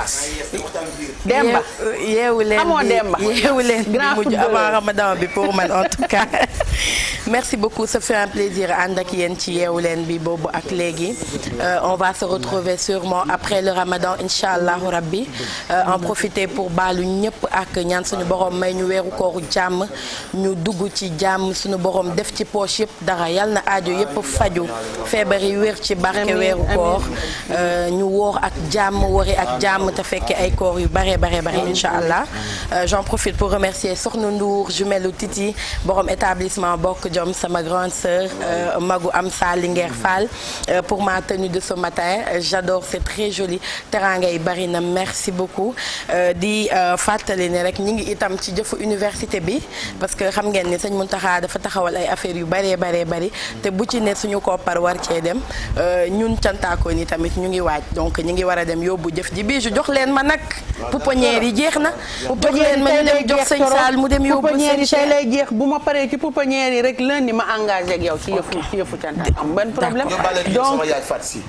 Demba yeewu leen amoo Demba leen bi mujj avant Ramadan bi pour man en tout cas merci beaucoup ça fait un plaisir ànd ak yéen ci yeewu leen bi boobu ak léegi euh, on va se retrouver sûrement après le Ramadan incha allahu rabbi euh, en profiter pour baalu ñëpp ak ñaan suñu borom may ñu weeru kooru jàmm ñu dugg ci jàmm suñu borom def ci poche yëpp dara yal na aajo yëpp faju feebar yi wér ci barke weeru koor euh, ñu woor ak jàmm bëri ak jàmm te fekke ay koor yu bare bare bare incha allah euh, j'en profite pour remercier Soxna Ndour jumelu Titi borom établissement Bokk Jom sama grande sœur euh, Magu am Linguère Fall euh, pour ma tenue de ce matin j'adore c'est très joli teranga yi bari na merci beaucoup di fàttali ne rek ñi ngi itam ci jëfu université bi parce que xam ngeen ni sañ mun taxa dafa taxawal ay affaires yu baree baree bari te bu ci ne suñu koppar war cee dem ñun cantaakoo ni ñu ngi war dem yóbbu jëf ji bii jox leen ma nag. pouponnière yi jeex na. jox leen mu dem yóbbu pouponnière yi tey jeex bu ma paree ci pouponnière yi rek lundi ma engagé ak yow. ci yëfu ci yëfu cant am benn problème. donc Fatsi.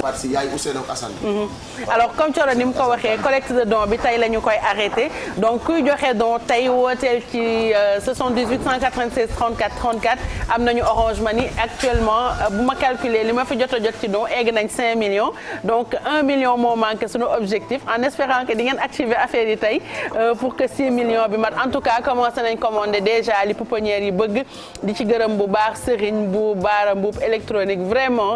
Fatsi yaay Ousseynou Assane. Mhm. alors comme Thioro ni mu ko waxee collecte de dons bi tey la ñu koy arrêté donc kuy joxe don tey wooteel ci 78 196 34 34 am nañu Orange Money actuellement euh, bu ma calculer li ma fi jot a jot ci don egg nañ 5 donc 1 manqué suñu objectif en espérant que di ngeen activer affaire yi tey euh, pour que 6 bi mat en tout cas commencé nañ commandé déjà li pouponnières yi bëgg di ci gërëm bu baax Serigne bu baara mbuub électronique vraiment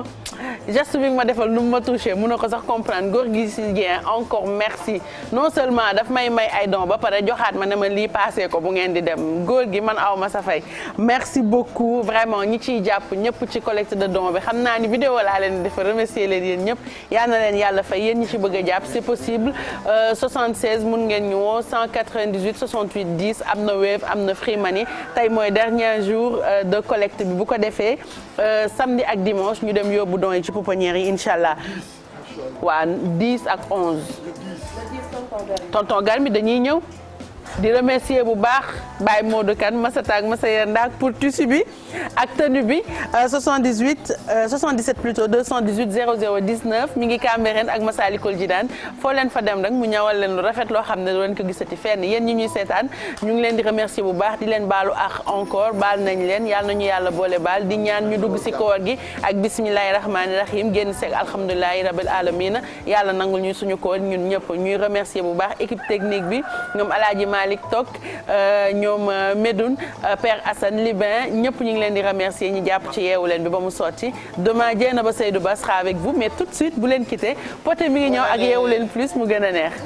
geste bi ma defal nu mu ma touché mun na ko sax comprendre góor gi si bien encore merci non seulement daf may may ay don ba pare joxaat ma ne ma lii passé ko bu ngeen di dem góor gi man aw ma sa fay merci beaucoup vraiment ñi ciy jàpp ñëpp ci collecte de don bi xam naa ni vidéo laa leen di defal remercier leen yéen ñëpp yal na leen yàlla fay yéen ñi ci bëgg a jàpp c'est possible 76 euh, mun ngeen ñu woo 198 68 10 am na Wave am na Free Money tey mooy dernier jour euh, de collecte bi bu ko defee euh, samedi ak dimanche ñu dem yóbbu dons yi ci pouponnières yi incha allah waa 10 ak 11. tonton Galmi dañuy ñëw. di remercier bu baax Baye Modou Kane Massata ak Massa Yenda pour tissu bi ak tenue bi 78 euh, 77 euh, plutôt 218 00 19 mi ngi foo leen fa dem rek mu ñawal leen lu rafet loo xam ne du leen ko gisati fenn yéen ñi ñuy seetaan ñu ngi leen di remercier bu baax di leen baalu ak encore baal nañ leen yàlla nañu yàlla boole baal di ñaan ñu dugg si koor gi ak bisimilahi rahmaani rahim génn seeg alhamdulilahi rabil alamina yàlla nangul ñu suñu koor ñun ñëpp ñuy remercier bu baax équipe technique bi Malick Tock euh, ñoom euh, Medoune euh, per Assane Libin ñëpp ñu ngi leen di remercier ñu jàpp ci yeewu leen bi ba mu sotti demain jéena ba Seydou Ba sera avec vous mais tout de suite bu leen quitter poté mi ngi ñëw ak yeewu leen plus mu gën a neex